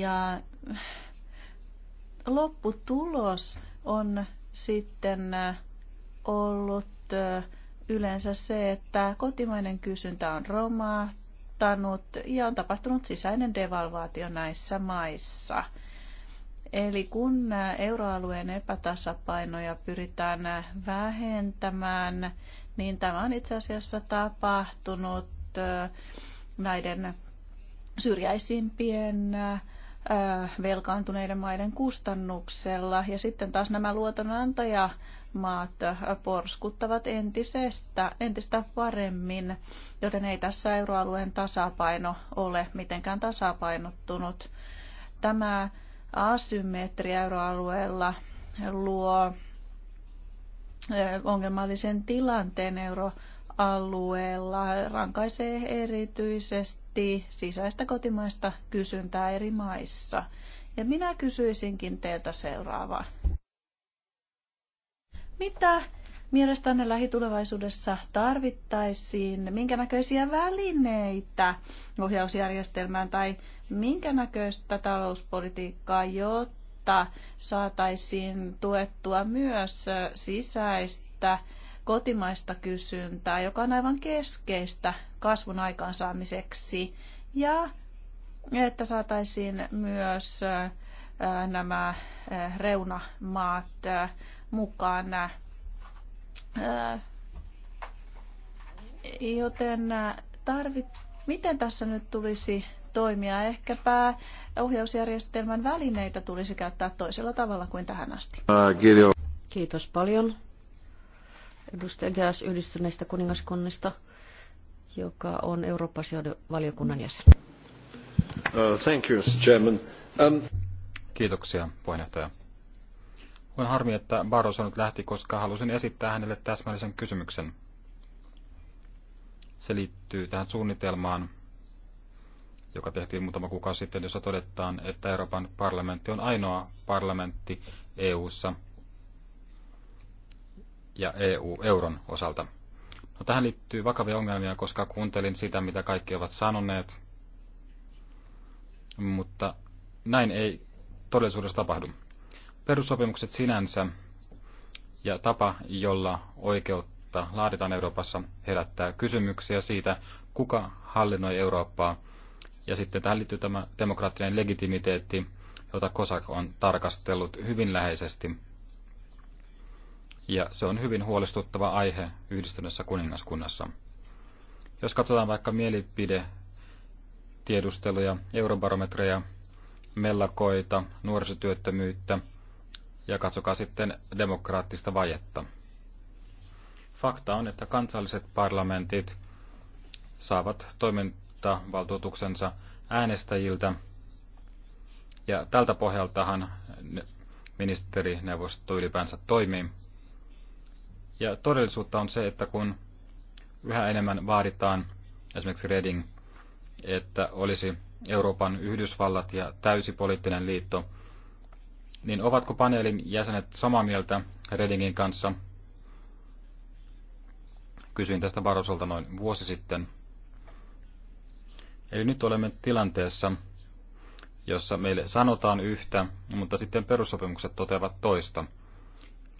Ja lopputulos on sitten äh, ollut äh, yleensä se, että kotimainen kysyntä on romahtanut ja on tapahtunut sisäinen devalvaatio näissä maissa. Eli kun äh, euroalueen epätasapainoja pyritään vähentämään, niin tämä on itse asiassa tapahtunut näiden syrjäisimpien velkaantuneiden maiden kustannuksella. Ja sitten taas nämä luotonantajamaat porskuttavat entisestä, entistä paremmin, joten ei tässä euroalueen tasapaino ole mitenkään tasapainottunut. Tämä asymmetria euroalueella luo ongelmallisen tilanteen euro alueella rankaisee erityisesti sisäistä kotimaista kysyntää eri maissa. Ja minä kysyisinkin teiltä seuraavaa. Mitä mielestänne lähitulevaisuudessa tarvittaisiin, minkä näköisiä välineitä ohjausjärjestelmään tai minkä näköistä talouspolitiikkaa, jotta saataisiin tuettua myös sisäistä kotimaista kysyntää, joka on aivan keskeistä kasvun aikaansaamiseksi ja että saataisiin myös äh, nämä äh, reunamaat äh, mukaan. Joten tarvit, miten tässä nyt tulisi toimia? Ehkäpä ohjausjärjestelmän välineitä tulisi käyttää toisella tavalla kuin tähän asti. Kiitos paljon edustaja Gass yhdistyneistä kuningaskunnista, joka on Euroopan valiokunnan jäsen. Uh, thank you, Chairman. Um... Kiitoksia, puheenjohtaja. On harmi, että Barroso nyt lähti, koska halusin esittää hänelle täsmällisen kysymyksen. Se liittyy tähän suunnitelmaan, joka tehtiin muutama kuukausi sitten, jossa todetaan, että Euroopan parlamentti on ainoa parlamentti EU:ssa, ja EU-euron osalta. No, tähän liittyy vakavia ongelmia, koska kuuntelin sitä, mitä kaikki ovat sanoneet, mutta näin ei todellisuudessa tapahdu. Perussopimukset sinänsä ja tapa, jolla oikeutta laaditaan Euroopassa, herättää kysymyksiä siitä, kuka hallinnoi Eurooppaa. Ja sitten tähän liittyy tämä demokraattinen legitimiteetti, jota COSAC on tarkastellut hyvin läheisesti – ja se on hyvin huolestuttava aihe yhdistyneessä kuningaskunnassa. Jos katsotaan vaikka mielipide tiedusteluja, eurobarometreja, mellakoita, nuorisotyöttömyyttä ja katsokaa sitten demokraattista vajetta. Fakta on, että kansalliset parlamentit saavat toimintavaltuutuksensa äänestäjiltä ja tältä pohjaltahan ministerineuvosto ylipäänsä toimii. Ja todellisuutta on se, että kun yhä enemmän vaaditaan esimerkiksi Reading, että olisi Euroopan Yhdysvallat ja täysi poliittinen liitto, niin ovatko paneelin jäsenet samaa mieltä Redingin kanssa? Kysyin tästä Barosolta noin vuosi sitten. Eli nyt olemme tilanteessa, jossa meille sanotaan yhtä, mutta sitten perussopimukset toteavat toista.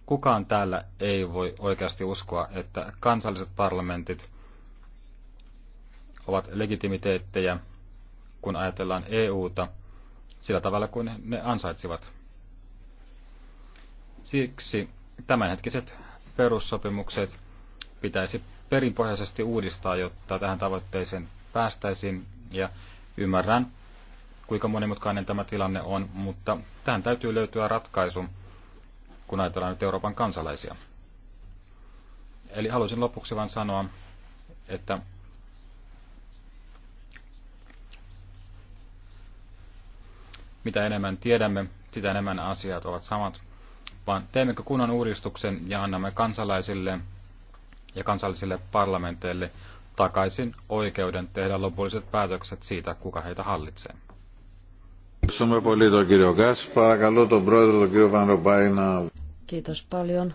Kukaan täällä ei voi oikeasti uskoa, että kansalliset parlamentit ovat legitimiteettejä, kun ajatellaan EUta sillä tavalla kuin ne ansaitsivat. Siksi tämänhetkiset perussopimukset pitäisi perinpohjaisesti uudistaa, jotta tähän tavoitteeseen päästäisiin. Ja ymmärrän, kuinka monimutkainen tämä tilanne on, mutta tähän täytyy löytyä ratkaisu, kun ajatellaan nyt Euroopan kansalaisia. Eli haluaisin lopuksi vain sanoa, että mitä enemmän tiedämme, sitä enemmän asiat ovat samat, vaan teemmekö kunnan uudistuksen ja annamme kansalaisille ja kansallisille parlamenteille takaisin oikeuden tehdä lopulliset päätökset siitä, kuka heitä hallitsee. Kiitos paljon.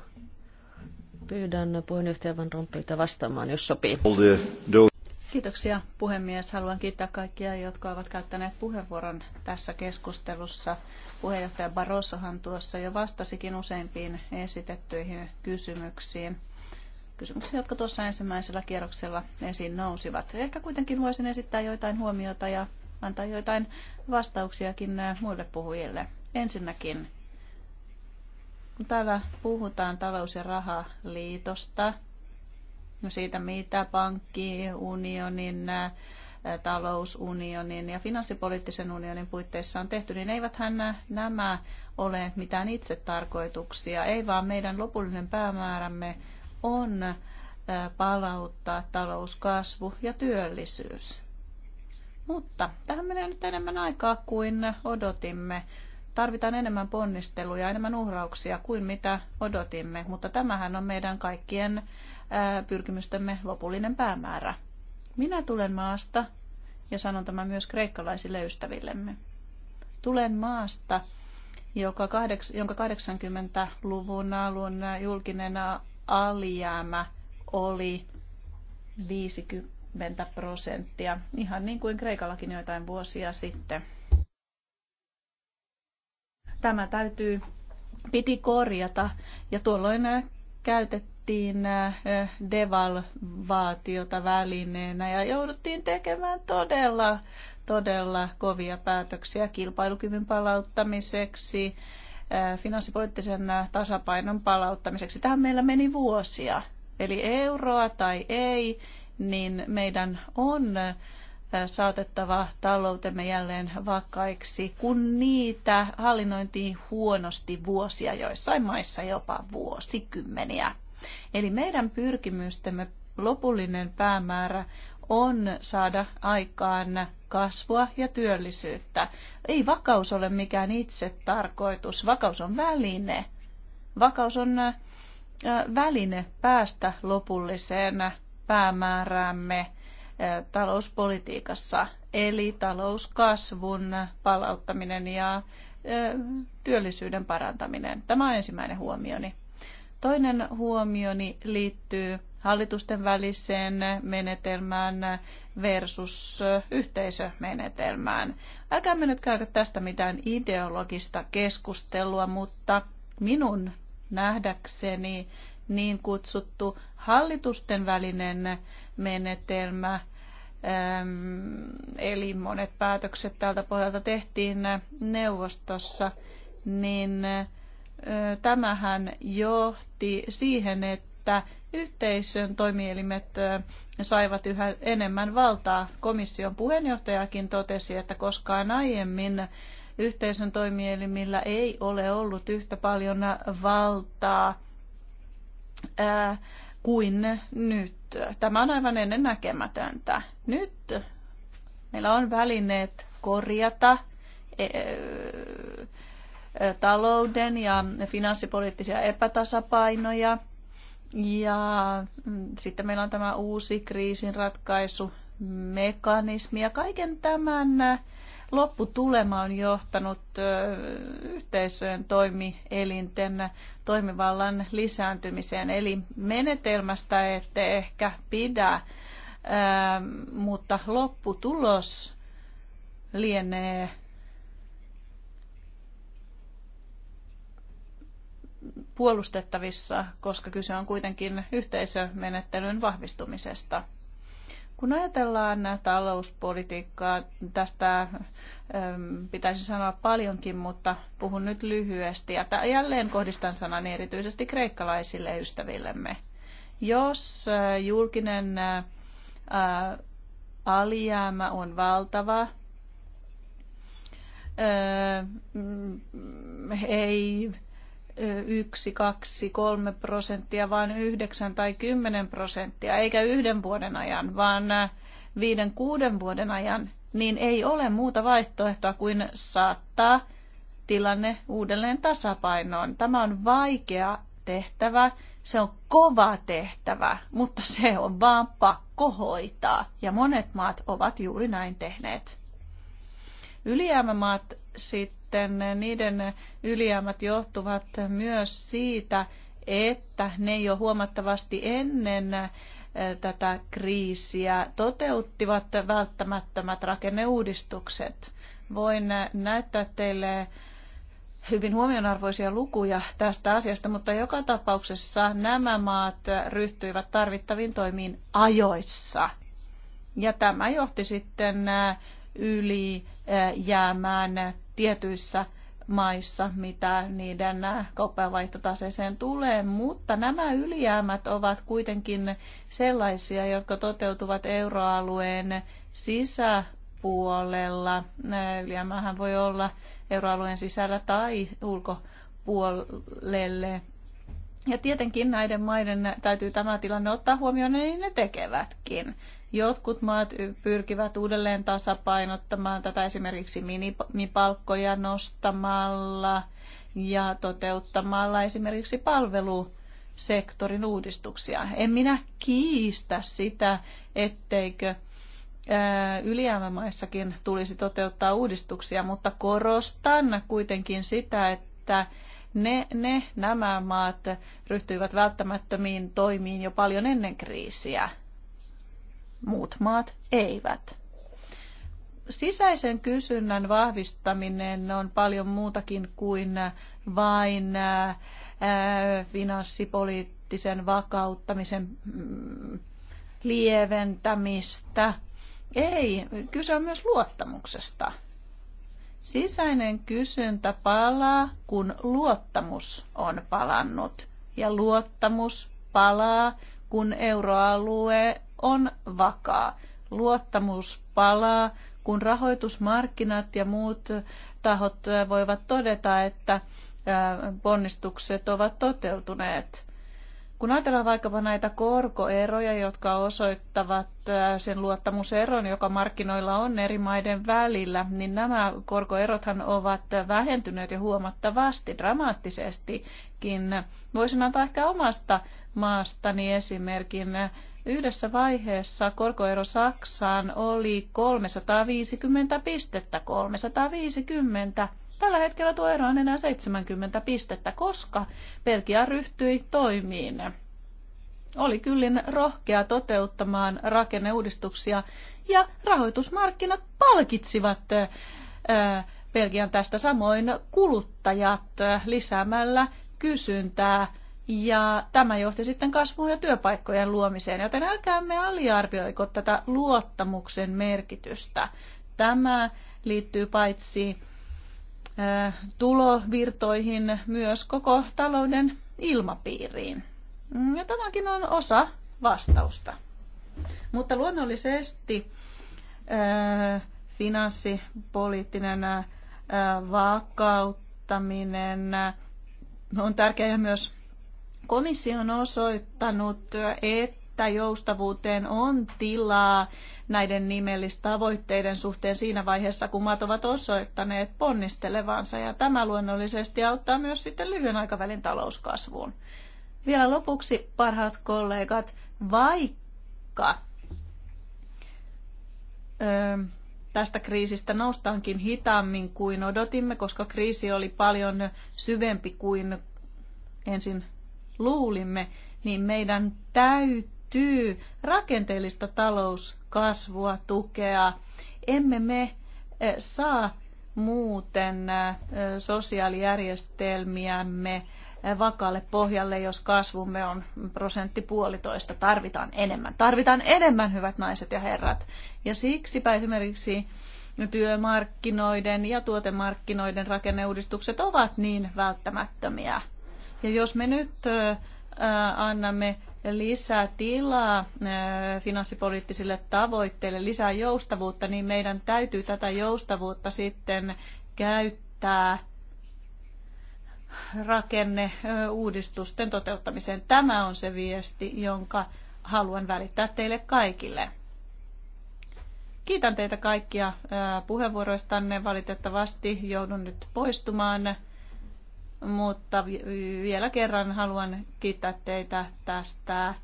Pyydän puheenjohtaja Van Rompuyta vastaamaan, jos sopii. Kiitoksia puhemies. Haluan kiittää kaikkia, jotka ovat käyttäneet puheenvuoron tässä keskustelussa. Puheenjohtaja Barrosohan tuossa jo vastasikin useimpiin esitettyihin kysymyksiin. Kysymyksiä, jotka tuossa ensimmäisellä kierroksella esiin nousivat. Ehkä kuitenkin voisin esittää joitain huomiota ja antaa joitain vastauksiakin äh, muille puhujille. Ensinnäkin, kun täällä puhutaan talous- ja rahaliitosta, no siitä mitä unionin, äh, talousunionin ja finanssipoliittisen unionin puitteissa on tehty, niin eiväthän nämä ole mitään itse tarkoituksia, ei vaan meidän lopullinen päämäärämme on äh, palauttaa talouskasvu ja työllisyys. Mutta tähän menee nyt enemmän aikaa kuin odotimme. Tarvitaan enemmän ponnisteluja, enemmän uhrauksia kuin mitä odotimme, mutta tämähän on meidän kaikkien pyrkimystemme lopullinen päämäärä. Minä tulen maasta, ja sanon tämän myös kreikkalaisille ystävillemme. Tulen maasta, joka kahdeks, jonka 80-luvun alun julkinen alijäämä oli 50 20 prosenttia, ihan niin kuin Kreikallakin joitain vuosia sitten. Tämä täytyy, piti korjata ja tuolloin äh, käytettiin äh, devalvaatiota välineenä ja jouduttiin tekemään todella, todella kovia päätöksiä kilpailukyvyn palauttamiseksi, äh, finanssipoliittisen tasapainon palauttamiseksi. Tähän meillä meni vuosia. Eli euroa tai ei, niin meidän on saatettava taloutemme jälleen vakaiksi, kun niitä hallinnointiin huonosti vuosia, joissain maissa jopa vuosikymmeniä. Eli meidän pyrkimystemme lopullinen päämäärä on saada aikaan kasvua ja työllisyyttä. Ei vakaus ole mikään itse tarkoitus, vakaus on väline. Vakaus on väline päästä lopulliseen päämääräämme eh, talouspolitiikassa, eli talouskasvun palauttaminen ja eh, työllisyyden parantaminen. Tämä on ensimmäinen huomioni. Toinen huomioni liittyy hallitusten väliseen menetelmään versus eh, yhteisömenetelmään. Älkää nyt käydä tästä mitään ideologista keskustelua, mutta minun nähdäkseni niin kutsuttu hallitusten välinen menetelmä, eli monet päätökset tältä pohjalta tehtiin neuvostossa, niin tämähän johti siihen, että yhteisön toimielimet saivat yhä enemmän valtaa. Komission puheenjohtajakin totesi, että koskaan aiemmin yhteisön toimielimillä ei ole ollut yhtä paljon valtaa kuin nyt. Tämä on aivan ennen näkemätöntä. Nyt meillä on välineet korjata e, e, talouden ja finanssipoliittisia epätasapainoja. Ja mm, sitten meillä on tämä uusi kriisinratkaisumekanismi ja kaiken tämän lopputulema on johtanut yhteisöjen toimielinten toimivallan lisääntymiseen. Eli menetelmästä ette ehkä pidä, mutta lopputulos lienee puolustettavissa, koska kyse on kuitenkin yhteisömenettelyn vahvistumisesta. Kun ajatellaan talouspolitiikkaa, tästä ähm, pitäisi sanoa paljonkin, mutta puhun nyt lyhyesti. Ja jälleen kohdistan sanan erityisesti kreikkalaisille ystävillemme. Jos äh, julkinen äh, alijäämä on valtava, äh, ei yksi, kaksi, kolme prosenttia, vaan yhdeksän tai kymmenen prosenttia, eikä yhden vuoden ajan, vaan viiden, kuuden vuoden ajan, niin ei ole muuta vaihtoehtoa kuin saattaa tilanne uudelleen tasapainoon. Tämä on vaikea tehtävä, se on kova tehtävä, mutta se on vaan pakko hoitaa. Ja monet maat ovat juuri näin tehneet. Ylijäämämaat sitten sitten niiden ylijäämät johtuvat myös siitä, että ne jo huomattavasti ennen tätä kriisiä toteuttivat välttämättömät rakenneuudistukset. Voin näyttää teille hyvin huomionarvoisia lukuja tästä asiasta, mutta joka tapauksessa nämä maat ryhtyivät tarvittaviin toimiin ajoissa. Ja tämä johti sitten ylijäämään tietyissä maissa, mitä niiden kauppa- tulee, mutta nämä ylijäämät ovat kuitenkin sellaisia, jotka toteutuvat euroalueen sisäpuolella. Ylijäämähän voi olla euroalueen sisällä tai ulkopuolelle. Ja tietenkin näiden maiden täytyy tämä tilanne ottaa huomioon, niin ne tekevätkin. Jotkut maat pyrkivät uudelleen tasapainottamaan tätä esimerkiksi minipalkkoja nostamalla ja toteuttamalla esimerkiksi palvelusektorin uudistuksia. En minä kiistä sitä, etteikö ylijäämämaissakin tulisi toteuttaa uudistuksia, mutta korostan kuitenkin sitä, että ne, ne nämä maat ryhtyivät välttämättömiin toimiin jo paljon ennen kriisiä muut maat eivät. Sisäisen kysynnän vahvistaminen on paljon muutakin kuin vain äh, finanssipoliittisen vakauttamisen mm, lieventämistä. Ei, kyse on myös luottamuksesta. Sisäinen kysyntä palaa, kun luottamus on palannut. Ja luottamus palaa, kun euroalue on vakaa. Luottamus palaa, kun rahoitusmarkkinat ja muut tahot äh, voivat todeta, että äh, ponnistukset ovat toteutuneet. Kun ajatellaan vaikkapa näitä korkoeroja, jotka osoittavat äh, sen luottamuseron, joka markkinoilla on eri maiden välillä, niin nämä korkoerothan ovat vähentyneet jo huomattavasti, dramaattisestikin. Voisin antaa ehkä omasta maastani esimerkin Yhdessä vaiheessa korkoero Saksaan oli 350 pistettä. 350. Tällä hetkellä tuo ero on enää 70 pistettä, koska Belgia ryhtyi toimiin. Oli kyllin rohkea toteuttamaan rakenneuudistuksia ja rahoitusmarkkinat palkitsivat Belgian tästä samoin kuluttajat lisäämällä kysyntää ja tämä johti sitten kasvuun ja työpaikkojen luomiseen, joten älkäämme aliarvioiko tätä luottamuksen merkitystä. Tämä liittyy paitsi tulovirtoihin myös koko talouden ilmapiiriin. Mm, ja tämäkin on osa vastausta. Mutta luonnollisesti finanssipoliittinen vakauttaminen on tärkeää myös Komissio on osoittanut, että joustavuuteen on tilaa näiden nimellistavoitteiden suhteen siinä vaiheessa, kun maat ovat osoittaneet ponnistelevansa, ja tämä luonnollisesti auttaa myös sitten lyhyen aikavälin talouskasvuun. Vielä lopuksi, parhaat kollegat, vaikka ö, tästä kriisistä noustaankin hitaammin kuin odotimme, koska kriisi oli paljon syvempi kuin ensin luulimme, niin meidän täytyy rakenteellista talouskasvua tukea. Emme me eh, saa muuten eh, sosiaalijärjestelmiämme eh, vakaalle pohjalle, jos kasvumme on prosentti puolitoista. Tarvitaan enemmän. Tarvitaan enemmän, hyvät naiset ja herrat. Ja siksipä esimerkiksi työmarkkinoiden ja tuotemarkkinoiden rakenneuudistukset ovat niin välttämättömiä. Ja jos me nyt annamme lisää tilaa finanssipoliittisille tavoitteille, lisää joustavuutta, niin meidän täytyy tätä joustavuutta sitten käyttää rakenne uudistusten toteuttamiseen. Tämä on se viesti, jonka haluan välittää teille kaikille. Kiitän teitä kaikkia puheenvuoroistanne. Valitettavasti joudun nyt poistumaan mutta vielä kerran haluan kiittää teitä tästä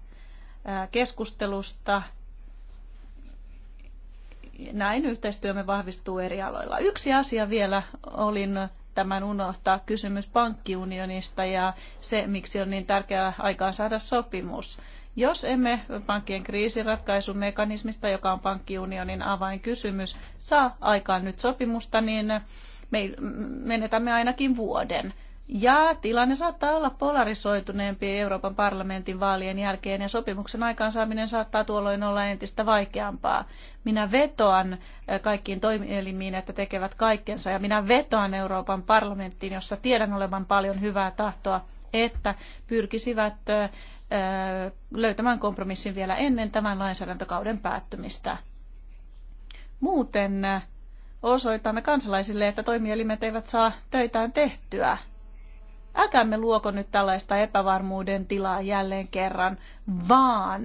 keskustelusta. Näin yhteistyömme vahvistuu eri aloilla. Yksi asia vielä olin tämän unohtaa, kysymys pankkiunionista ja se, miksi on niin tärkeää aikaan saada sopimus. Jos emme pankkien kriisiratkaisumekanismista, joka on pankkiunionin avainkysymys, saa aikaan nyt sopimusta, niin me menetämme ainakin vuoden. Ja tilanne saattaa olla polarisoituneempi Euroopan parlamentin vaalien jälkeen ja sopimuksen aikaansaaminen saattaa tuolloin olla entistä vaikeampaa. Minä vetoan eh, kaikkiin toimielimiin, että tekevät kaikkensa ja minä vetoan Euroopan parlamenttiin, jossa tiedän olevan paljon hyvää tahtoa, että pyrkisivät eh, eh, löytämään kompromissin vielä ennen tämän lainsäädäntökauden päättymistä. Muuten osoitamme kansalaisille, että toimielimet eivät saa töitään tehtyä. Älkäämme luoko nyt tällaista epävarmuuden tilaa jälleen kerran, vaan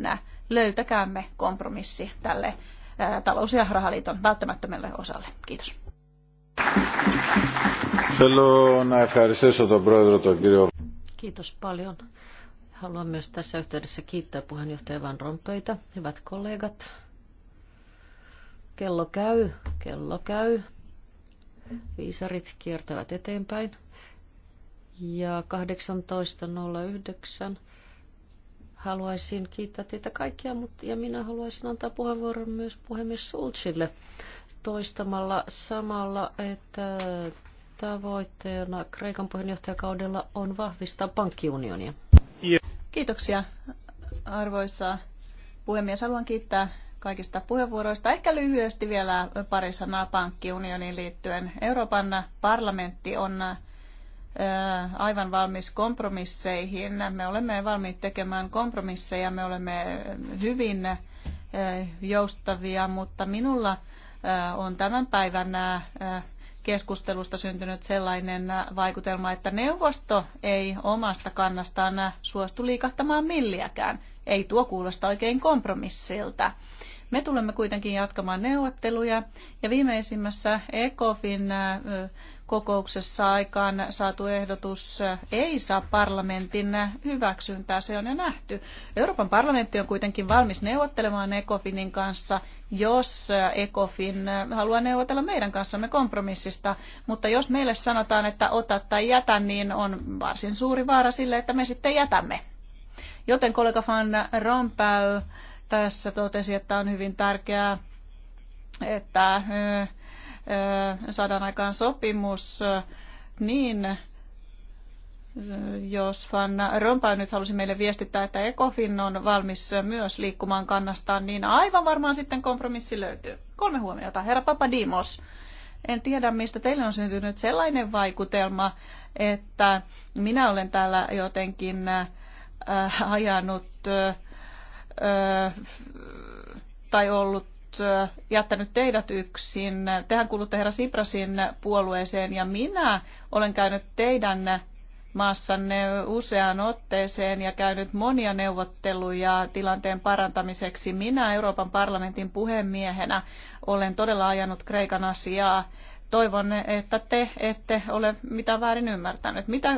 löytäkäämme kompromissi tälle talous- ja rahaliiton välttämättömälle osalle. Kiitos. Kiitos paljon. Haluan myös tässä yhteydessä kiittää puheenjohtaja Van Rompöitä. Hyvät kollegat, kello käy, kello käy. Viisarit kiertävät eteenpäin. Ja 18.09 haluaisin kiittää teitä kaikkia, mutta ja minä haluaisin antaa puheenvuoron myös puhemies Sulchille toistamalla samalla, että tavoitteena Kreikan puheenjohtajakaudella on vahvistaa pankkiunionia. Kiitoksia arvoisa puhemies. Haluan kiittää kaikista puheenvuoroista. Ehkä lyhyesti vielä pari sanaa pankkiunioniin liittyen. Euroopan parlamentti on aivan valmis kompromisseihin. Me olemme valmiit tekemään kompromisseja, me olemme hyvin joustavia, mutta minulla on tämän päivän keskustelusta syntynyt sellainen vaikutelma, että neuvosto ei omasta kannastaan suostu liikahtamaan milliäkään. Ei tuo kuulosta oikein kompromissilta. Me tulemme kuitenkin jatkamaan neuvotteluja ja viimeisimmässä ECOFin kokouksessa aikaan saatu ehdotus ei saa parlamentin hyväksyntää. Se on jo nähty. Euroopan parlamentti on kuitenkin valmis neuvottelemaan ECOFINin kanssa, jos ECOFIN haluaa neuvotella meidän kanssamme kompromissista. Mutta jos meille sanotaan, että ota tai jätä, niin on varsin suuri vaara sille, että me sitten jätämme. Joten kollega Van Rompäy tässä totesi, että on hyvin tärkeää, että saadaan aikaan sopimus, niin jos Van Rompuy nyt halusi meille viestittää, että ECOFIN on valmis myös liikkumaan kannastaan, niin aivan varmaan sitten kompromissi löytyy. Kolme huomiota. Herra Papadimos, en tiedä mistä teille on syntynyt sellainen vaikutelma, että minä olen täällä jotenkin äh, ajanut äh, tai ollut jättänyt teidät yksin. Tehän kuulutte herra Siprasin puolueeseen ja minä olen käynyt teidän maassanne useaan otteeseen ja käynyt monia neuvotteluja tilanteen parantamiseksi. Minä Euroopan parlamentin puhemiehenä olen todella ajanut Kreikan asiaa. Toivon, että te ette ole mitään väärin ymmärtänyt. Mitä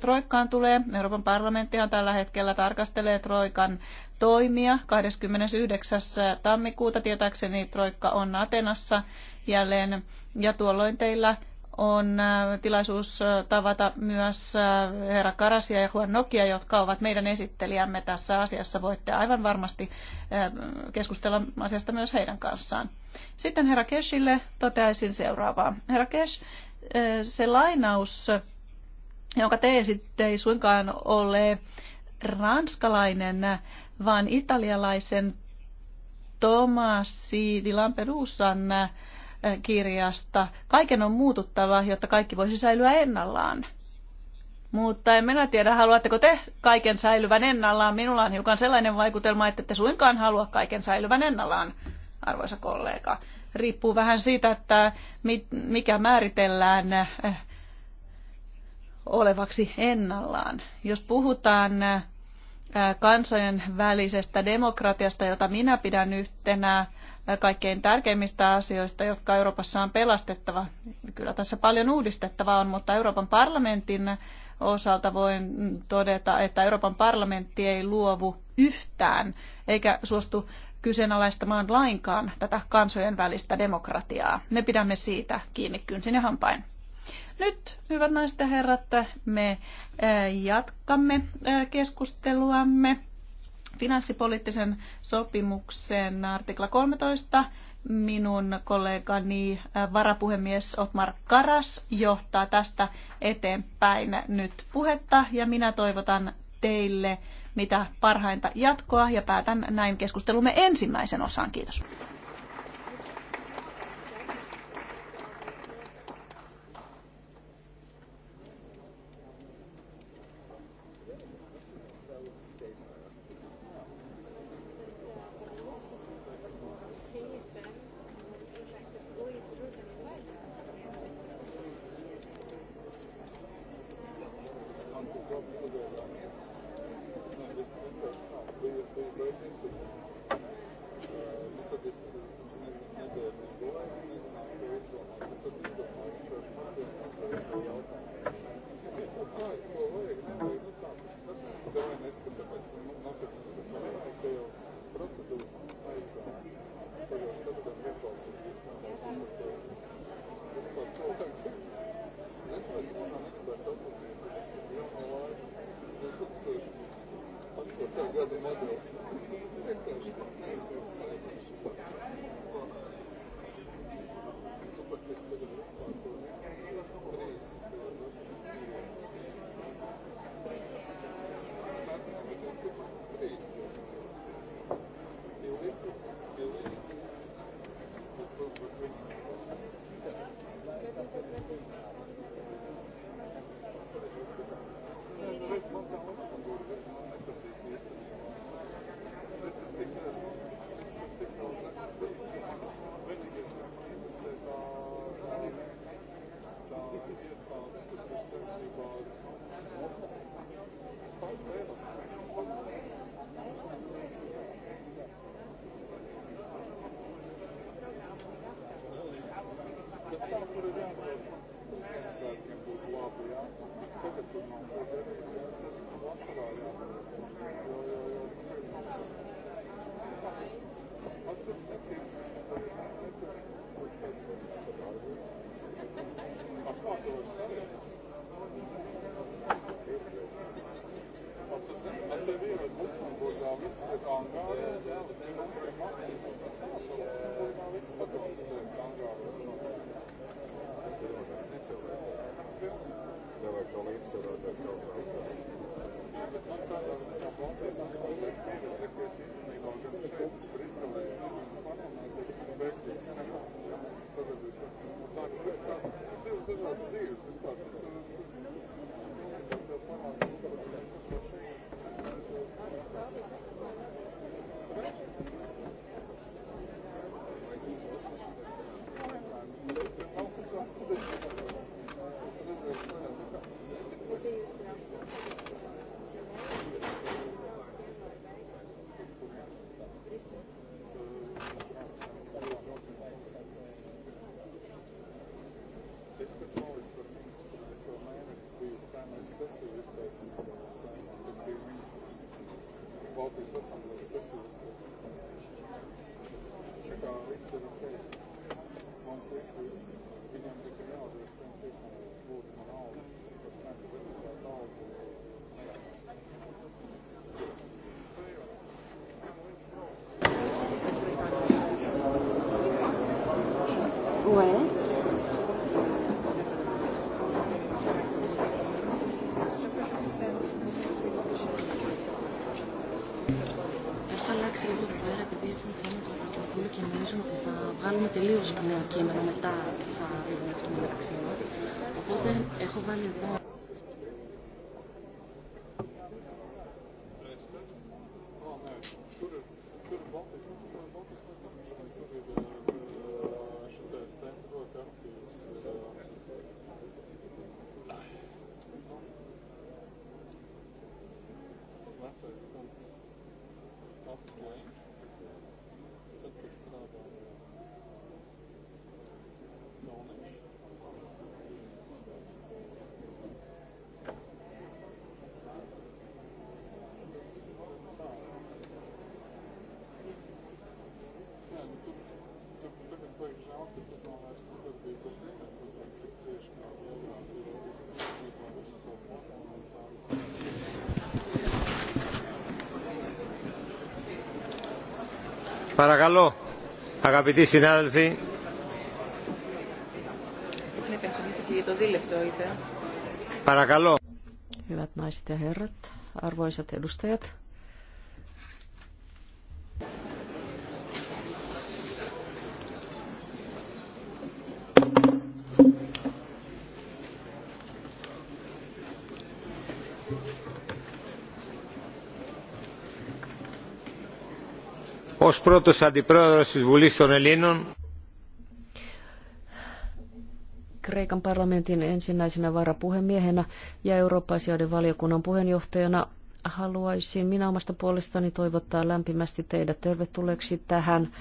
Troikkaan tulee? Euroopan parlamenttihan tällä hetkellä tarkastelee Troikan toimia. 29. tammikuuta tietääkseni Troikka on Atenassa jälleen ja tuolloin teillä on äh, tilaisuus äh, tavata myös äh, herra Karasia ja Juan Nokia, jotka ovat meidän esittelijämme tässä asiassa. Voitte aivan varmasti keskustella asiasta myös heidän kanssaan. Sitten herra Keshille toteaisin seuraavaa. Herra Kesh, se lainaus, jonka te esitte, ei suinkaan ole ranskalainen vaan italialaisen Tomassi di Lampedusan äh, kirjasta. Kaiken on muututtava, jotta kaikki voisi säilyä ennallaan. Mutta en minä tiedä, haluatteko te kaiken säilyvän ennallaan. Minulla on hiukan sellainen vaikutelma, että te suinkaan halua kaiken säilyvän ennallaan, arvoisa kollega. Riippuu vähän siitä, että mikä määritellään äh, olevaksi ennallaan. Jos puhutaan äh, kansojen välisestä demokratiasta, jota minä pidän yhtenä kaikkein tärkeimmistä asioista, jotka Euroopassa on pelastettava. Kyllä tässä paljon uudistettavaa on, mutta Euroopan parlamentin osalta voin todeta, että Euroopan parlamentti ei luovu yhtään eikä suostu kyseenalaistamaan lainkaan tätä kansojen välistä demokratiaa. Me pidämme siitä kiinni kynsin ja hampain. Nyt, hyvät naiset ja herrat, me jatkamme keskusteluamme finanssipoliittisen sopimuksen artikla 13 minun kollegani varapuhemies Otmar Karas johtaa tästä eteenpäin nyt puhetta ja minä toivotan teille mitä parhainta jatkoa ja päätän näin keskustelumme ensimmäisen osan. Kiitos. κάνουμε τελείως νέο κείμενο μετά θα δούμε αυτό μεταξύ μας. Οπότε έχω βάλει εδώ Παρακαλώ, αγαπητοί συνάδελφοι. Hyvät naiset ja herrat, arvoisat edustajat. πρώτος αντιπρόεδρος της Βουλής των Ελλήνων. Kreikan parlamentin ensimmäisenä varapuhemiehenä ja eurooppa-asioiden valiokunnan puheenjohtajana haluaisin minä omasta puolestani toivottaa lämpimästi teidät tervetulleeksi tähän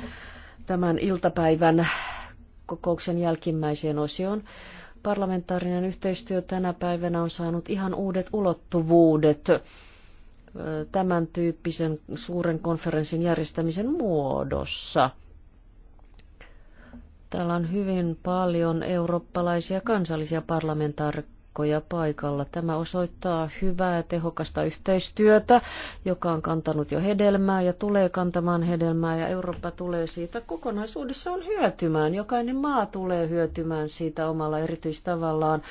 tämän iltapäivän kokouksen jälkimmäiseen osioon. Parlamentaarinen yhteistyö tänä päivänä on saanut ihan uudet ulottuvuudet tämän tyyppisen suuren konferenssin järjestämisen muodossa. Täällä on hyvin paljon eurooppalaisia kansallisia parlamentaarikkoja paikalla. Tämä osoittaa hyvää ja tehokasta yhteistyötä, joka on kantanut jo hedelmää ja tulee kantamaan hedelmää ja Eurooppa tulee siitä kokonaisuudessaan hyötymään. Jokainen maa tulee hyötymään siitä omalla erityistavallaan,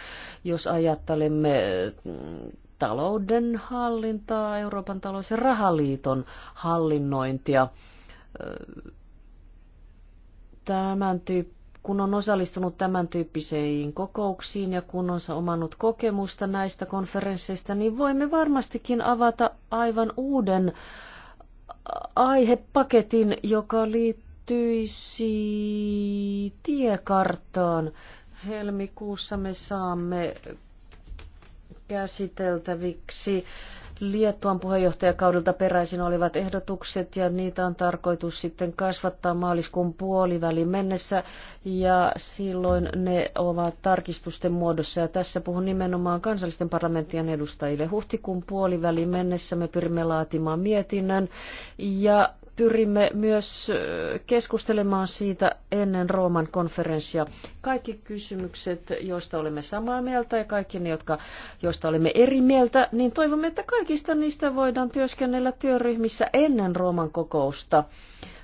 jos ajattelemme mm, talouden hallintaa, Euroopan talous- ja rahaliiton hallinnointia. Tämän tyyp- kun on osallistunut tämän tyyppisiin kokouksiin ja kun on omannut kokemusta näistä konferensseista, niin voimme varmastikin avata aivan uuden aihepaketin, joka liittyisi tiekarttaan. Helmikuussa me saamme käsiteltäviksi. Liettuan puheenjohtajakaudelta peräisin olivat ehdotukset ja niitä on tarkoitus sitten kasvattaa maaliskuun puoliväliin mennessä ja silloin ne ovat tarkistusten muodossa ja tässä puhun nimenomaan kansallisten parlamenttien edustajille. Huhtikuun puoliväliin mennessä me pyrimme laatimaan mietinnön ja pyrimme myös keskustelemaan siitä ennen Rooman konferenssia. Kaikki kysymykset, joista olemme samaa mieltä ja kaikki ne, jotka, joista olemme eri mieltä, niin toivomme, että kaikista niistä voidaan työskennellä työryhmissä ennen Rooman kokousta.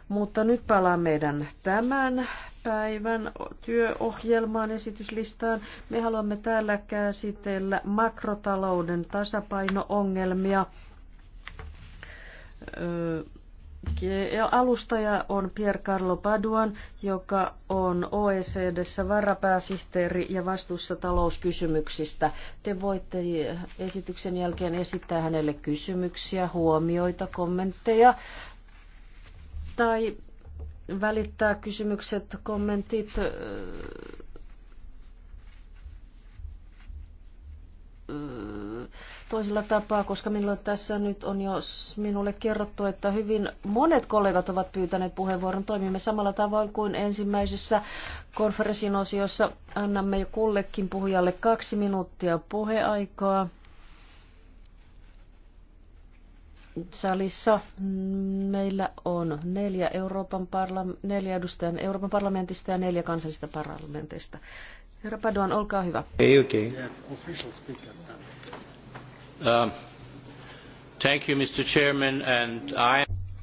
Mutta nyt palaan meidän tämän päivän työohjelmaan, esityslistaan. Me haluamme täällä käsitellä makrotalouden tasapaino-ongelmia. Öö, E alustaja on Pier Carlo Paduan, joka on OECDssä varapääsihteeri ja vastuussa talouskysymyksistä. Te voitte esityksen jälkeen esittää hänelle kysymyksiä, huomioita, kommentteja tai välittää kysymykset, kommentit toisella tapaa, koska minulla tässä nyt on jo minulle kerrottu, että hyvin monet kollegat ovat pyytäneet puheenvuoron. Toimimme samalla tavoin kuin ensimmäisessä konferenssin osiossa. Annamme kullekin puhujalle kaksi minuuttia puheaikaa. Salissa meillä on neljä, Euroopan parla- neljä edustajan Euroopan parlamentista ja neljä kansallista parlamentista. Herra Paduan, olkaa hyvä. Ei, Okay. Um,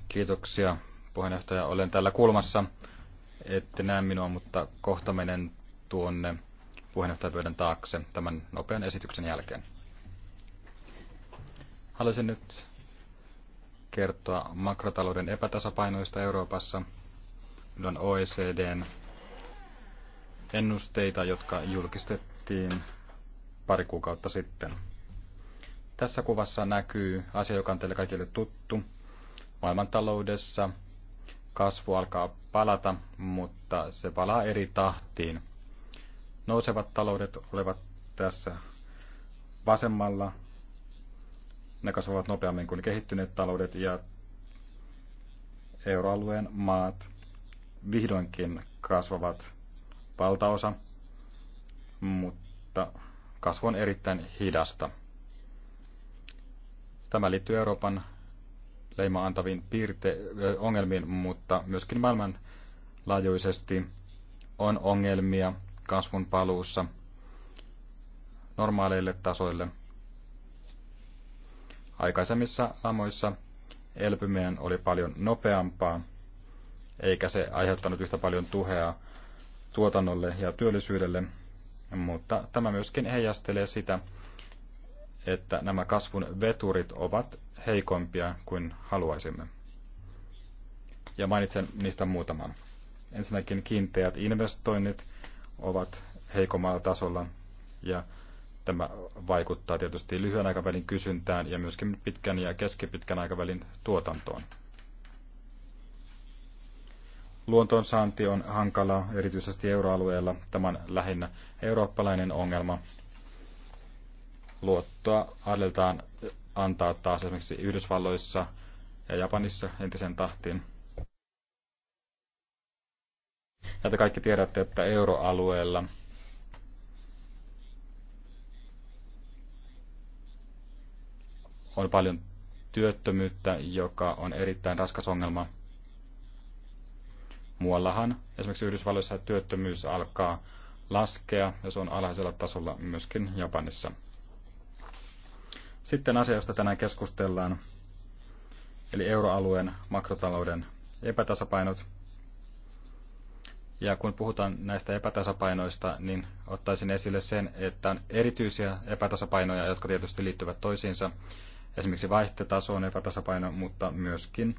Kiitoksia, puheenjohtaja. Olen täällä kulmassa. Ette näe minua, mutta kohta menen tuonne puheenjohtajapöydän taakse tämän nopean esityksen jälkeen. Haluaisin nyt kertoa makrotalouden epätasapainoista Euroopassa. Meillä on OECDn ennusteita, jotka julkistettiin pari kuukautta sitten. Tässä kuvassa näkyy asia, joka on teille kaikille tuttu. Maailmantaloudessa kasvu alkaa palata, mutta se palaa eri tahtiin. Nousevat taloudet olevat tässä vasemmalla. Ne kasvavat nopeammin kuin kehittyneet taloudet ja euroalueen maat vihdoinkin kasvavat valtaosa, mutta kasvu on erittäin hidasta. Tämä liittyy Euroopan leima antaviin piirte- ongelmiin, mutta myöskin maailmanlaajuisesti on ongelmia kasvun paluussa normaaleille tasoille. Aikaisemmissa lamoissa elpyminen oli paljon nopeampaa, eikä se aiheuttanut yhtä paljon tuhea tuotannolle ja työllisyydelle, mutta tämä myöskin heijastelee sitä, että nämä kasvun veturit ovat heikompia kuin haluaisimme. Ja mainitsen niistä muutaman. Ensinnäkin kiinteät investoinnit ovat heikommalla tasolla ja tämä vaikuttaa tietysti lyhyen aikavälin kysyntään ja myöskin pitkän ja keskipitkän aikavälin tuotantoon. Luontoon saanti on hankalaa, erityisesti euroalueella. Tämä on lähinnä eurooppalainen ongelma, luottoa aletaan antaa taas esimerkiksi Yhdysvalloissa ja Japanissa entisen tahtiin. Ja te kaikki tiedätte, että euroalueella on paljon työttömyyttä, joka on erittäin raskas ongelma. Muuallahan, esimerkiksi Yhdysvalloissa, työttömyys alkaa laskea ja se on alhaisella tasolla myöskin Japanissa. Sitten asia, josta tänään keskustellaan, eli euroalueen makrotalouden epätasapainot. Ja kun puhutaan näistä epätasapainoista, niin ottaisin esille sen, että on erityisiä epätasapainoja, jotka tietysti liittyvät toisiinsa. Esimerkiksi vaihtetaso on epätasapaino, mutta myöskin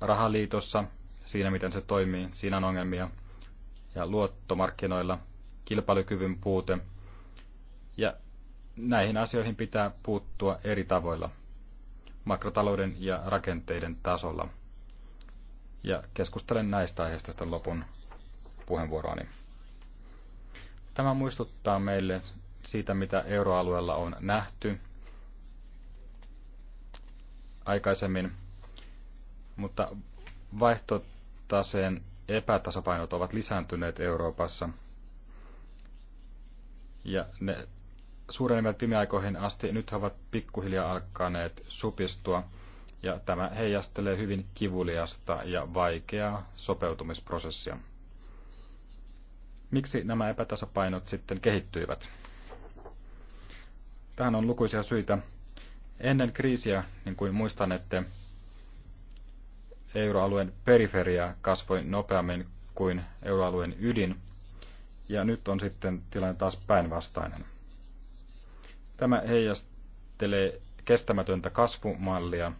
rahaliitossa, siinä miten se toimii, siinä on ongelmia. Ja luottomarkkinoilla kilpailukyvyn puute näihin asioihin pitää puuttua eri tavoilla, makrotalouden ja rakenteiden tasolla. Ja keskustelen näistä aiheista sitten lopun puheenvuoroani. Tämä muistuttaa meille siitä, mitä euroalueella on nähty aikaisemmin, mutta vaihtotaseen epätasapainot ovat lisääntyneet Euroopassa ja ne suurenevat viime aikoihin asti, nyt he ovat pikkuhiljaa alkaneet supistua, ja tämä heijastelee hyvin kivuliasta ja vaikeaa sopeutumisprosessia. Miksi nämä epätasapainot sitten kehittyivät? Tähän on lukuisia syitä. Ennen kriisiä, niin kuin muistan, että euroalueen periferia kasvoi nopeammin kuin euroalueen ydin, ja nyt on sitten tilanne taas päinvastainen. Tämä heijastelee kestämätöntä kasvumallia,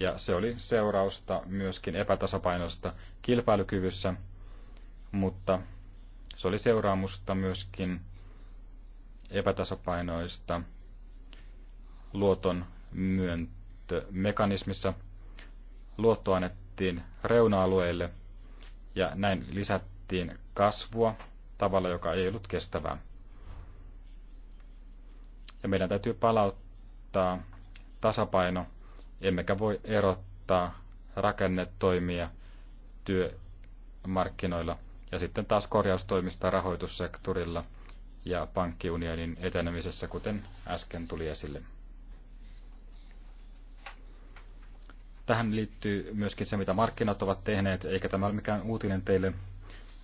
ja se oli seurausta myöskin epätasapainosta kilpailukyvyssä, mutta se oli seuraamusta myöskin epätasapainoista luoton myöntömekanismissa. Luotto annettiin reuna-alueille ja näin lisättiin kasvua tavalla, joka ei ollut kestävää. Ja meidän täytyy palauttaa tasapaino, emmekä voi erottaa rakennetoimia työmarkkinoilla ja sitten taas korjaustoimista rahoitussektorilla ja pankkiunionin etenemisessä, kuten äsken tuli esille. Tähän liittyy myöskin se, mitä markkinat ovat tehneet, eikä tämä ole mikään uutinen teille.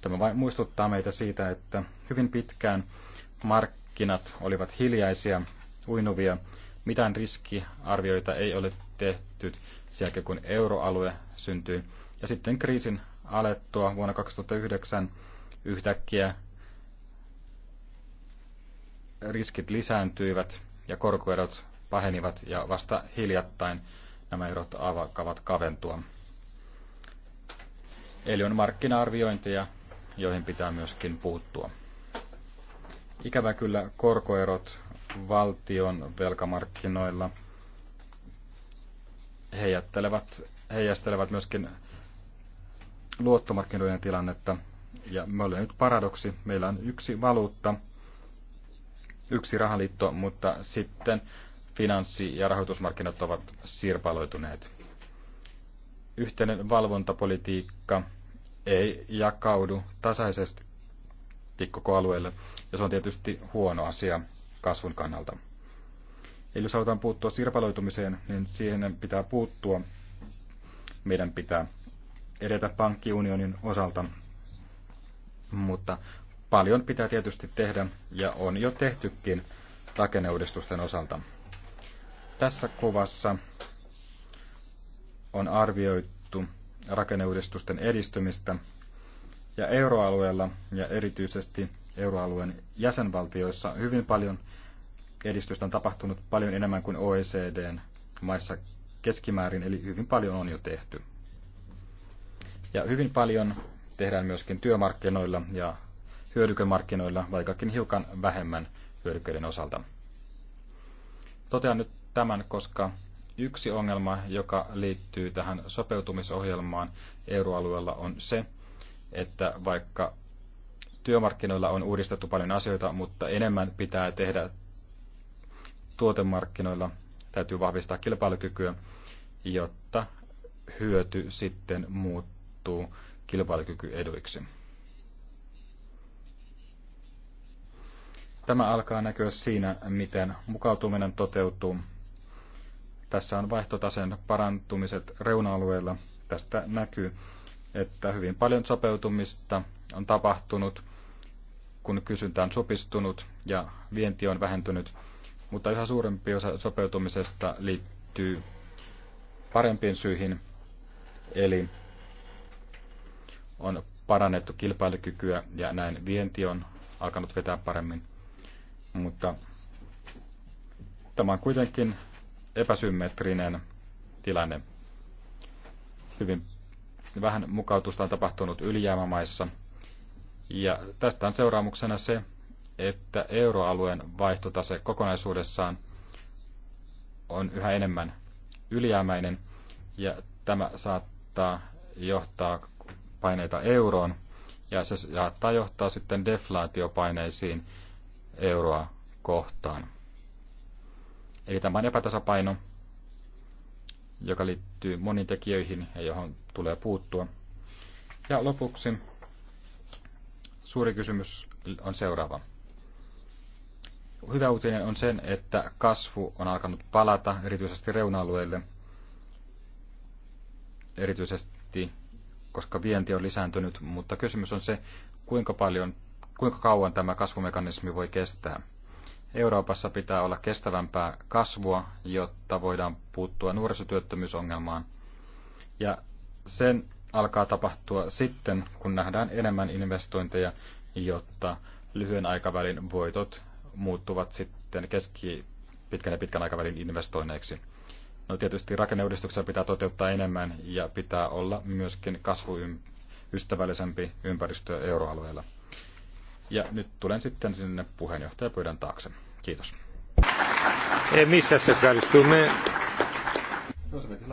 Tämä vain muistuttaa meitä siitä, että hyvin pitkään markkinat markkinat olivat hiljaisia, uinuvia, mitään riskiarvioita ei ole tehty sieltä kun euroalue syntyi. Ja sitten kriisin alettua vuonna 2009 yhtäkkiä riskit lisääntyivät ja korkoerot pahenivat ja vasta hiljattain nämä erot alkavat kaventua. Eli on markkina-arviointeja, joihin pitää myöskin puuttua. Ikävä kyllä korkoerot valtion velkamarkkinoilla heijattelevat, heijastelevat myöskin luottomarkkinoiden tilannetta. Ja me olemme nyt paradoksi. Meillä on yksi valuutta, yksi rahaliitto, mutta sitten finanssi- ja rahoitusmarkkinat ovat sirpaloituneet. Yhteinen valvontapolitiikka ei jakaudu tasaisesti paketti koko alueelle, ja se on tietysti huono asia kasvun kannalta. Eli jos halutaan puuttua sirpaloitumiseen, niin siihen pitää puuttua. Meidän pitää edetä pankkiunionin osalta, mutta paljon pitää tietysti tehdä, ja on jo tehtykin rakenneuudistusten osalta. Tässä kuvassa on arvioitu rakenneuudistusten edistymistä ja euroalueella ja erityisesti euroalueen jäsenvaltioissa hyvin paljon edistystä on tapahtunut paljon enemmän kuin OECDn maissa keskimäärin, eli hyvin paljon on jo tehty. Ja hyvin paljon tehdään myöskin työmarkkinoilla ja hyödykemarkkinoilla, vaikkakin hiukan vähemmän hyödykkeiden osalta. Totean nyt tämän, koska yksi ongelma, joka liittyy tähän sopeutumisohjelmaan euroalueella, on se, että vaikka työmarkkinoilla on uudistettu paljon asioita, mutta enemmän pitää tehdä tuotemarkkinoilla. Täytyy vahvistaa kilpailukykyä, jotta hyöty sitten muuttuu kilpailukykyeduiksi. Tämä alkaa näkyä siinä, miten mukautuminen toteutuu. Tässä on vaihtotasen parantumiset reuna-alueilla. Tästä näkyy, että hyvin paljon sopeutumista on tapahtunut, kun kysyntä on supistunut ja vienti on vähentynyt, mutta yhä suurempi osa sopeutumisesta liittyy parempiin syihin, eli on parannettu kilpailukykyä ja näin vienti on alkanut vetää paremmin. Mutta tämä on kuitenkin epäsymmetrinen tilanne. Hyvin niin vähän mukautusta on tapahtunut ylijäämämaissa. Ja tästä on seuraamuksena se, että euroalueen vaihtotase kokonaisuudessaan on yhä enemmän ylijäämäinen ja tämä saattaa johtaa paineita euroon ja se saattaa johtaa sitten deflaatiopaineisiin euroa kohtaan. Eli tämä on epätasapaino, joka liittyy liittyy tekijöihin ja johon tulee puuttua. Ja lopuksi suuri kysymys on seuraava. Hyvä uutinen on sen, että kasvu on alkanut palata erityisesti reuna-alueille, erityisesti koska vienti on lisääntynyt, mutta kysymys on se, kuinka paljon, kuinka kauan tämä kasvumekanismi voi kestää. Euroopassa pitää olla kestävämpää kasvua, jotta voidaan puuttua nuorisotyöttömyysongelmaan. Ja sen alkaa tapahtua sitten, kun nähdään enemmän investointeja, jotta lyhyen aikavälin voitot muuttuvat sitten keski, pitkän ja pitkän aikavälin investoinneiksi. No tietysti rakenneuudistuksia pitää toteuttaa enemmän ja pitää olla myöskin kasvuystävällisempi ympäristö euroalueella. Ja nyt tulen sitten sinne puheenjohtajapöydän taakse. Kiitos.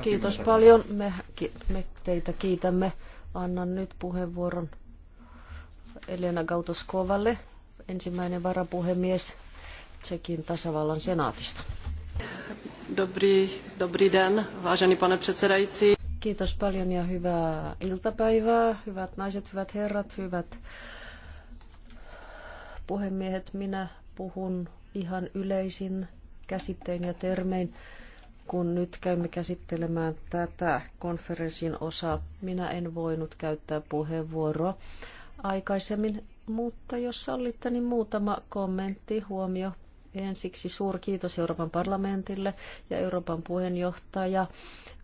Kiitos paljon. Me, me teitä kiitämme. Annan nyt puheenvuoron Elena Gautoskovalle, ensimmäinen varapuhemies Tsekin tasavallan senaatista. Dobri den, vážený pane předsedající. Kiitos paljon ja hyvää iltapäivää, hyvät naiset, hyvät herrat, hyvät puhemiehet. Minä puhun ihan yleisin käsittein ja termein, kun nyt käymme käsittelemään tätä konferenssin osaa. Minä en voinut käyttää puheenvuoroa aikaisemmin, mutta jos sallitte, niin muutama kommentti, huomio Ensiksi suuri kiitos Euroopan parlamentille ja Euroopan puheenjohtaja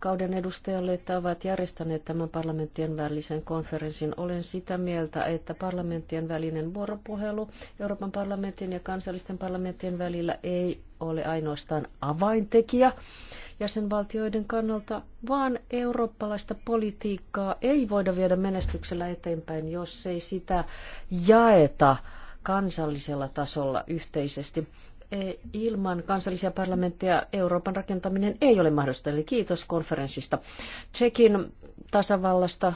kauden edustajalle, että ovat järjestäneet tämän parlamenttien välisen konferenssin. Olen sitä mieltä, että parlamenttien välinen vuoropuhelu Euroopan parlamentin ja kansallisten parlamenttien välillä ei ole ainoastaan avaintekijä jäsenvaltioiden kannalta, vaan eurooppalaista politiikkaa ei voida viedä menestyksellä eteenpäin, jos ei sitä jaeta kansallisella tasolla yhteisesti ilman kansallisia parlamentteja Euroopan rakentaminen ei ole mahdollista. Eli kiitos konferenssista. Tsekin tasavallasta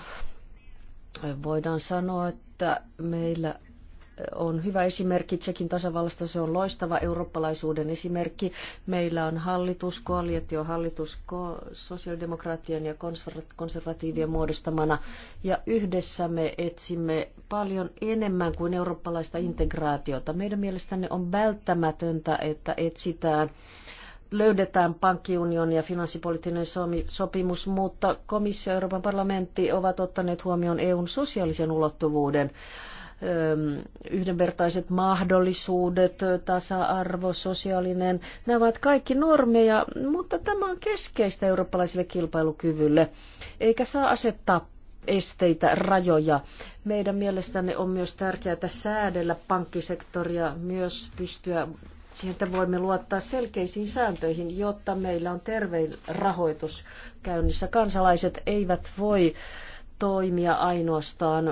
voidaan sanoa, että meillä on hyvä esimerkki Tsekin tasavallasta. Se on loistava eurooppalaisuuden esimerkki. Meillä on hallitus, koalitio, hallitus ko- sosiaalidemokraattien ja konservatiivien muodostamana. Ja yhdessä me etsimme paljon enemmän kuin eurooppalaista integraatiota. Meidän mielestämme on välttämätöntä, että etsitään löydetään pankkiunion ja finanssipoliittinen sopimus, mutta komissio ja Euroopan parlamentti ovat ottaneet huomioon EUn sosiaalisen ulottuvuuden yhdenvertaiset mahdollisuudet, tasa-arvo, sosiaalinen, nämä ovat kaikki normeja, mutta tämä on keskeistä eurooppalaiselle kilpailukyvylle, eikä saa asettaa esteitä, rajoja. Meidän mielestämme on myös tärkeää säädellä pankkisektoria, myös pystyä siihen, että voimme luottaa selkeisiin sääntöihin, jotta meillä on tervein rahoitus käynnissä. Kansalaiset eivät voi toimia ainoastaan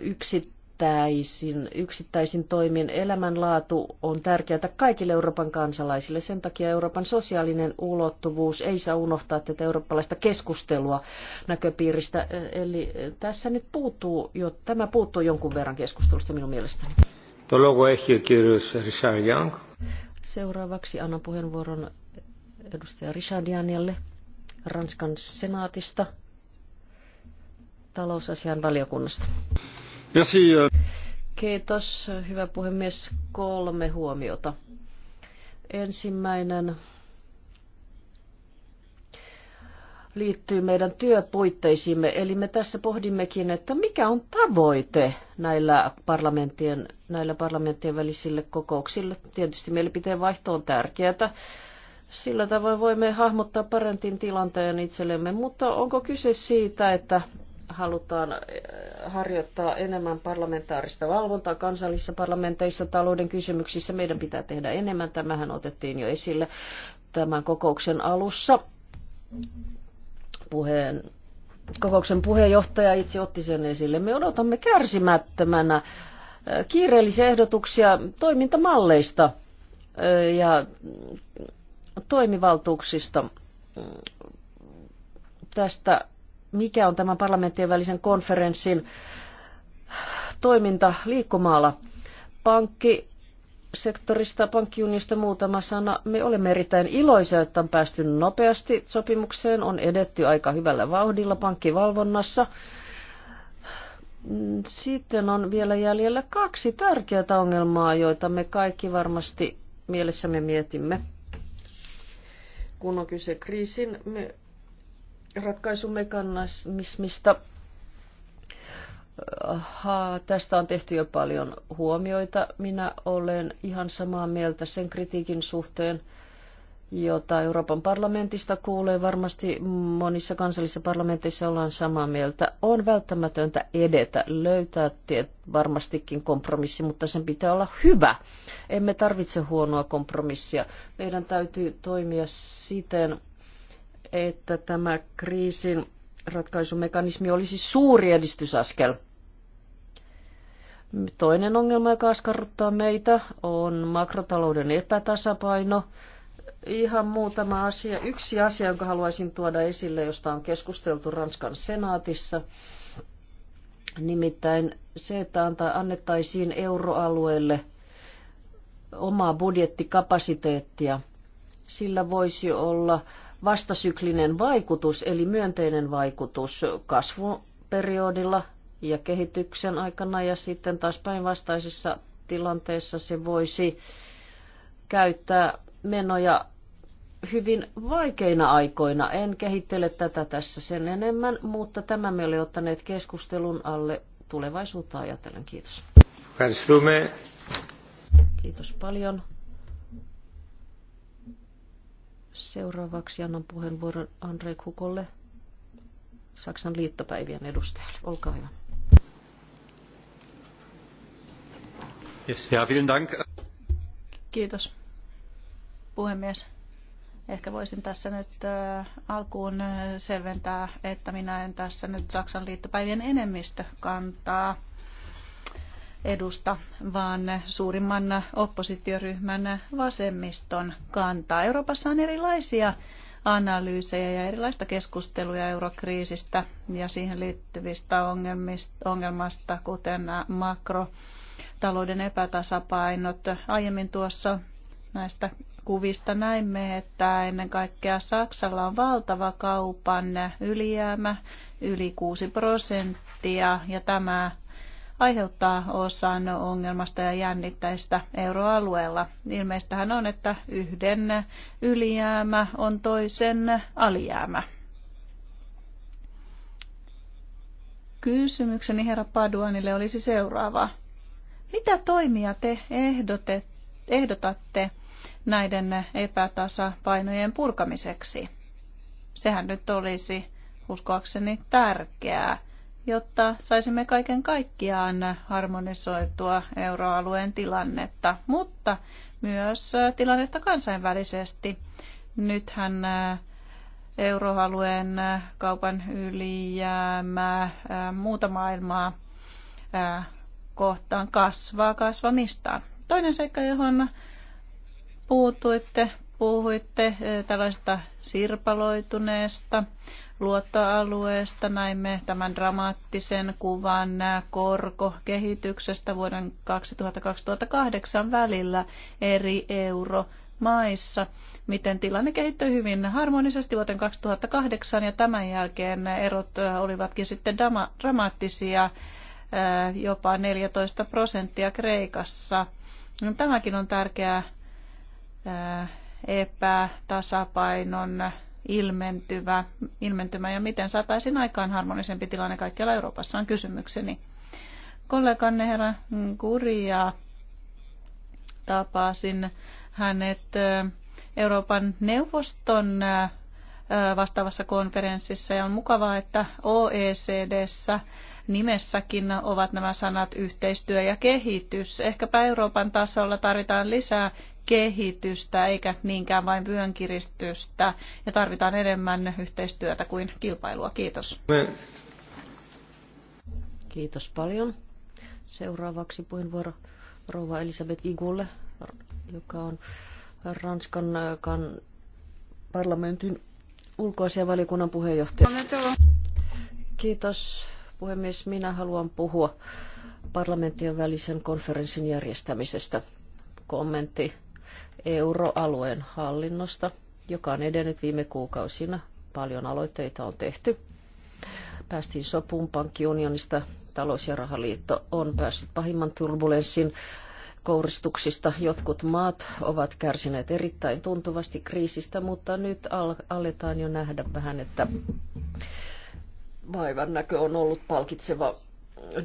yksittäin yksittäisin, yksittäisin toimien elämänlaatu on tärkeää kaikille Euroopan kansalaisille. Sen takia Euroopan sosiaalinen ulottuvuus ei saa unohtaa tätä eurooppalaista keskustelua näköpiiristä. Eli tässä nyt puuttuu, jo, tämä puuttuu jonkun verran keskustelusta minun mielestäni. Seuraavaksi annan puheenvuoron edustaja Richard Janjalle Ranskan senaatista talousasian valiokunnasta. Euh. Kiitos, hyvä puhemies. Kolme huomiota. Ensimmäinen liittyy meidän työpuitteisiimme. Eli me tässä pohdimmekin, että mikä on tavoite näillä parlamenttien, näillä parlamenttien välisille kokouksille. Tietysti mielipiteen vaihto on tärkeää. Sillä tavoin voimme hahmottaa parentin tilanteen itsellemme, mutta onko kyse siitä, että halutaan eh, harjoittaa enemmän parlamentaarista valvontaa kansallisissa parlamenteissa talouden kysymyksissä. Meidän pitää tehdä enemmän. Tämähän otettiin jo esille tämän kokouksen alussa. Puheen, kokouksen puheenjohtaja itse otti sen esille. Me odotamme kärsimättömänä eh, kiireellisiä ehdotuksia toimintamalleista eh, ja toimivaltuuksista mm, tästä mikä on tämän parlamenttien välisen konferenssin toiminta liikkumaalla. Pankki sektorista, pankkiunionista muutama sana. Me olemme erittäin iloisia, että on päästy nopeasti sopimukseen, on edetty aika hyvällä vauhdilla pankkivalvonnassa. Sitten on vielä jäljellä kaksi tärkeää ongelmaa, joita me kaikki varmasti mielessämme mietimme. Kun on kyse kriisin me ratkaisumekanismista. Aha, tästä on tehty jo paljon huomioita. Minä olen ihan samaa mieltä sen kritiikin suhteen, jota Euroopan parlamentista kuulee. Varmasti monissa kansallisissa parlamenteissa ollaan samaa mieltä. On välttämätöntä edetä, löytää tiet, varmastikin kompromissi, mutta sen pitää olla hyvä. Emme tarvitse huonoa kompromissia. Meidän täytyy toimia siten, että tämä kriisin ratkaisumekanismi olisi suuri edistysaskel. Toinen ongelma, joka askarruttaa meitä, on makrotalouden epätasapaino. Ihan muutama asia. Yksi asia, jonka haluaisin tuoda esille, josta on keskusteltu Ranskan senaatissa, nimittäin se, että antaa, annettaisiin euroalueelle omaa budjettikapasiteettia. Sillä voisi olla vastasyklinen vaikutus, eli myönteinen vaikutus kasvuperiodilla ja kehityksen aikana ja sitten taas päinvastaisessa tilanteessa se voisi käyttää menoja hyvin vaikeina aikoina. En kehittele tätä tässä sen enemmän, mutta tämä me olemme ottaneet keskustelun alle tulevaisuutta ajatellen. Kiitos. Kiitos paljon. Seuraavaksi annan puheenvuoron Andrei Kukolle, Saksan liittopäivien edustajalle. Olkaa hyvä. Yes, ja, vielen dank. Kiitos, puhemies. Ehkä voisin tässä nyt alkuun selventää, että minä en tässä nyt Saksan liittopäivien enemmistö kantaa edusta, vaan suurimman oppositioryhmän vasemmiston kantaa. Euroopassa on erilaisia analyysejä ja erilaista keskustelua eurokriisistä ja siihen liittyvistä ongelmista, kuten makrotalouden epätasapainot. Aiemmin tuossa näistä kuvista näimme, että ennen kaikkea Saksalla on valtava kaupan ylijäämä, yli 6 prosenttia, ja tämä aiheuttaa osan ongelmasta ja jännittäistä euroalueella. Ilmeistähän on, että yhden ylijäämä on toisen alijäämä. Kysymykseni herra Paduanille olisi seuraava. Mitä toimia te ehdotet, ehdotatte näiden epätasapainojen purkamiseksi? Sehän nyt olisi uskoakseni tärkeää jotta saisimme kaiken kaikkiaan harmonisoitua euroalueen tilannetta, mutta myös äh, tilannetta kansainvälisesti. Nythän äh, euroalueen äh, kaupan ylijäämää muuta maailmaa kohtaan kasvaa kasvamistaan. Toinen seikka, johon puutuitte, puhuitte tällaista sirpaloituneesta luottoalueesta. Näimme tämän dramaattisen kuvan korkokehityksestä vuoden 2000-2008 välillä eri euro maissa, miten tilanne kehittyi hyvin harmonisesti vuoteen 2008 ja tämän jälkeen erot olivatkin sitten dramaattisia jopa 14 prosenttia Kreikassa. Tämäkin on tärkeä epätasapainon ilmentyvä, ilmentymä ja miten saataisiin aikaan harmonisempi tilanne kaikkialla Euroopassa on kysymykseni. Kolleganne herra Kuria tapasin hänet Euroopan neuvoston vastaavassa konferenssissa ja on mukavaa, että OECDssä nimessäkin ovat nämä sanat yhteistyö ja kehitys. Ehkäpä Euroopan tasolla tarvitaan lisää kehitystä eikä niinkään vain vyönkiristystä ja tarvitaan enemmän yhteistyötä kuin kilpailua. Kiitos. Kiitos paljon. Seuraavaksi puheenvuoro rouva Elisabeth Igulle, joka on Ranskan äh, kan, parlamentin ulkoasianvaliokunnan puheenjohtaja. Kiitos puhemies. Minä haluan puhua parlamenttien välisen konferenssin järjestämisestä. Kommentti euroalueen hallinnosta, joka on edennyt viime kuukausina. Paljon aloitteita on tehty. Päästiin sopuun pankkiunionista. Talous- ja rahaliitto on päässyt pahimman turbulenssin kouristuksista. Jotkut maat ovat kärsineet erittäin tuntuvasti kriisistä, mutta nyt al- aletaan jo nähdä vähän, että vaivan näkö on ollut palkitseva.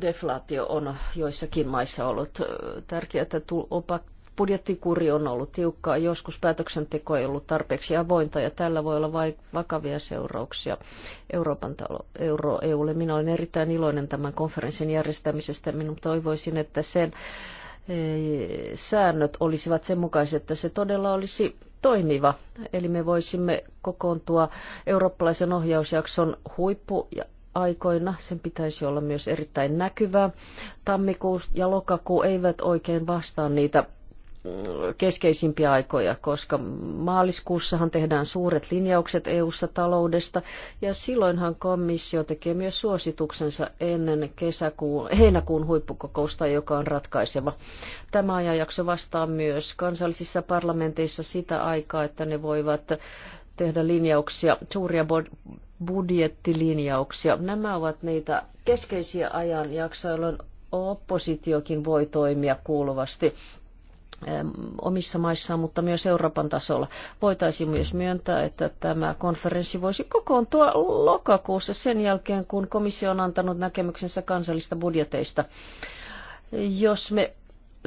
Deflaatio on joissakin maissa ollut tärkeää, että budjettikuri on ollut tiukkaa, joskus päätöksenteko ei ollut tarpeeksi avointa ja tällä voi olla vakavia seurauksia Euroopan talo- euro EUlle. Minä olen erittäin iloinen tämän konferenssin järjestämisestä. Minun toivoisin, että sen säännöt olisivat sen mukaiset, että se todella olisi toimiva. Eli me voisimme kokoontua eurooppalaisen ohjausjakson huippu aikoina. Sen pitäisi olla myös erittäin näkyvää. Tammikuu ja lokakuu eivät oikein vastaa niitä keskeisimpiä aikoja, koska maaliskuussahan tehdään suuret linjaukset EU-ssa taloudesta ja silloinhan komissio tekee myös suosituksensa ennen kesäkuun, heinäkuun huippukokousta, joka on ratkaiseva. Tämä ajanjakso vastaa myös kansallisissa parlamenteissa sitä aikaa, että ne voivat tehdä linjauksia, suuria budjettilinjauksia. Nämä ovat niitä keskeisiä ajanjaksoja, jolloin oppositiokin voi toimia kuuluvasti omissa maissaan, mutta myös Euroopan tasolla. Voitaisiin myös myöntää, että tämä konferenssi voisi kokoontua lokakuussa sen jälkeen, kun komissio on antanut näkemyksensä kansallista budjeteista. Jos me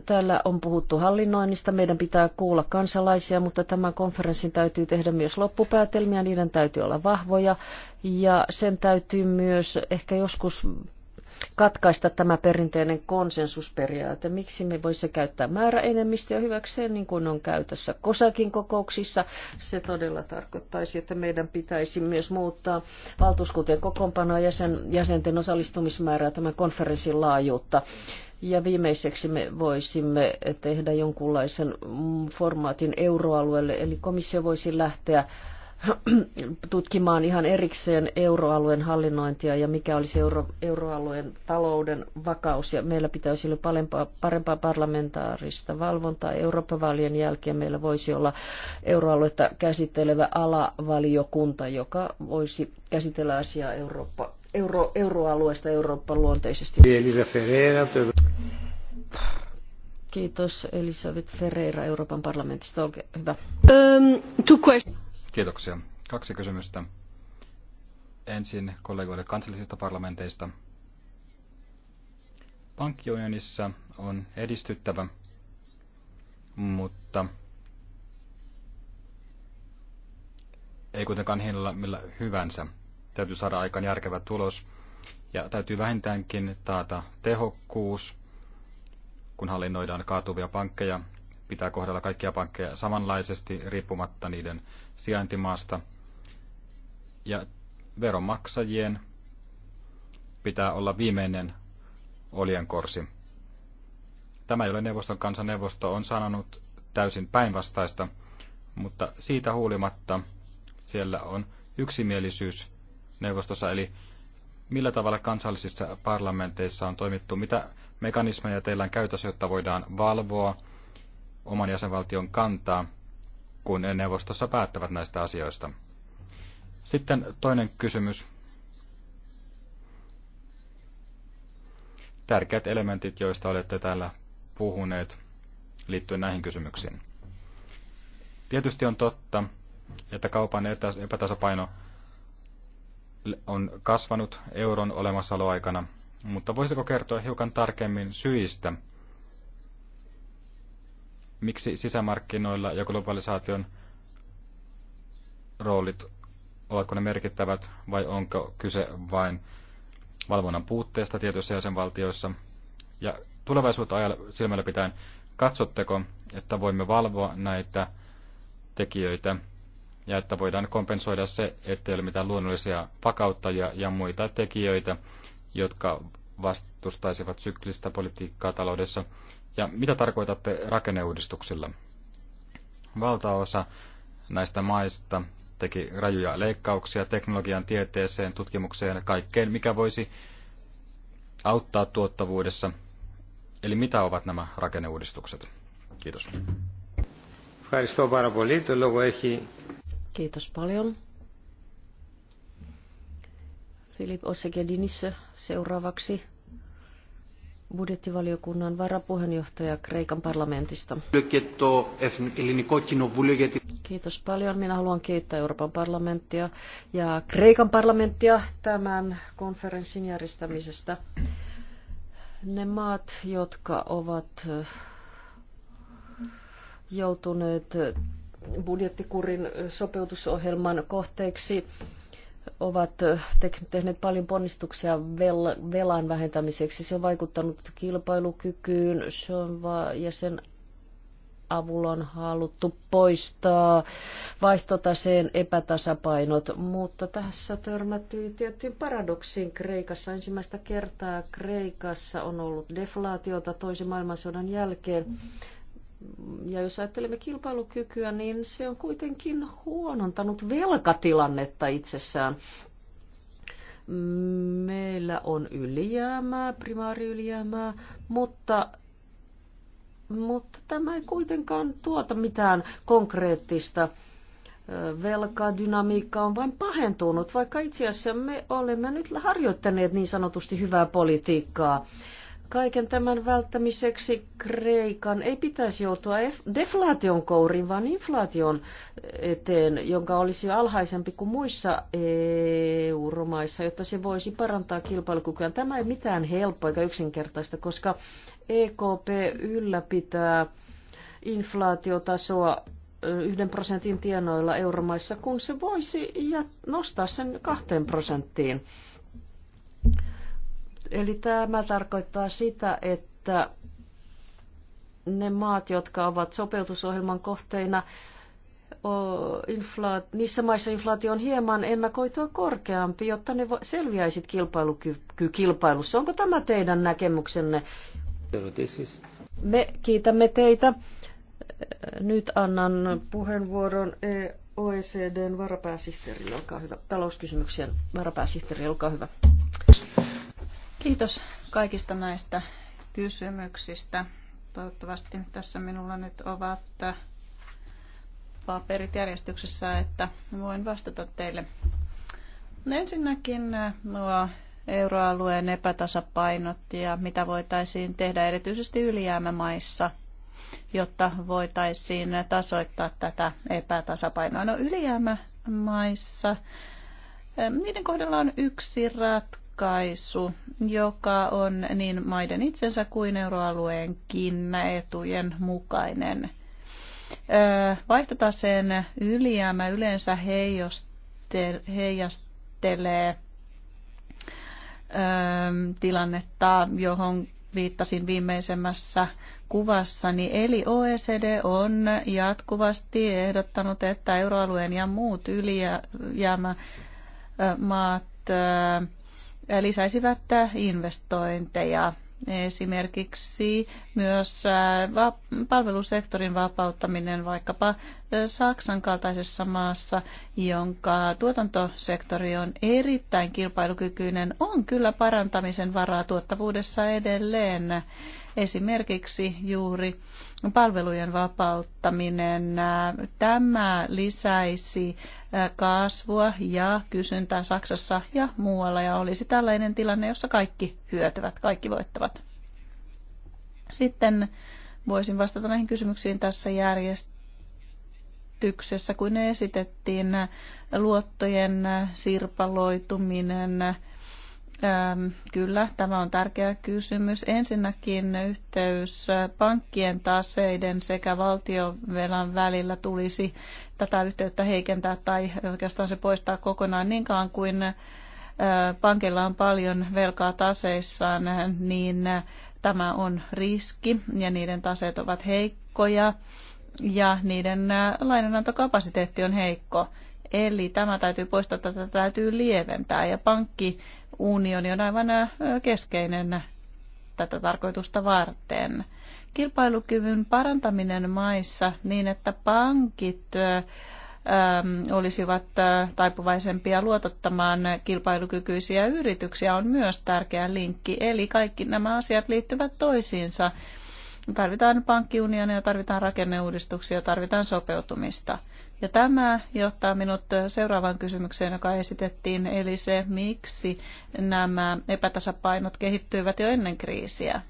täällä on puhuttu hallinnoinnista, meidän pitää kuulla kansalaisia, mutta tämän konferenssin täytyy tehdä myös loppupäätelmiä, niiden täytyy olla vahvoja ja sen täytyy myös ehkä joskus katkaista tämä perinteinen konsensusperiaate. Miksi me voisi käyttää määräenemmistöä hyväkseen, niin kuin on käytössä kosakin kokouksissa? Se todella tarkoittaisi, että meidän pitäisi myös muuttaa valtuuskuntien kokoonpanoa jäsen, jäsenten osallistumismäärää tämän konferenssin laajuutta. Ja viimeiseksi me voisimme tehdä jonkunlaisen mm, formaatin euroalueelle, eli komissio voisi lähteä tutkimaan ihan erikseen euroalueen hallinnointia ja mikä olisi euro, euroalueen talouden vakaus. Ja meillä pitäisi olla parempaa, parempaa parlamentaarista valvontaa. Euroopan vaalien jälkeen meillä voisi olla euroaluetta käsittelevä alavaliokunta, joka voisi käsitellä asiaa Eurooppa, euro, euroalueesta Euroopan luonteisesti. Elisa Ferreira. Kiitos Elisabeth Ferreira Euroopan parlamentista. Olkaa hyvä. Um, two questions. Kiitoksia. Kaksi kysymystä. Ensin kollegoille kansallisista parlamenteista. Pankkiunionissa on edistyttävä, mutta ei kuitenkaan hinnalla millä hyvänsä. Täytyy saada aikaan järkevä tulos ja täytyy vähintäänkin taata tehokkuus, kun hallinnoidaan kaatuvia pankkeja pitää kohdella kaikkia pankkeja samanlaisesti riippumatta niiden sijaintimaasta. Ja veronmaksajien pitää olla viimeinen oljenkorsi. Tämä ei ole neuvoston kanssa. Neuvosto on sanonut täysin päinvastaista, mutta siitä huolimatta siellä on yksimielisyys neuvostossa, eli millä tavalla kansallisissa parlamenteissa on toimittu, mitä mekanismeja teillä on käytössä, jotta voidaan valvoa oman jäsenvaltion kantaa, kun neuvostossa päättävät näistä asioista. Sitten toinen kysymys. Tärkeät elementit, joista olette täällä puhuneet liittyen näihin kysymyksiin. Tietysti on totta, että kaupan epätasapaino on kasvanut euron olemassaoloaikana, mutta voisiko kertoa hiukan tarkemmin syistä, miksi sisämarkkinoilla ja globalisaation roolit, ovatko ne merkittävät vai onko kyse vain valvonnan puutteesta tietyissä jäsenvaltioissa. Ja tulevaisuutta ajalla silmällä pitäen, katsotteko, että voimme valvoa näitä tekijöitä ja että voidaan kompensoida se, ettei ole mitään luonnollisia vakauttajia ja muita tekijöitä, jotka vastustaisivat syklistä politiikkaa taloudessa ja mitä tarkoitatte rakenneuudistuksilla? Valtaosa näistä maista teki rajuja leikkauksia teknologian, tieteeseen, tutkimukseen, kaikkeen, mikä voisi auttaa tuottavuudessa. Eli mitä ovat nämä rakenneuudistukset? Kiitos. Kiitos paljon. Filip Ossegedinissä seuraavaksi budjettivaliokunnan varapuheenjohtaja Kreikan parlamentista. Kiitos paljon. Minä haluan kiittää Euroopan parlamenttia ja Kreikan parlamenttia tämän konferenssin järjestämisestä. Ne maat, jotka ovat eh, joutuneet budjettikurin sopeutusohjelman kohteeksi, ovat tehneet paljon ponnistuksia velan vähentämiseksi. Se on vaikuttanut kilpailukykyyn se on va- ja sen avulla on haluttu poistaa vaihtotaseen epätasapainot, mutta tässä törmättyy tiettyyn paradoksiin Kreikassa. Ensimmäistä kertaa Kreikassa on ollut deflaatiota toisen maailmansodan jälkeen. Mm-hmm ja jos ajattelemme kilpailukykyä, niin se on kuitenkin huonontanut velkatilannetta itsessään. Meillä on ylijäämää, primaariylijäämää, mutta mutta tämä ei kuitenkaan tuota mitään konkreettista. Velkadynamiikka on vain pahentunut, vaikka itse asiassa me olemme nyt harjoittaneet niin sanotusti hyvää politiikkaa. Kaiken tämän välttämiseksi Kreikan ei pitäisi joutua deflaation kouriin, vaan inflaation eteen, jonka olisi alhaisempi kuin muissa euromaissa, jotta se voisi parantaa kilpailukykyä. Tämä ei mitään helppoa eikä yksinkertaista, koska EKP ylläpitää inflaatiotasoa yhden prosentin tienoilla euromaissa, kun se voisi nostaa sen kahteen prosenttiin Eli tämä tarkoittaa sitä, että ne maat, jotka ovat sopeutusohjelman kohteina, inflaat, niissä maissa inflaatio on hieman ennakoitua korkeampi, jotta ne selviäisit kilpailussa. Onko tämä teidän näkemyksenne? Me kiitämme teitä. Nyt annan puheenvuoron e OECDn varapääsihteeri, olkaa hyvä. Talouskysymyksien varapääsihteeri, olkaa hyvä. Kiitos kaikista näistä kysymyksistä. Toivottavasti tässä minulla nyt ovat paperit järjestyksessä, että voin vastata teille. Ensinnäkin äh, nuo euroalueen epätasapainot ja mitä voitaisiin tehdä erityisesti ylijäämämaissa, jotta voitaisiin tasoittaa tätä epätasapainoa. No ylijäämämaissa, äh, niiden kohdalla on yksi ratkaisu ratkaisu, joka on niin maiden itsensä kuin euroalueenkin etujen mukainen. Vaihtotaseen ylijäämä yleensä heijastelee tilannetta, johon viittasin viimeisemmässä kuvassani. Eli OECD on jatkuvasti ehdottanut, että euroalueen ja muut ylijäämämaat lisäisivät investointeja. Esimerkiksi myös äh, palvelusektorin vapauttaminen vaikkapa äh, Saksan kaltaisessa maassa, jonka tuotantosektori on erittäin kilpailukykyinen, on kyllä parantamisen varaa tuottavuudessa edelleen. Esimerkiksi juuri palvelujen vapauttaminen. Tämä lisäisi kasvua ja kysyntää Saksassa ja muualla ja olisi tällainen tilanne, jossa kaikki hyötyvät, kaikki voittavat. Sitten voisin vastata näihin kysymyksiin tässä järjestyksessä, kun ne esitettiin luottojen sirpaloituminen, Kyllä, tämä on tärkeä kysymys. Ensinnäkin yhteys pankkien taseiden sekä valtiovelan välillä tulisi tätä yhteyttä heikentää tai oikeastaan se poistaa kokonaan Niin kauan kuin pankilla on paljon velkaa taseissaan, niin tämä on riski ja niiden taseet ovat heikkoja ja niiden lainanantokapasiteetti on heikko. Eli tämä täytyy poistaa, tätä täytyy lieventää. Ja pankkiunioni on aivan keskeinen tätä tarkoitusta varten. Kilpailukyvyn parantaminen maissa niin, että pankit olisivat taipuvaisempia luotottamaan kilpailukykyisiä yrityksiä on myös tärkeä linkki. Eli kaikki nämä asiat liittyvät toisiinsa. Tarvitaan pankkiunionia, tarvitaan rakenneuudistuksia, tarvitaan sopeutumista. Ja tämä johtaa minut seuraavaan kysymykseen, joka esitettiin, eli se, miksi nämä epätasapainot kehittyivät jo ennen kriisiä.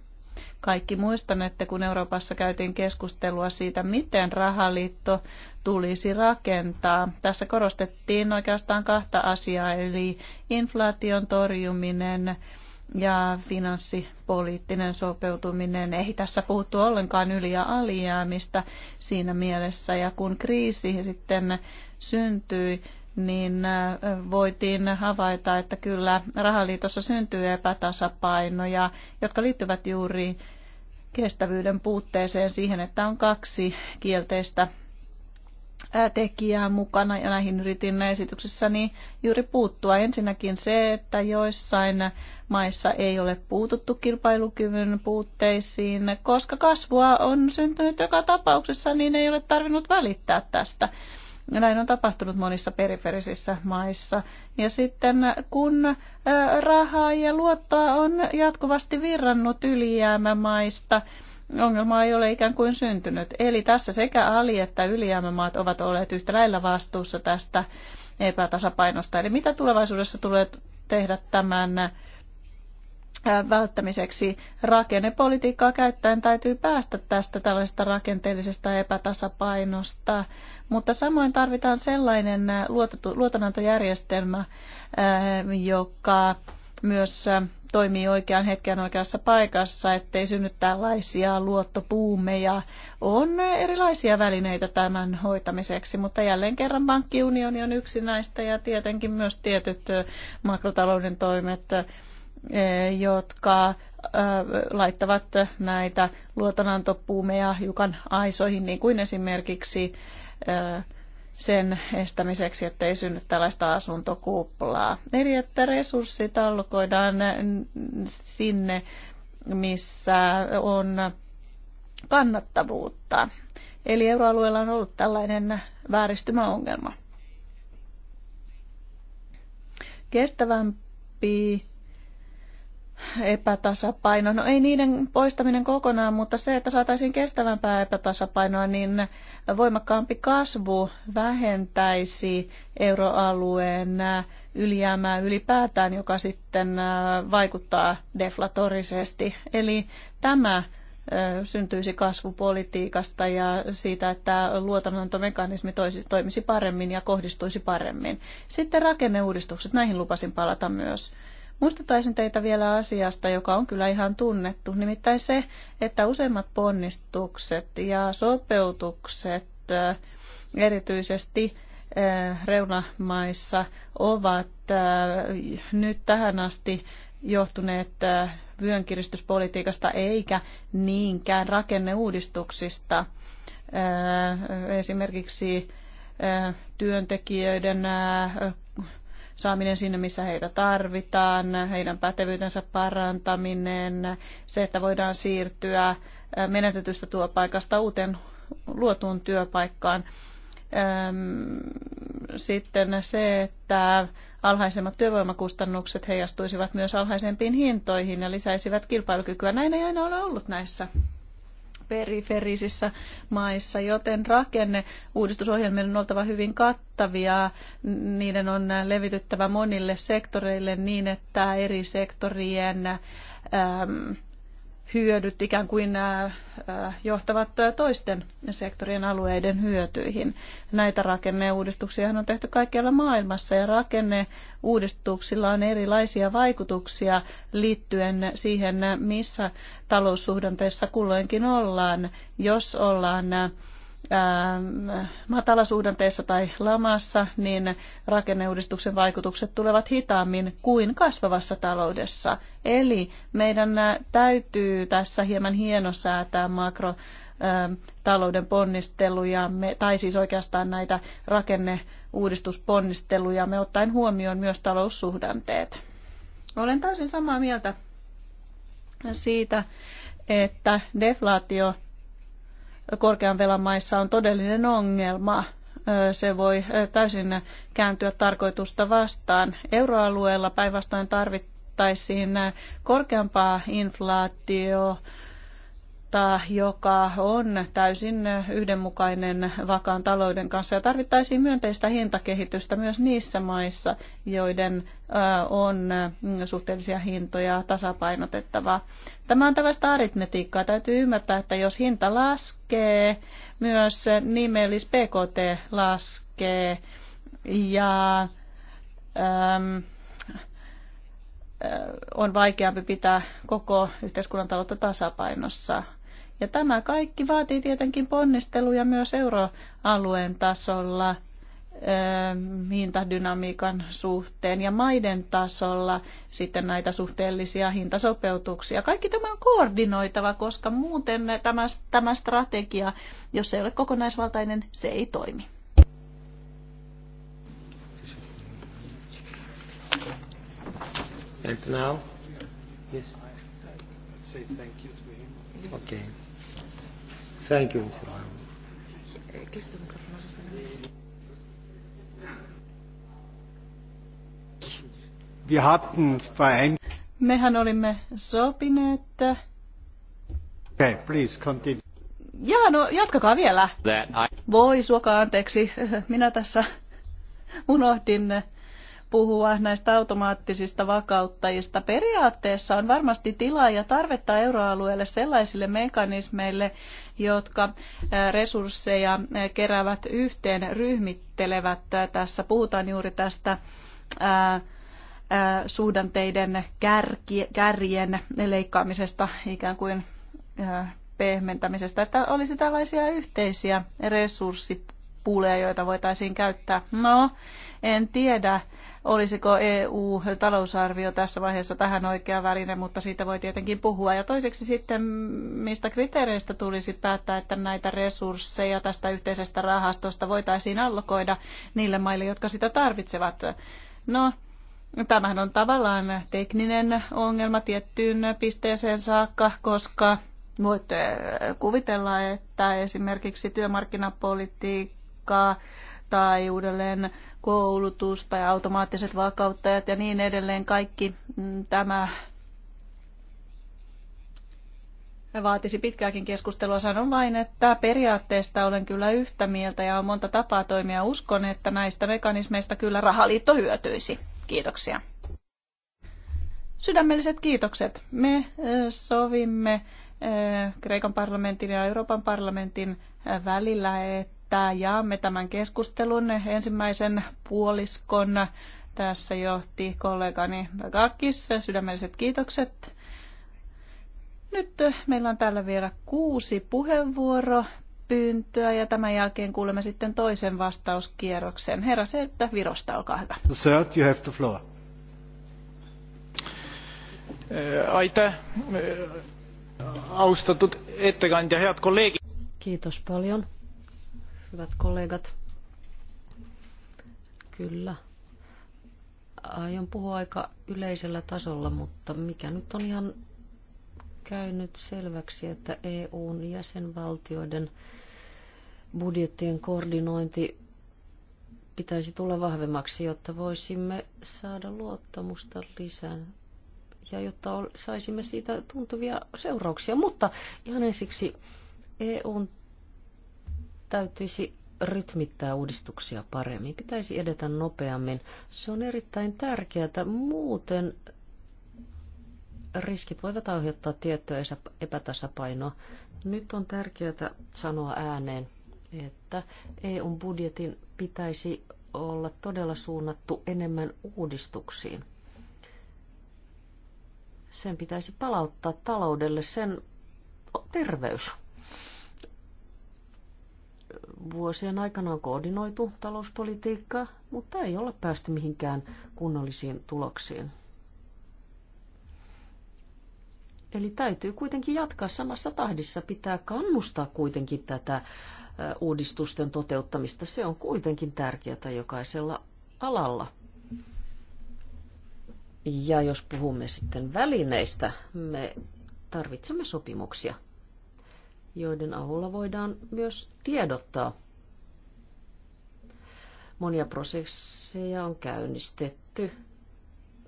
Kaikki muistanette, kun Euroopassa käytiin keskustelua siitä, miten rahaliitto tulisi rakentaa. Tässä korostettiin oikeastaan kahta asiaa, eli inflaation torjuminen ja finanssipoliittinen sopeutuminen. Ei tässä puhuttu ollenkaan yli- ja alijäämistä siinä mielessä. Ja kun kriisi sitten syntyi, niin äh, voitiin havaita, että kyllä rahaliitossa syntyy epätasapainoja, jotka liittyvät juuri kestävyyden puutteeseen siihen, että on kaksi kielteistä tekijää mukana ja näihin yritin niin juuri puuttua. Ensinnäkin se, että joissain maissa ei ole puututtu kilpailukyvyn puutteisiin, koska kasvua on syntynyt joka tapauksessa, niin ei ole tarvinnut välittää tästä. Näin on tapahtunut monissa periferisissä maissa. Ja sitten kun rahaa ja luottoa on jatkuvasti virrannut ylijäämämaista, maista, ongelma ei ole ikään kuin syntynyt. Eli tässä sekä ali- että ylijäämämaat ovat olleet yhtä lailla vastuussa tästä epätasapainosta. Eli mitä tulevaisuudessa tulee tehdä tämän äh, välttämiseksi rakennepolitiikkaa käyttäen täytyy päästä tästä tällaisesta rakenteellisesta epätasapainosta, mutta samoin tarvitaan sellainen äh, luotonantojärjestelmä, äh, joka myös toimii oikean hetken oikeassa paikassa, ettei synny tällaisia luottopuumeja. On erilaisia välineitä tämän hoitamiseksi, mutta jälleen kerran pankkiunioni on yksi näistä ja tietenkin myös tietyt makrotalouden toimet, jotka laittavat näitä luotonantopuumeja hiukan aisoihin, niin kuin esimerkiksi sen estämiseksi, että ei synny tällaista asuntokuplaa. Eli että resurssit allokoidaan sinne, missä on kannattavuutta. Eli euroalueella on ollut tällainen vääristymäongelma. Kestävämpi epätasapaino. No ei niiden poistaminen kokonaan, mutta se, että saataisiin kestävämpää epätasapainoa, niin voimakkaampi kasvu vähentäisi euroalueen ylijäämää ylipäätään, joka sitten äh, vaikuttaa deflatorisesti. Eli tämä äh, syntyisi kasvupolitiikasta ja siitä, että luotonantomekanismi toimisi paremmin ja kohdistuisi paremmin. Sitten rakenneuudistukset, näihin lupasin palata myös. Muistuttaisin teitä vielä asiasta, joka on kyllä ihan tunnettu, nimittäin se, että useimmat ponnistukset ja sopeutukset äh, erityisesti äh, reunamaissa ovat äh, nyt tähän asti johtuneet vyönkiristyspolitiikasta eikä niinkään rakenneuudistuksista. Esimerkiksi työntekijöiden saaminen sinne, missä heitä tarvitaan, heidän pätevyytensä parantaminen, se, että voidaan siirtyä menetetystä työpaikasta uuteen luotuun työpaikkaan. Sitten se, että alhaisemmat työvoimakustannukset heijastuisivat myös alhaisempiin hintoihin ja lisäisivät kilpailukykyä. Näin ei aina ole ollut näissä periferisissä maissa, joten rakenne uudistusohjelmien on oltava hyvin kattavia. Niiden on levityttävä monille sektoreille niin, että eri sektorien ähm, hyödyt ikään kuin johtavat toisten sektorien alueiden hyötyihin. Näitä rakenneuudistuksia on tehty kaikkialla maailmassa ja rakenneuudistuksilla on erilaisia vaikutuksia liittyen siihen, missä taloussuhdanteessa kulloinkin ollaan. Jos ollaan Ähm, matalasuhdanteessa tai lamassa, niin rakenneuudistuksen vaikutukset tulevat hitaammin kuin kasvavassa taloudessa. Eli meidän äh, täytyy tässä hieman hienosäätää makro ähm, ponnisteluja, tai siis oikeastaan näitä rakenneuudistusponnisteluja, me ottaen huomioon myös taloussuhdanteet. Olen täysin samaa mieltä siitä, että deflaatio korkean velan maissa on todellinen ongelma. Se voi täysin kääntyä tarkoitusta vastaan. Euroalueella päinvastoin tarvittaisiin korkeampaa inflaatio valuutta, joka on täysin yhdenmukainen vakaan talouden kanssa. Ja tarvittaisiin myönteistä hintakehitystä myös niissä maissa, joiden on mm, suhteellisia hintoja tasapainotettava. Tämä on tällaista aritmetiikkaa. Täytyy ymmärtää, että jos hinta laskee, myös nimellis PKT laskee. Ja äm, on vaikeampi pitää koko yhteiskunnan taloutta tasapainossa. Ja tämä kaikki vaatii tietenkin ponnisteluja myös euroalueen tasolla ähm, hintadynamiikan suhteen ja maiden tasolla sitten näitä suhteellisia hintasopeutuksia. Kaikki tämä on koordinoitava, koska muuten tämä, tämä strategia, jos se ei ole kokonaisvaltainen, se ei toimi. And now? Yes. Say thank you to him. Okay. Thank you, Mr. Wir hatten Mehän olimme sopineet. että. Okay, please continue. Jaa, no jatkakaa vielä. That I... Voi suokaa anteeksi, minä tässä unohdin puhua näistä automaattisista vakauttajista. Periaatteessa on varmasti tilaa ja tarvetta euroalueelle sellaisille mekanismeille, jotka resursseja keräävät yhteen, ryhmittelevät. Tässä puhutaan juuri tästä suhdanteiden kärjen leikkaamisesta ikään kuin pehmentämisestä, että olisi tällaisia yhteisiä resurssipuleja, joita voitaisiin käyttää. No, en tiedä olisiko EU-talousarvio tässä vaiheessa tähän oikea väline, mutta siitä voi tietenkin puhua. Ja toiseksi sitten, mistä kriteereistä tulisi päättää, että näitä resursseja tästä yhteisestä rahastosta voitaisiin allokoida niille maille, jotka sitä tarvitsevat. No, tämähän on tavallaan tekninen ongelma tiettyyn pisteeseen saakka, koska voitte kuvitella, että esimerkiksi työmarkkinapolitiikkaa tai uudelleen koulutus tai automaattiset vakauttajat ja niin edelleen. Kaikki mm, tämä vaatisi pitkääkin keskustelua. Sanon vain, että periaatteesta olen kyllä yhtä mieltä ja on monta tapaa toimia. Uskon, että näistä mekanismeista kyllä rahaliitto hyötyisi. Kiitoksia. Sydämelliset kiitokset. Me eh, sovimme eh, Kreikan parlamentin ja Euroopan parlamentin välillä, että että jaamme tämän keskustelun ensimmäisen puoliskon. Tässä johti kollegani Kakis. Sydämelliset kiitokset. Nyt meillä on täällä vielä kuusi puheenvuoropyyntöä ja tämän jälkeen kuulemme sitten toisen vastauskierroksen. Herra Selttä Virosta, olkaa hyvä. Sir, you have the floor. Äh, Aitäh, austatut ettekandja, head kolleegid. Kiitos paljon hyvät kollegat. Kyllä. Aion puhua aika yleisellä tasolla, mutta mikä nyt on ihan käynyt selväksi, että EUn jäsenvaltioiden budjettien koordinointi pitäisi tulla vahvemmaksi, jotta voisimme saada luottamusta lisää ja jotta saisimme siitä tuntuvia seurauksia. Mutta ihan ensiksi EUn täytyisi rytmittää uudistuksia paremmin. Pitäisi edetä nopeammin. Se on erittäin tärkeää. että Muuten riskit voivat aiheuttaa tiettyä epätasapainoa. Nyt on tärkeää sanoa ääneen, että EUn budjetin pitäisi olla todella suunnattu enemmän uudistuksiin. Sen pitäisi palauttaa taloudelle sen terveys vuosien aikana on koordinoitu talouspolitiikkaa, mutta ei ole päästy mihinkään kunnollisiin tuloksiin. Eli täytyy kuitenkin jatkaa samassa tahdissa, pitää kannustaa kuitenkin tätä uudistusten toteuttamista. Se on kuitenkin tärkeää jokaisella alalla. Ja jos puhumme sitten välineistä, me tarvitsemme sopimuksia joiden avulla voidaan myös tiedottaa. Monia prosesseja on käynnistetty,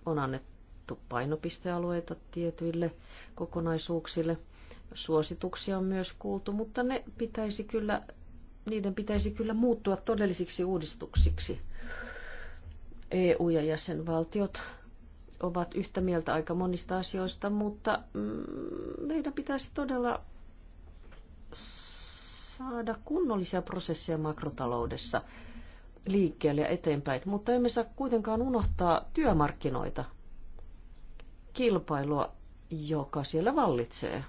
on annettu painopistealueita tietyille kokonaisuuksille. Suosituksia on myös kuultu, mutta ne pitäisi kyllä, niiden pitäisi kyllä muuttua todellisiksi uudistuksiksi. EU ja jäsenvaltiot ovat yhtä mieltä aika monista asioista, mutta mm, meidän pitäisi todella saada kunnollisia prosesseja makrotaloudessa liikkeelle ja eteenpäin, mutta emme saa kuitenkaan unohtaa työmarkkinoita, kilpailua, joka siellä vallitsee.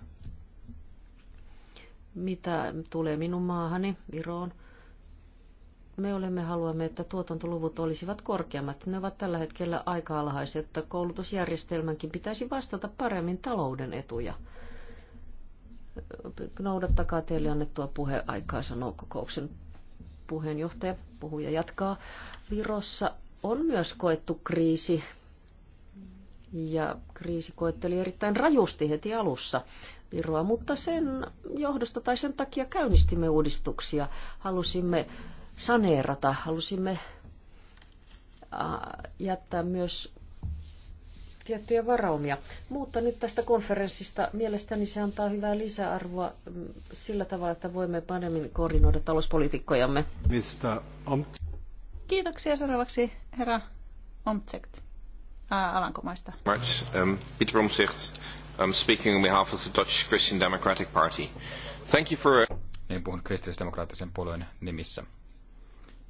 Mitä tulee minun maahani, Viroon, me olemme haluamme, että tuotantoluvut olisivat korkeammat. Ne ovat tällä hetkellä aika alhaiset, että koulutusjärjestelmänkin pitäisi vastata paremmin talouden etuja Noudattakaa teille annettua puheaikaa, sanoo kokouksen puheenjohtaja. Puhuja jatkaa. Virossa on myös koettu kriisi. Ja kriisi koetteli erittäin rajusti heti alussa Viroa, mutta sen johdosta tai sen takia käynnistimme uudistuksia. Halusimme saneerata, halusimme jättää myös tiettyjä varaumia. Mutta nyt tästä konferenssista mielestäni se antaa hyvää lisäarvoa mm, sillä tavalla, että voimme paremmin koordinoida talouspolitiikkojamme. Kiitoksia seuraavaksi herra Omtsekt Alankomaista. Um, Peter Omtsekt, um, speaking on behalf of the Dutch Christian Democratic Party. Thank you for... Niin puhun kristillisdemokraattisen puolueen nimissä.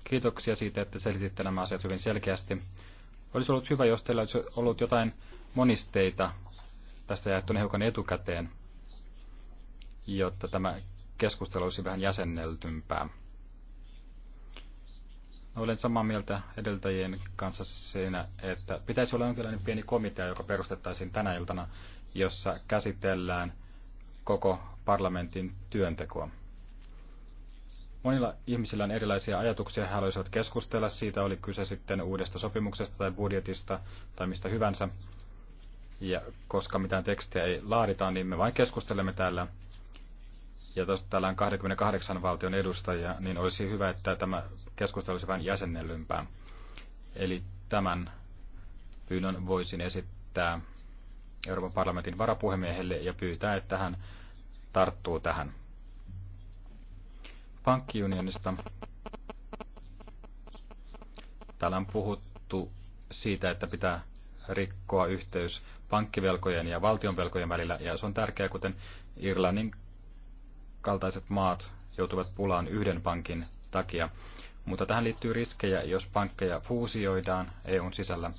Kiitoksia siitä, että selititte nämä asiat hyvin selkeästi olisi ollut hyvä, jos teillä olisi ollut jotain monisteita tästä jaettuna hiukan etukäteen, jotta tämä keskustelu olisi vähän jäsenneltympää. Olen samaa mieltä edeltäjien kanssa siinä, että pitäisi olla jonkinlainen pieni komitea, joka perustettaisiin tänä iltana, jossa käsitellään koko parlamentin työntekoa. Monilla ihmisillä on erilaisia ajatuksia, he haluaisivat keskustella siitä, oli kyse sitten uudesta sopimuksesta tai budjetista tai mistä hyvänsä. Ja koska mitään tekstiä ei laadita, niin me vain keskustelemme täällä. Ja tuossa täällä on 28 valtion edustajia, niin olisi hyvä, että tämä keskustelu olisi vähän jäsennellympää. Eli tämän pyynnön voisin esittää Euroopan parlamentin varapuhemiehelle ja pyytää, että hän tarttuu tähän pankkiunionista. Täällä on puhuttu siitä, että pitää rikkoa yhteys pankkivelkojen ja valtionvelkojen välillä, ja se on tärkeää, kuten Irlannin kaltaiset maat joutuvat pulaan yhden pankin takia. Mutta tähän liittyy riskejä, jos pankkeja fuusioidaan EUn sisällä.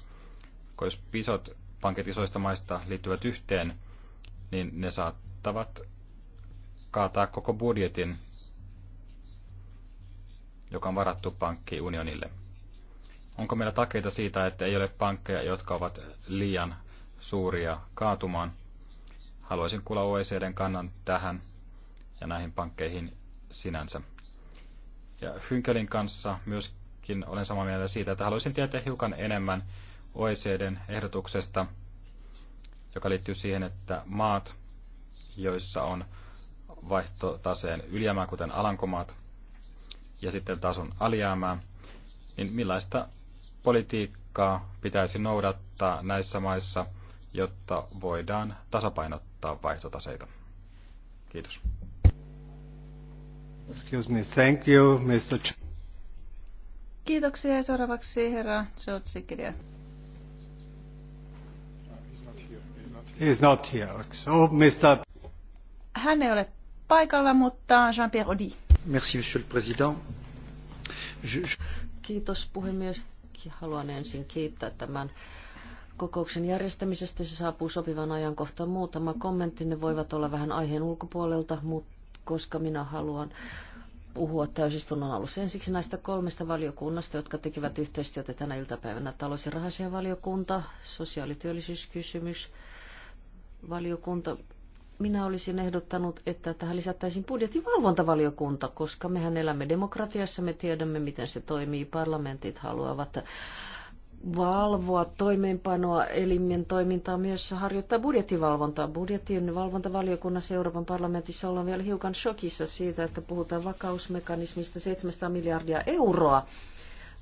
Koska jos pisot pankit isoista maista liittyvät yhteen, niin ne saattavat kaataa koko budjetin joka on varattu pankkiunionille. Onko meillä takeita siitä, että ei ole pankkeja, jotka ovat liian suuria kaatumaan? Haluaisin kuulla OECDn kannan tähän ja näihin pankkeihin sinänsä. Ja Hynkelin kanssa myöskin olen samaa mieltä siitä, että haluaisin tietää hiukan enemmän OECDn ehdotuksesta, joka liittyy siihen, että maat, joissa on vaihtotaseen ylijäämää, kuten Alankomaat, ja sitten taas on alijäämää, niin millaista politiikkaa pitäisi noudattaa näissä maissa, jotta voidaan tasapainottaa vaihtotaseita? Kiitos. Excuse me, thank you, Mr. Ch- Kiitoksia ja seuraavaksi herra Tsotsikirja. He's not here. So, Mr. Hän ei ole paikalla, mutta Jean-Pierre Audi monsieur le président. Kiitos puhemies. Haluan ensin kiittää tämän kokouksen järjestämisestä. Se saapuu sopivan ajankohtaan. Muutama kommentti, ne voivat olla vähän aiheen ulkopuolelta, mutta koska minä haluan puhua täysistunnon alussa. Ensiksi näistä kolmesta valiokunnasta, jotka tekevät yhteistyötä tänä iltapäivänä. Talous- ja rahasian valiokunta, sosiaalityöllisyyskysymys, valiokunta, minä olisin ehdottanut, että tähän lisättäisiin budjetin valvontavaliokunta, koska mehän elämme demokratiassa, me tiedämme, miten se toimii. Parlamentit haluavat valvoa toimeenpanoa, elimien toimintaa myös harjoittaa budjettivalvontaa. Budjetin valvontavaliokunnassa Euroopan parlamentissa ollaan vielä hiukan shokissa siitä, että puhutaan vakausmekanismista 700 miljardia euroa,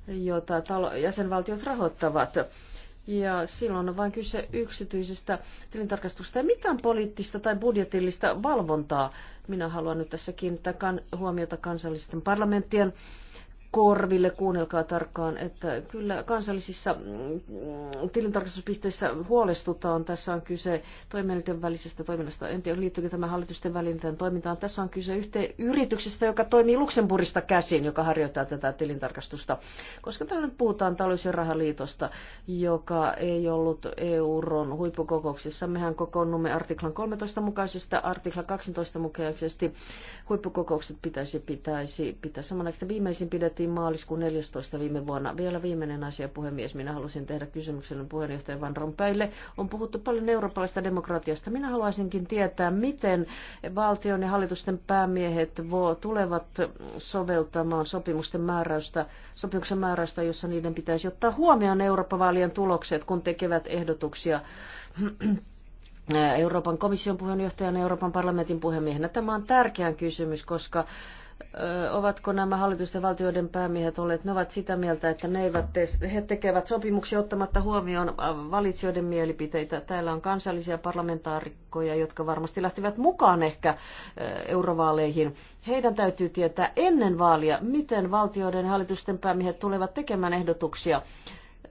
jota jäsenvaltiot rahoittavat ja silloin on vain kyse yksityisestä tilintarkastuksesta. Ja mitään poliittista tai budjetillista valvontaa. Minä haluan nyt tässä kiinnittää kan- huomiota kansallisten parlamenttien korville, kuunnelkaa tarkkaan, että kyllä kansallisissa mm, tilintarkastuspisteissä huolestutaan. Tässä on kyse toimielinten välisestä toiminnasta. En tiedä, liittyykö tämä hallitusten välinen toimintaan. Tässä on kyse yhteen yrityksestä, joka toimii Luxemburgista käsin, joka harjoittaa tätä tilintarkastusta. Koska täällä nyt puhutaan talous- ja rahaliitosta, joka ei ollut euron huippukokouksessa. Mehän kokoonnumme artiklan 13 mukaisesta artikla 12 mukaisesti. Huippukokoukset pitäisi, pitäisi pitää samana. Viimeisin pidettiin tehtiin maaliskuun 14. viime vuonna. Vielä viimeinen asia, puhemies. Minä halusin tehdä kysymyksen puheenjohtaja Van Rompuylle. On puhuttu paljon eurooppalaista demokratiasta. Minä haluaisinkin tietää, miten valtion ja hallitusten päämiehet tulevat soveltamaan sopimusten määräystä, sopimuksen määräystä, jossa niiden pitäisi ottaa huomioon Eurooppa-vaalien tulokset, kun tekevät ehdotuksia Euroopan komission puheenjohtajana ja Euroopan parlamentin puhemiehenä. Tämä on tärkeä kysymys, koska ovatko nämä hallitusten valtioiden päämiehet olleet, ne ovat sitä mieltä, että ne eivät te, he tekevät sopimuksia ottamatta huomioon valitsijoiden mielipiteitä. Täällä on kansallisia parlamentaarikkoja, jotka varmasti lähtivät mukaan ehkä eurovaaleihin. Heidän täytyy tietää ennen vaalia, miten valtioiden ja hallitusten päämiehet tulevat tekemään ehdotuksia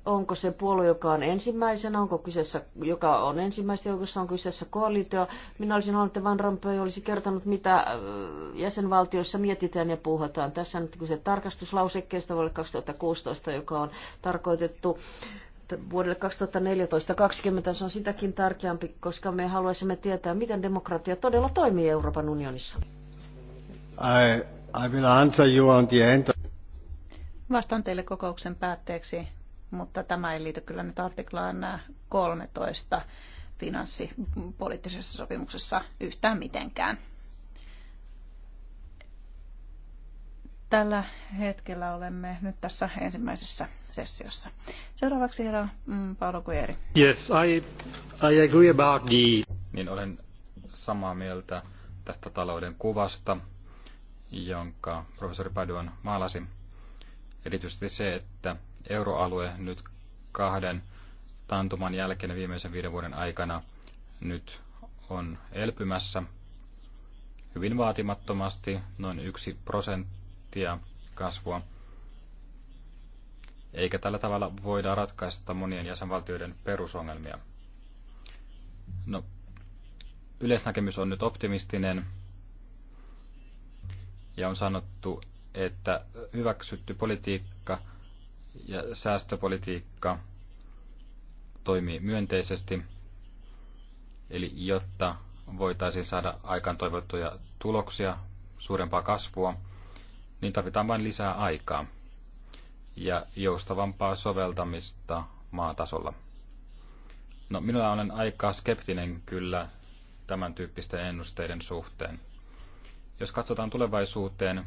onko se puolue, joka on ensimmäisenä, onko kyseessä, joka on ensimmäistä joukossa, on kyseessä koalitio. Minä olisin halunnut, että Van Rompuy olisi kertonut, mitä äh, jäsenvaltioissa mietitään ja puhutaan. Tässä nyt kyse tarkastuslausekkeesta vuodelle 2016, joka on tarkoitettu vuodelle 2014-2020 se on sitäkin tärkeämpi, koska me haluaisimme tietää, miten demokratia todella toimii Euroopan unionissa. I, I will answer you on the end. Vastaan teille kokouksen päätteeksi mutta tämä ei liity kyllä nyt artiklaan 13 finanssipoliittisessa sopimuksessa yhtään mitenkään. Tällä hetkellä olemme nyt tässä ensimmäisessä sessiossa. Seuraavaksi herra mm, Paolo Kujeri. Yes, I, I agree about the... Niin olen samaa mieltä tästä talouden kuvasta, jonka professori Paduan maalasi. Erityisesti se, että euroalue nyt kahden tantuman jälkeen viimeisen viiden vuoden aikana nyt on elpymässä hyvin vaatimattomasti, noin yksi prosenttia kasvua. Eikä tällä tavalla voida ratkaista monien jäsenvaltioiden perusongelmia. No, yleisnäkemys on nyt optimistinen ja on sanottu, että hyväksytty politiikka – ja säästöpolitiikka toimii myönteisesti, eli jotta voitaisiin saada aikaan toivottuja tuloksia, suurempaa kasvua, niin tarvitaan vain lisää aikaa ja joustavampaa soveltamista maatasolla. No, minulla olen aika skeptinen kyllä tämän tyyppisten ennusteiden suhteen. Jos katsotaan tulevaisuuteen,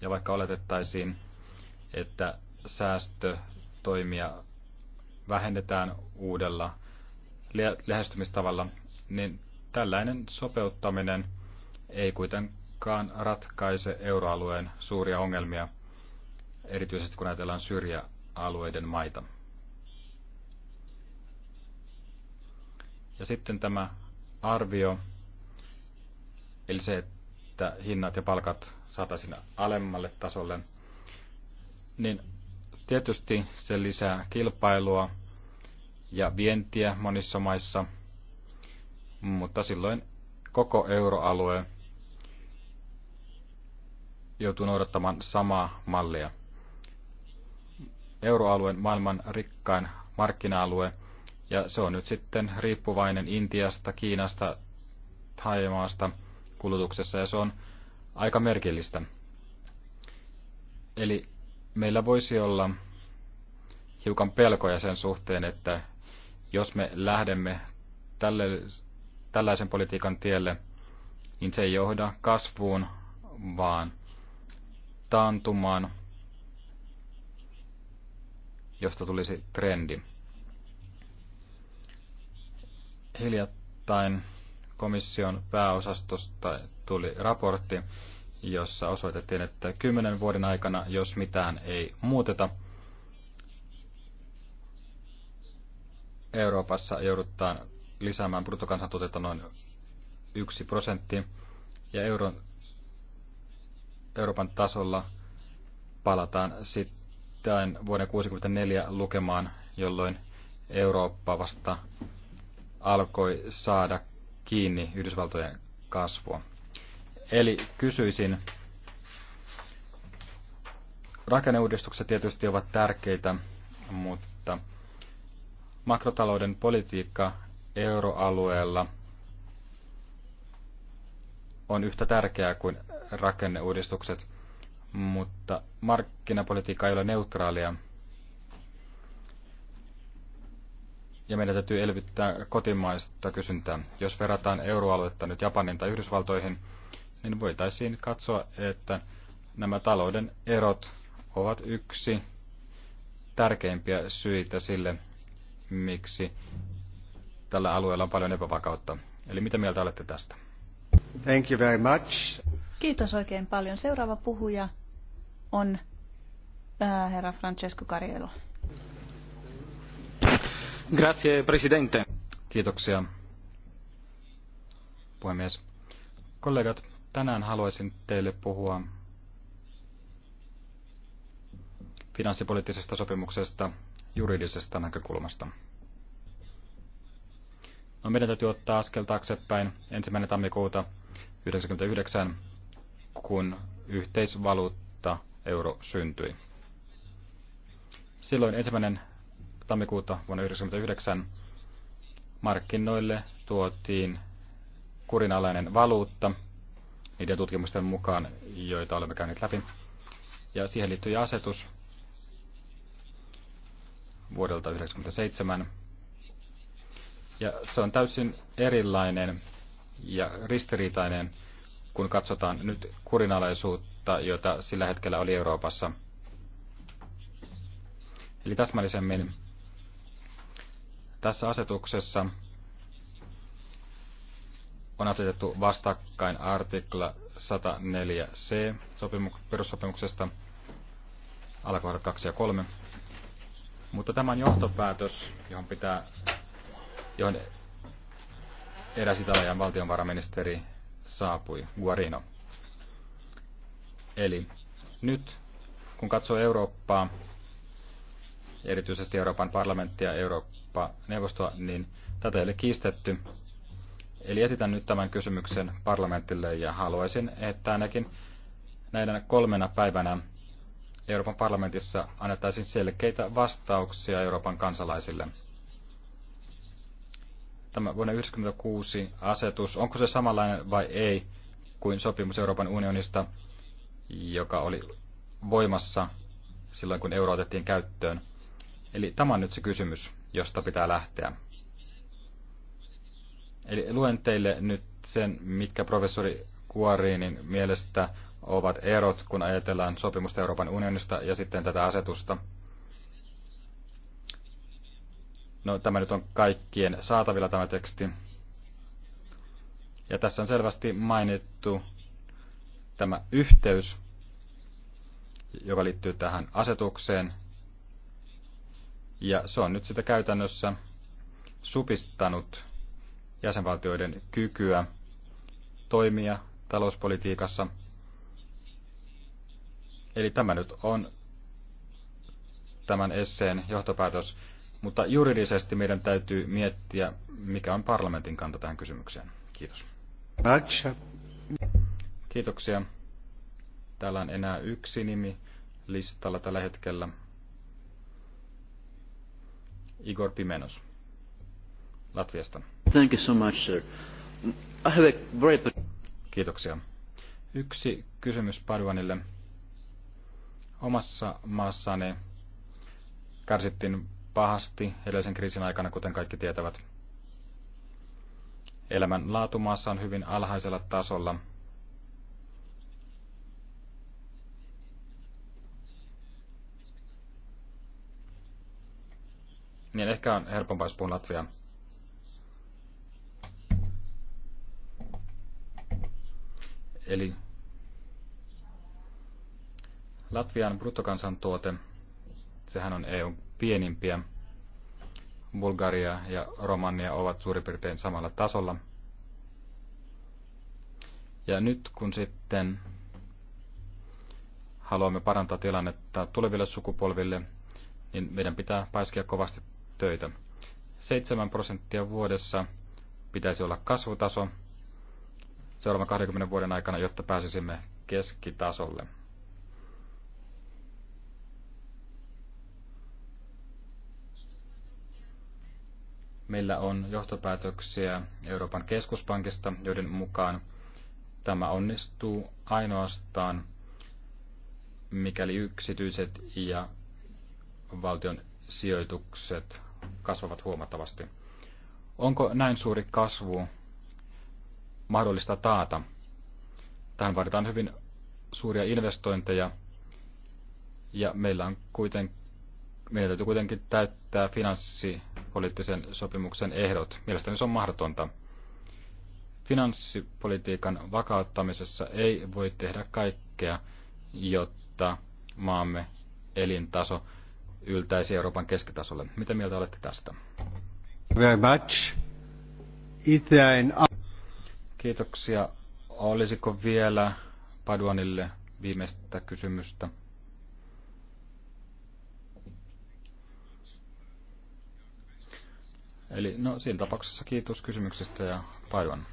ja vaikka oletettaisiin, että säästötoimia vähennetään uudella lähestymistavalla, niin tällainen sopeuttaminen ei kuitenkaan ratkaise euroalueen suuria ongelmia, erityisesti kun ajatellaan syrjäalueiden maita. Ja sitten tämä arvio, eli se, että hinnat ja palkat saataisiin alemmalle tasolle, niin Tietysti se lisää kilpailua ja vientiä monissa maissa, mutta silloin koko euroalue joutuu noudattamaan samaa mallia. Euroalueen maailman rikkain markkina-alue, ja se on nyt sitten riippuvainen Intiasta, Kiinasta, Thaimaasta kulutuksessa, ja se on aika merkillistä. Eli meillä voisi olla hiukan pelkoja sen suhteen, että jos me lähdemme tälle, tällaisen politiikan tielle, niin se ei johda kasvuun, vaan taantumaan, josta tulisi trendi. Hiljattain komission pääosastosta tuli raportti, jossa osoitettiin, että kymmenen vuoden aikana, jos mitään ei muuteta, Euroopassa joudutaan lisäämään bruttokansantuotetta noin yksi prosentti ja euron, Euroopan tasolla palataan sitten vuoden 1964 lukemaan, jolloin Eurooppa vasta alkoi saada kiinni Yhdysvaltojen kasvua. Eli kysyisin, rakenneuudistukset tietysti ovat tärkeitä, mutta makrotalouden politiikka euroalueella on yhtä tärkeää kuin rakenneuudistukset, mutta markkinapolitiikka ei ole neutraalia. Ja meidän täytyy elvyttää kotimaista kysyntää. Jos verrataan euroaluetta nyt Japanin tai Yhdysvaltoihin, niin voitaisiin katsoa, että nämä talouden erot ovat yksi tärkeimpiä syitä sille, miksi tällä alueella on paljon epävakautta. Eli mitä mieltä olette tästä? Thank you very much. Kiitos oikein paljon. Seuraava puhuja on äh, herra Francesco Cariello. Grazie, presidente. Kiitoksia, puhemies. Kollegat, Tänään haluaisin teille puhua finanssipoliittisesta sopimuksesta juridisesta näkökulmasta. No, meidän täytyy ottaa askel taaksepäin ensimmäinen tammikuuta 1999, kun yhteisvaluutta euro syntyi. Silloin ensimmäinen tammikuuta vuonna 1999 markkinoille tuotiin kurinalainen valuutta – niiden tutkimusten mukaan, joita olemme käyneet läpi. Ja siihen liittyy asetus vuodelta 1997. Ja se on täysin erilainen ja ristiriitainen, kun katsotaan nyt kurinalaisuutta, jota sillä hetkellä oli Euroopassa. Eli täsmällisemmin tässä asetuksessa on asetettu vastakkain artikla 104c sopimuk- perussopimuksesta alakohdat 2 ja 3. Mutta tämän johtopäätös, johon pitää, johon eräs Italian valtionvarainministeri saapui, Guarino. Eli nyt, kun katsoo Eurooppaa, erityisesti Euroopan parlamenttia ja Eurooppa-neuvostoa, niin tätä ei ole kiistetty, Eli esitän nyt tämän kysymyksen parlamentille ja haluaisin, että ainakin näinä kolmena päivänä Euroopan parlamentissa annettaisiin selkeitä vastauksia Euroopan kansalaisille. Tämä vuonna 1996 asetus, onko se samanlainen vai ei kuin sopimus Euroopan unionista, joka oli voimassa silloin, kun euro otettiin käyttöön. Eli tämä on nyt se kysymys, josta pitää lähteä. Eli luen teille nyt sen, mitkä professori Kuoriinin mielestä ovat erot, kun ajatellaan sopimusta Euroopan unionista ja sitten tätä asetusta. No, tämä nyt on kaikkien saatavilla tämä teksti. Ja tässä on selvästi mainittu tämä yhteys, joka liittyy tähän asetukseen. Ja se on nyt sitä käytännössä supistanut jäsenvaltioiden kykyä toimia talouspolitiikassa. Eli tämä nyt on tämän esseen johtopäätös, mutta juridisesti meidän täytyy miettiä, mikä on parlamentin kanta tähän kysymykseen. Kiitos. Kiitoksia. Täällä on enää yksi nimi listalla tällä hetkellä. Igor Pimenos Latviasta. Thank you so much, sir. I have a very... Kiitoksia. Yksi kysymys Paduanille. Omassa maassani kärsittiin pahasti edellisen kriisin aikana, kuten kaikki tietävät. Elämän laatu maassa on hyvin alhaisella tasolla. Niin ehkä on helpompaa, jos puhun Latviaa. Eli Latvian bruttokansantuote, sehän on EUn pienimpiä. Bulgaria ja Romania ovat suurin piirtein samalla tasolla. Ja nyt kun sitten haluamme parantaa tilannetta tuleville sukupolville, niin meidän pitää paiskia kovasti töitä. 7 prosenttia vuodessa pitäisi olla kasvutaso, seuraavan 20 vuoden aikana, jotta pääsisimme keskitasolle. Meillä on johtopäätöksiä Euroopan keskuspankista, joiden mukaan tämä onnistuu ainoastaan, mikäli yksityiset ja valtion sijoitukset kasvavat huomattavasti. Onko näin suuri kasvu mahdollista taata. Tähän vaaditaan hyvin suuria investointeja ja meillä on kuiten, meidän täytyy kuitenkin täyttää finanssipoliittisen sopimuksen ehdot. Mielestäni se on mahdotonta. Finanssipolitiikan vakauttamisessa ei voi tehdä kaikkea, jotta maamme elintaso yltäisi Euroopan keskitasolle. Mitä mieltä olette tästä? Very much. Kiitoksia. Olisiko vielä Paduanille viimeistä kysymystä? Eli no siinä tapauksessa kiitos kysymyksestä ja Paduan.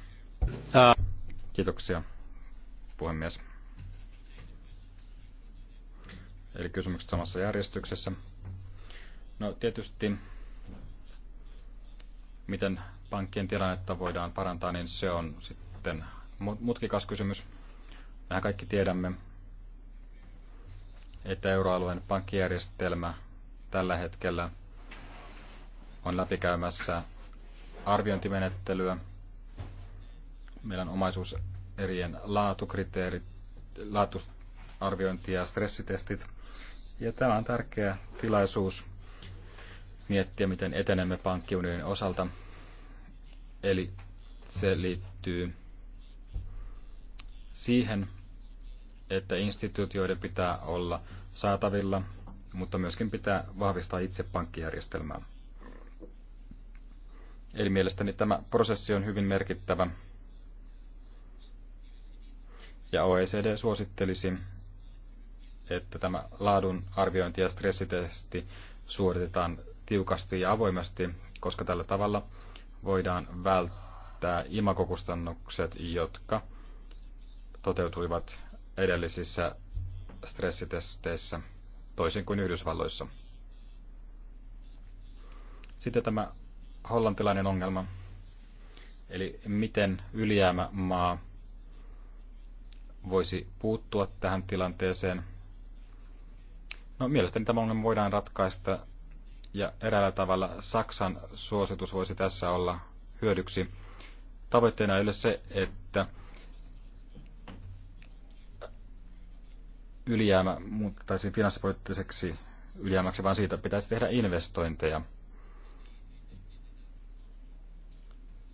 Kiitoksia, puhemies. Eli kysymykset samassa järjestyksessä. No tietysti, miten pankkien tilannetta voidaan parantaa, niin se on sitten mutkikas kysymys. Mehän kaikki tiedämme, että euroalueen pankkijärjestelmä tällä hetkellä on läpikäymässä arviointimenettelyä. Meillä on omaisuuserien laatukriteerit, laatuarviointi ja stressitestit. Ja tämä on tärkeä tilaisuus miettiä, miten etenemme pankkiunionin osalta. Eli se liittyy siihen, että instituutioiden pitää olla saatavilla, mutta myöskin pitää vahvistaa itse pankkijärjestelmää. Eli mielestäni tämä prosessi on hyvin merkittävä. Ja OECD suosittelisi, että tämä laadun arviointi ja stressitesti suoritetaan tiukasti ja avoimesti, koska tällä tavalla – voidaan välttää imakokustannukset, jotka toteutuivat edellisissä stressitesteissä, toisin kuin Yhdysvalloissa. Sitten tämä hollantilainen ongelma, eli miten ylijäämä maa voisi puuttua tähän tilanteeseen. No, mielestäni tämä ongelma voidaan ratkaista ja eräällä tavalla Saksan suositus voisi tässä olla hyödyksi. Tavoitteena ei ole se, että ylijäämä muuttaisiin finanssipoliittiseksi ylijäämäksi, vaan siitä pitäisi tehdä investointeja.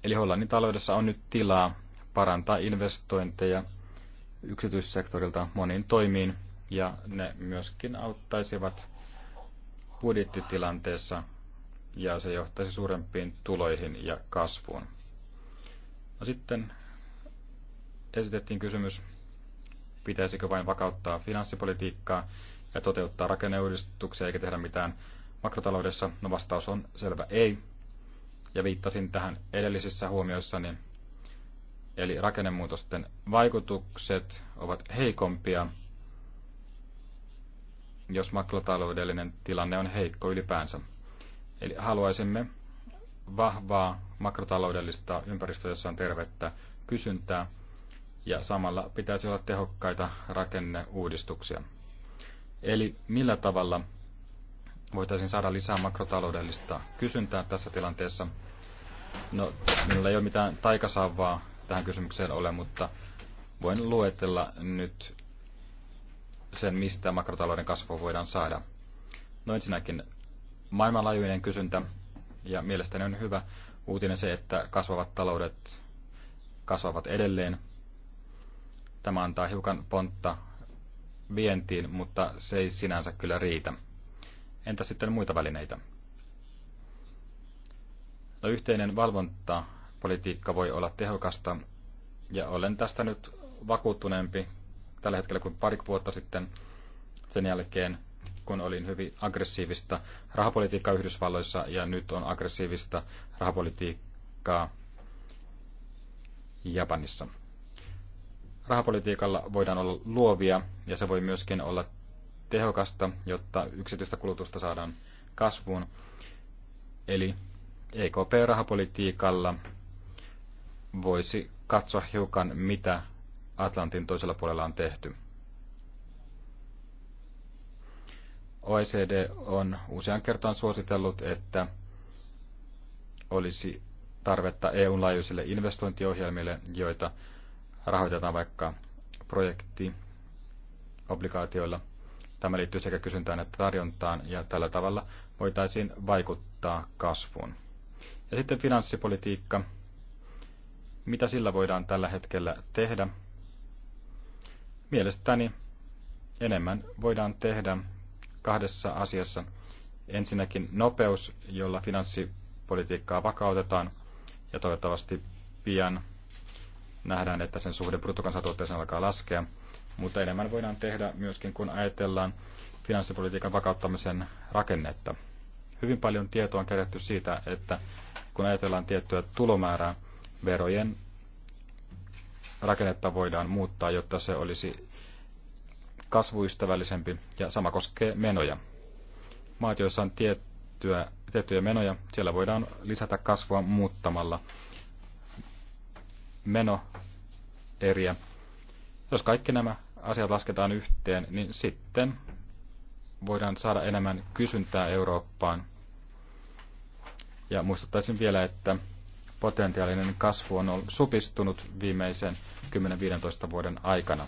Eli Hollannin taloudessa on nyt tilaa parantaa investointeja yksityissektorilta moniin toimiin, ja ne myöskin auttaisivat budjettitilanteessa ja se johtaisi suurempiin tuloihin ja kasvuun. No sitten esitettiin kysymys, pitäisikö vain vakauttaa finanssipolitiikkaa ja toteuttaa rakenneuudistuksia eikä tehdä mitään makrotaloudessa. No vastaus on selvä ei. Ja viittasin tähän edellisissä huomioissani. Eli rakennemuutosten vaikutukset ovat heikompia jos makrotaloudellinen tilanne on heikko ylipäänsä. Eli haluaisimme vahvaa makrotaloudellista ympäristöä, jossa on tervettä kysyntää, ja samalla pitäisi olla tehokkaita rakenneuudistuksia. Eli millä tavalla voitaisiin saada lisää makrotaloudellista kysyntää tässä tilanteessa? No, minulla ei ole mitään taikasaavaa tähän kysymykseen ole, mutta voin luetella nyt sen, mistä makrotalouden kasvu voidaan saada. No ensinnäkin maailmanlaajuinen kysyntä, ja mielestäni on hyvä uutinen se, että kasvavat taloudet kasvavat edelleen. Tämä antaa hiukan pontta vientiin, mutta se ei sinänsä kyllä riitä. Entä sitten muita välineitä? No, yhteinen valvontapolitiikka voi olla tehokasta, ja olen tästä nyt vakuuttuneempi, tällä hetkellä kuin pari vuotta sitten sen jälkeen, kun olin hyvin aggressiivista rahapolitiikkaa Yhdysvalloissa ja nyt on aggressiivista rahapolitiikkaa Japanissa. Rahapolitiikalla voidaan olla luovia ja se voi myöskin olla tehokasta, jotta yksityistä kulutusta saadaan kasvuun. Eli EKP-rahapolitiikalla voisi katsoa hiukan, mitä Atlantin toisella puolella on tehty. OECD on usean kertaan suositellut, että olisi tarvetta EUn laajuisille investointiohjelmille, joita rahoitetaan vaikka projekti obligaatioilla. Tämä liittyy sekä kysyntään että tarjontaan ja tällä tavalla voitaisiin vaikuttaa kasvuun. Ja sitten finanssipolitiikka. Mitä sillä voidaan tällä hetkellä tehdä? Mielestäni enemmän voidaan tehdä kahdessa asiassa. Ensinnäkin nopeus, jolla finanssipolitiikkaa vakautetaan ja toivottavasti pian nähdään, että sen suhde bruttokansantuotteeseen alkaa laskea. Mutta enemmän voidaan tehdä myöskin, kun ajatellaan finanssipolitiikan vakauttamisen rakennetta. Hyvin paljon tietoa on kerätty siitä, että kun ajatellaan tiettyä tulomäärää, verojen rakennetta voidaan muuttaa, jotta se olisi kasvuystävällisempi ja sama koskee menoja. Maat, joissa on tiettyä, tiettyjä menoja, siellä voidaan lisätä kasvua muuttamalla menoeriä. Jos kaikki nämä asiat lasketaan yhteen, niin sitten voidaan saada enemmän kysyntää Eurooppaan. Ja muistuttaisin vielä, että potentiaalinen kasvu on supistunut viimeisen 10-15 vuoden aikana.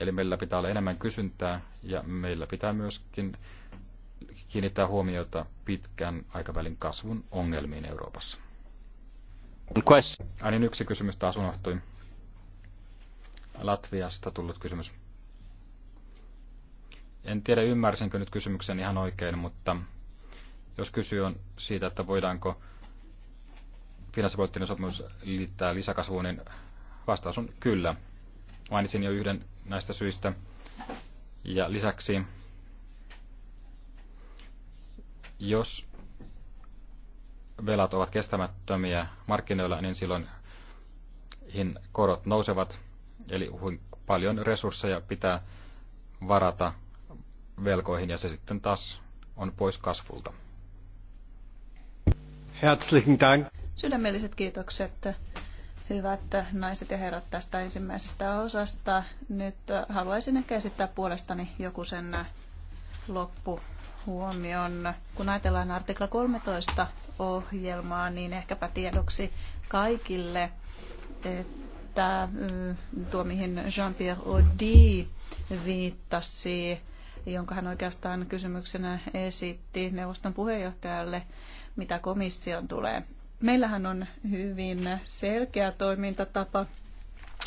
Eli meillä pitää olla enemmän kysyntää ja meillä pitää myöskin kiinnittää huomiota pitkän aikavälin kasvun ongelmiin Euroopassa. Aina niin, yksi kysymys taas unohtui. Latviasta tullut kysymys. En tiedä, ymmärsinkö nyt kysymyksen ihan oikein, mutta jos kysy on siitä, että voidaanko finanssipoliittinen sopimus liittää lisäkasvuun, niin vastaus on kyllä. Mainitsin jo yhden näistä syistä. Ja lisäksi, jos velat ovat kestämättömiä markkinoilla, niin silloin korot nousevat, eli paljon resursseja pitää varata velkoihin, ja se sitten taas on pois kasvulta. Herzlichen Dank. Sydämelliset kiitokset, hyvät naiset ja herrat, tästä ensimmäisestä osasta. Nyt haluaisin ehkä esittää puolestani joku sen loppuhuomion. Kun ajatellaan artikla 13 ohjelmaa, niin ehkäpä tiedoksi kaikille, että mm, tuo mihin Jean-Pierre Audi viittasi, jonka hän oikeastaan kysymyksenä esitti neuvoston puheenjohtajalle, mitä komission tulee Meillähän on hyvin selkeä toimintatapa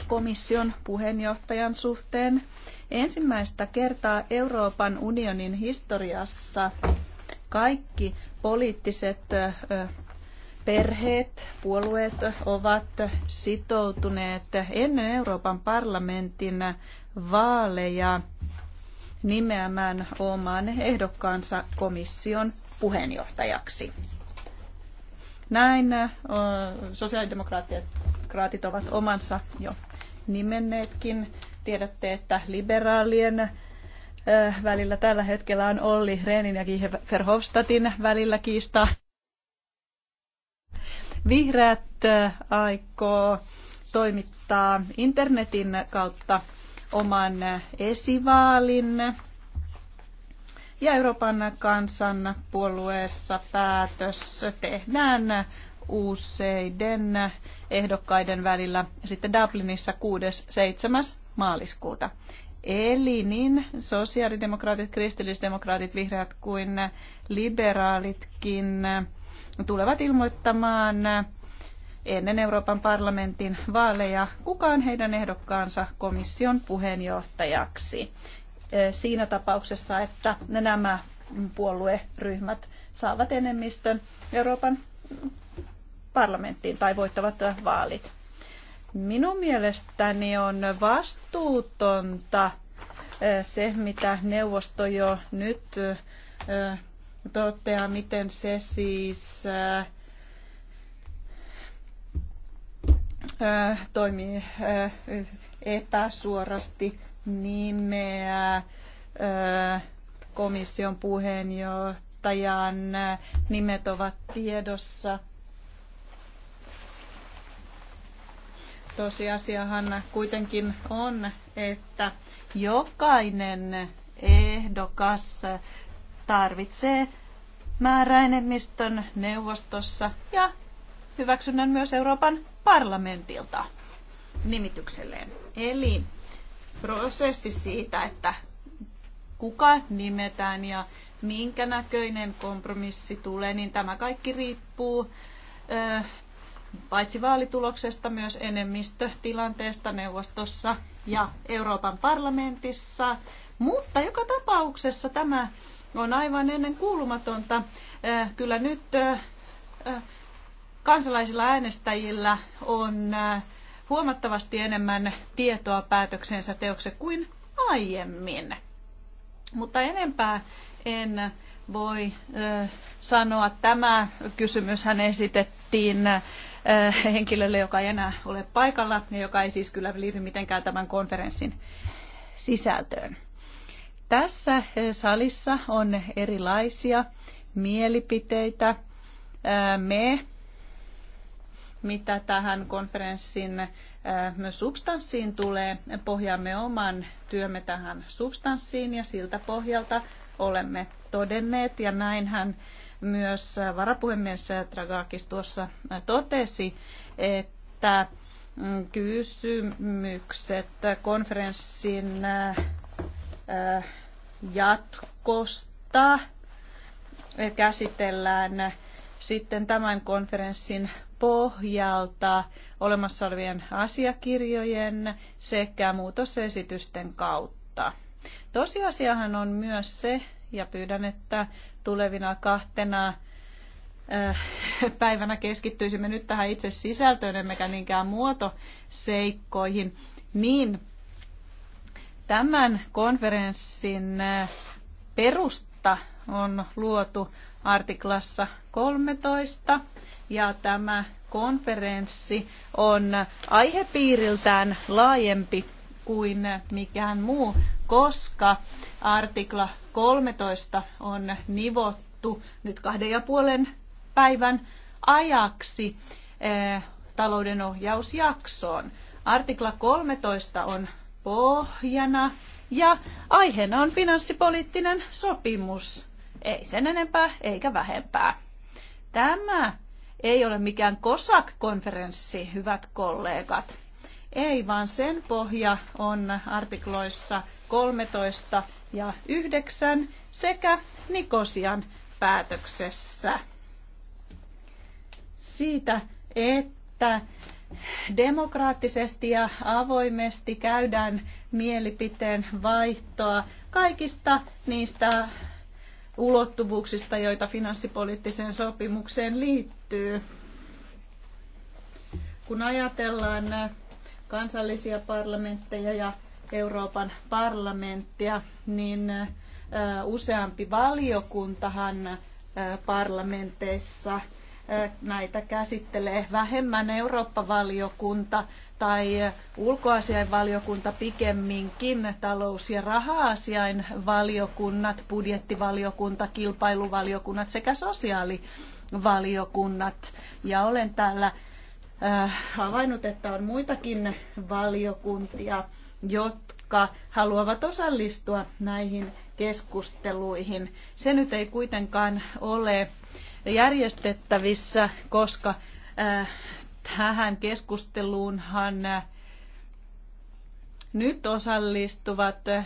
komission puheenjohtajan suhteen. Ensimmäistä kertaa Euroopan unionin historiassa kaikki poliittiset perheet, puolueet ovat sitoutuneet ennen Euroopan parlamentin vaaleja nimeämään oman ehdokkaansa komission puheenjohtajaksi. Näin sosiaalidemokraatit ovat omansa jo nimenneetkin. Tiedätte, että liberaalien välillä tällä hetkellä on Olli Rehnin ja Gihe Verhofstadtin välillä kiista. Vihreät aikoo toimittaa internetin kautta oman esivaalin ja Euroopan kansan puolueessa päätös tehdään useiden ehdokkaiden välillä sitten Dublinissa 6.7. maaliskuuta. Eli niin sosiaalidemokraatit, kristillisdemokraatit, vihreät kuin liberaalitkin tulevat ilmoittamaan ennen Euroopan parlamentin vaaleja, kukaan heidän ehdokkaansa komission puheenjohtajaksi siinä tapauksessa, että nämä puolueryhmät saavat enemmistön Euroopan parlamenttiin tai voittavat vaalit. Minun mielestäni on vastuutonta se, mitä neuvosto jo nyt toteaa, miten se siis toimii epäsuorasti nimeä komission puheenjohtajan. Nimet ovat tiedossa. Tosiasiahan kuitenkin on, että jokainen ehdokas tarvitsee määräenemmistön neuvostossa ja hyväksynnän myös Euroopan parlamentilta nimitykselleen. Eli prosessi siitä, että kuka nimetään ja minkä näköinen kompromissi tulee, niin tämä kaikki riippuu paitsi vaalituloksesta myös enemmistötilanteesta neuvostossa ja Euroopan parlamentissa. Mutta joka tapauksessa tämä on aivan ennen kuulumatonta. Kyllä nyt kansalaisilla äänestäjillä on huomattavasti enemmän tietoa päätöksensä teokse kuin aiemmin. Mutta enempää en voi sanoa. Tämä kysymyshän esitettiin henkilölle, joka ei enää ole paikalla ja joka ei siis kyllä liity mitenkään tämän konferenssin sisältöön. Tässä salissa on erilaisia mielipiteitä. Me mitä tähän konferenssin äh, myös substanssiin tulee. Pohjaamme oman työmme tähän substanssiin ja siltä pohjalta olemme todenneet ja näinhän myös varapuhemies Dragakis tuossa totesi, että kysymykset konferenssin äh, jatkosta käsitellään sitten tämän konferenssin pohjalta olemassa olevien asiakirjojen sekä muutosesitysten kautta. Tosiasiahan on myös se, ja pyydän, että tulevina kahtena äh, päivänä keskittyisimme nyt tähän itse sisältöön, emmekä niinkään muotoseikkoihin, niin tämän konferenssin äh, perusta on luotu artiklassa 13 ja tämä konferenssi on aihepiiriltään laajempi kuin mikään muu, koska artikla 13 on nivottu nyt kahden ja puolen päivän ajaksi eh, talouden ohjausjaksoon. Artikla 13 on pohjana ja aiheena on finanssipoliittinen sopimus. Ei sen enempää eikä vähempää. Tämä ei ole mikään COSAC-konferenssi, hyvät kollegat. Ei, vaan sen pohja on artikloissa 13 ja 9 sekä Nikosian päätöksessä. Siitä, että demokraattisesti ja avoimesti käydään mielipiteen vaihtoa kaikista niistä ulottuvuuksista, joita finanssipoliittiseen sopimukseen liittyy. Kun ajatellaan kansallisia parlamentteja ja Euroopan parlamenttia, niin useampi valiokuntahan parlamenteissa – näitä käsittelee vähemmän Eurooppa-valiokunta tai ulkoasiainvaliokunta pikemminkin, talous- ja raha-asiainvaliokunnat, budjettivaliokunta, kilpailuvaliokunnat sekä sosiaalivaliokunnat. Ja olen täällä havainnut, että on muitakin valiokuntia, jotka haluavat osallistua näihin keskusteluihin. Se nyt ei kuitenkaan ole järjestettävissä, koska äh, tähän keskusteluunhan äh, nyt osallistuvat äh,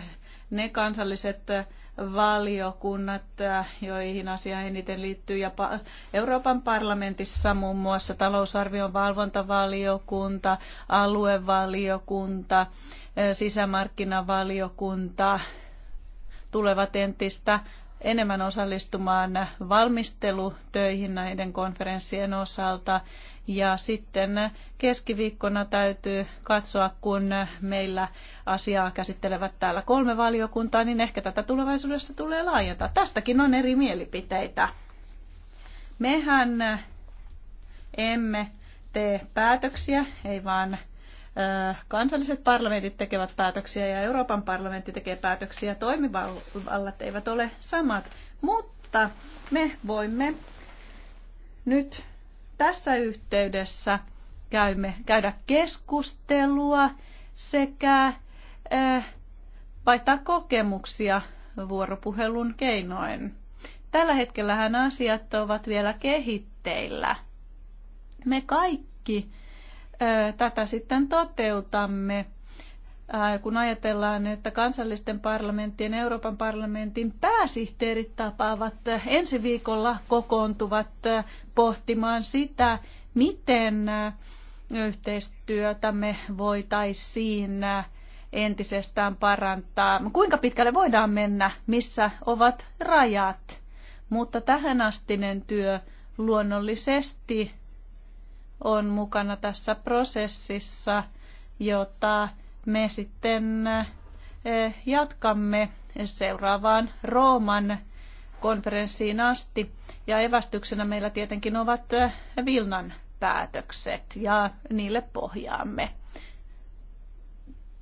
ne kansalliset valiokunnat, joihin asia eniten liittyy. Ja Euroopan parlamentissa muun muassa talousarvion valvontavaliokunta, aluevaliokunta, sisämarkkinavaliokunta tulevat entistä enemmän osallistumaan valmistelutöihin näiden konferenssien osalta. Ja sitten keskiviikkona täytyy katsoa, kun meillä asiaa käsittelevät täällä kolme valiokuntaa, niin ehkä tätä tulevaisuudessa tulee laajentaa. Tästäkin on eri mielipiteitä. Mehän emme tee päätöksiä, ei vaan Äh, kansalliset parlamentit tekevät päätöksiä ja Euroopan parlamentti tekee päätöksiä. Toimivallat eivät ole samat, mutta me voimme nyt tässä yhteydessä käymme, käydä keskustelua sekä äh, vaihtaa kokemuksia vuoropuhelun keinoin. Tällä hetkellähän asiat ovat vielä kehitteillä. Me kaikki tätä sitten toteutamme kun ajatellaan, että kansallisten parlamenttien Euroopan parlamentin pääsihteerit tapaavat ensi viikolla kokoontuvat pohtimaan sitä, miten yhteistyötämme voitaisiin entisestään parantaa. Kuinka pitkälle voidaan mennä, missä ovat rajat. Mutta tähänastinen työ luonnollisesti on mukana tässä prosessissa, jota me sitten eh, jatkamme seuraavaan Rooman konferenssiin asti. Ja evästyksenä meillä tietenkin ovat eh, Vilnan päätökset ja niille pohjaamme.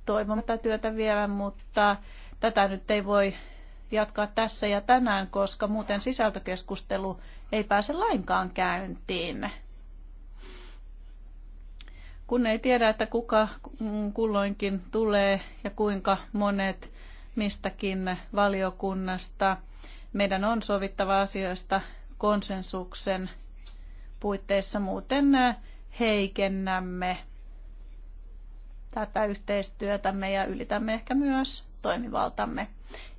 Toivon tätä työtä vielä, mutta tätä nyt ei voi jatkaa tässä ja tänään, koska muuten sisältökeskustelu ei pääse lainkaan käyntiin kun ei tiedä, että kuka kulloinkin tulee ja kuinka monet mistäkin valiokunnasta. Meidän on sovittava asioista konsensuksen puitteissa, muuten äh, heikennämme tätä yhteistyötämme ja ylitämme ehkä myös toimivaltamme.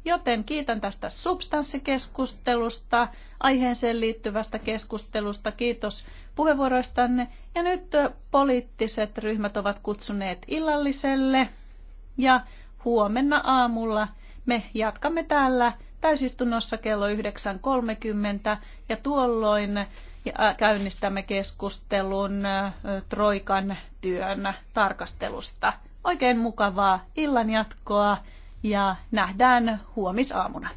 Joten kiitän tästä substanssikeskustelusta, aiheeseen liittyvästä keskustelusta. Kiitos puheenvuoroistanne. Ja nyt poliittiset ryhmät ovat kutsuneet illalliselle. Ja huomenna aamulla me jatkamme täällä täysistunnossa kello 9.30 ja tuolloin käynnistämme keskustelun Troikan työn tarkastelusta. Oikein mukavaa illan jatkoa ja nähdään huomisaamuna.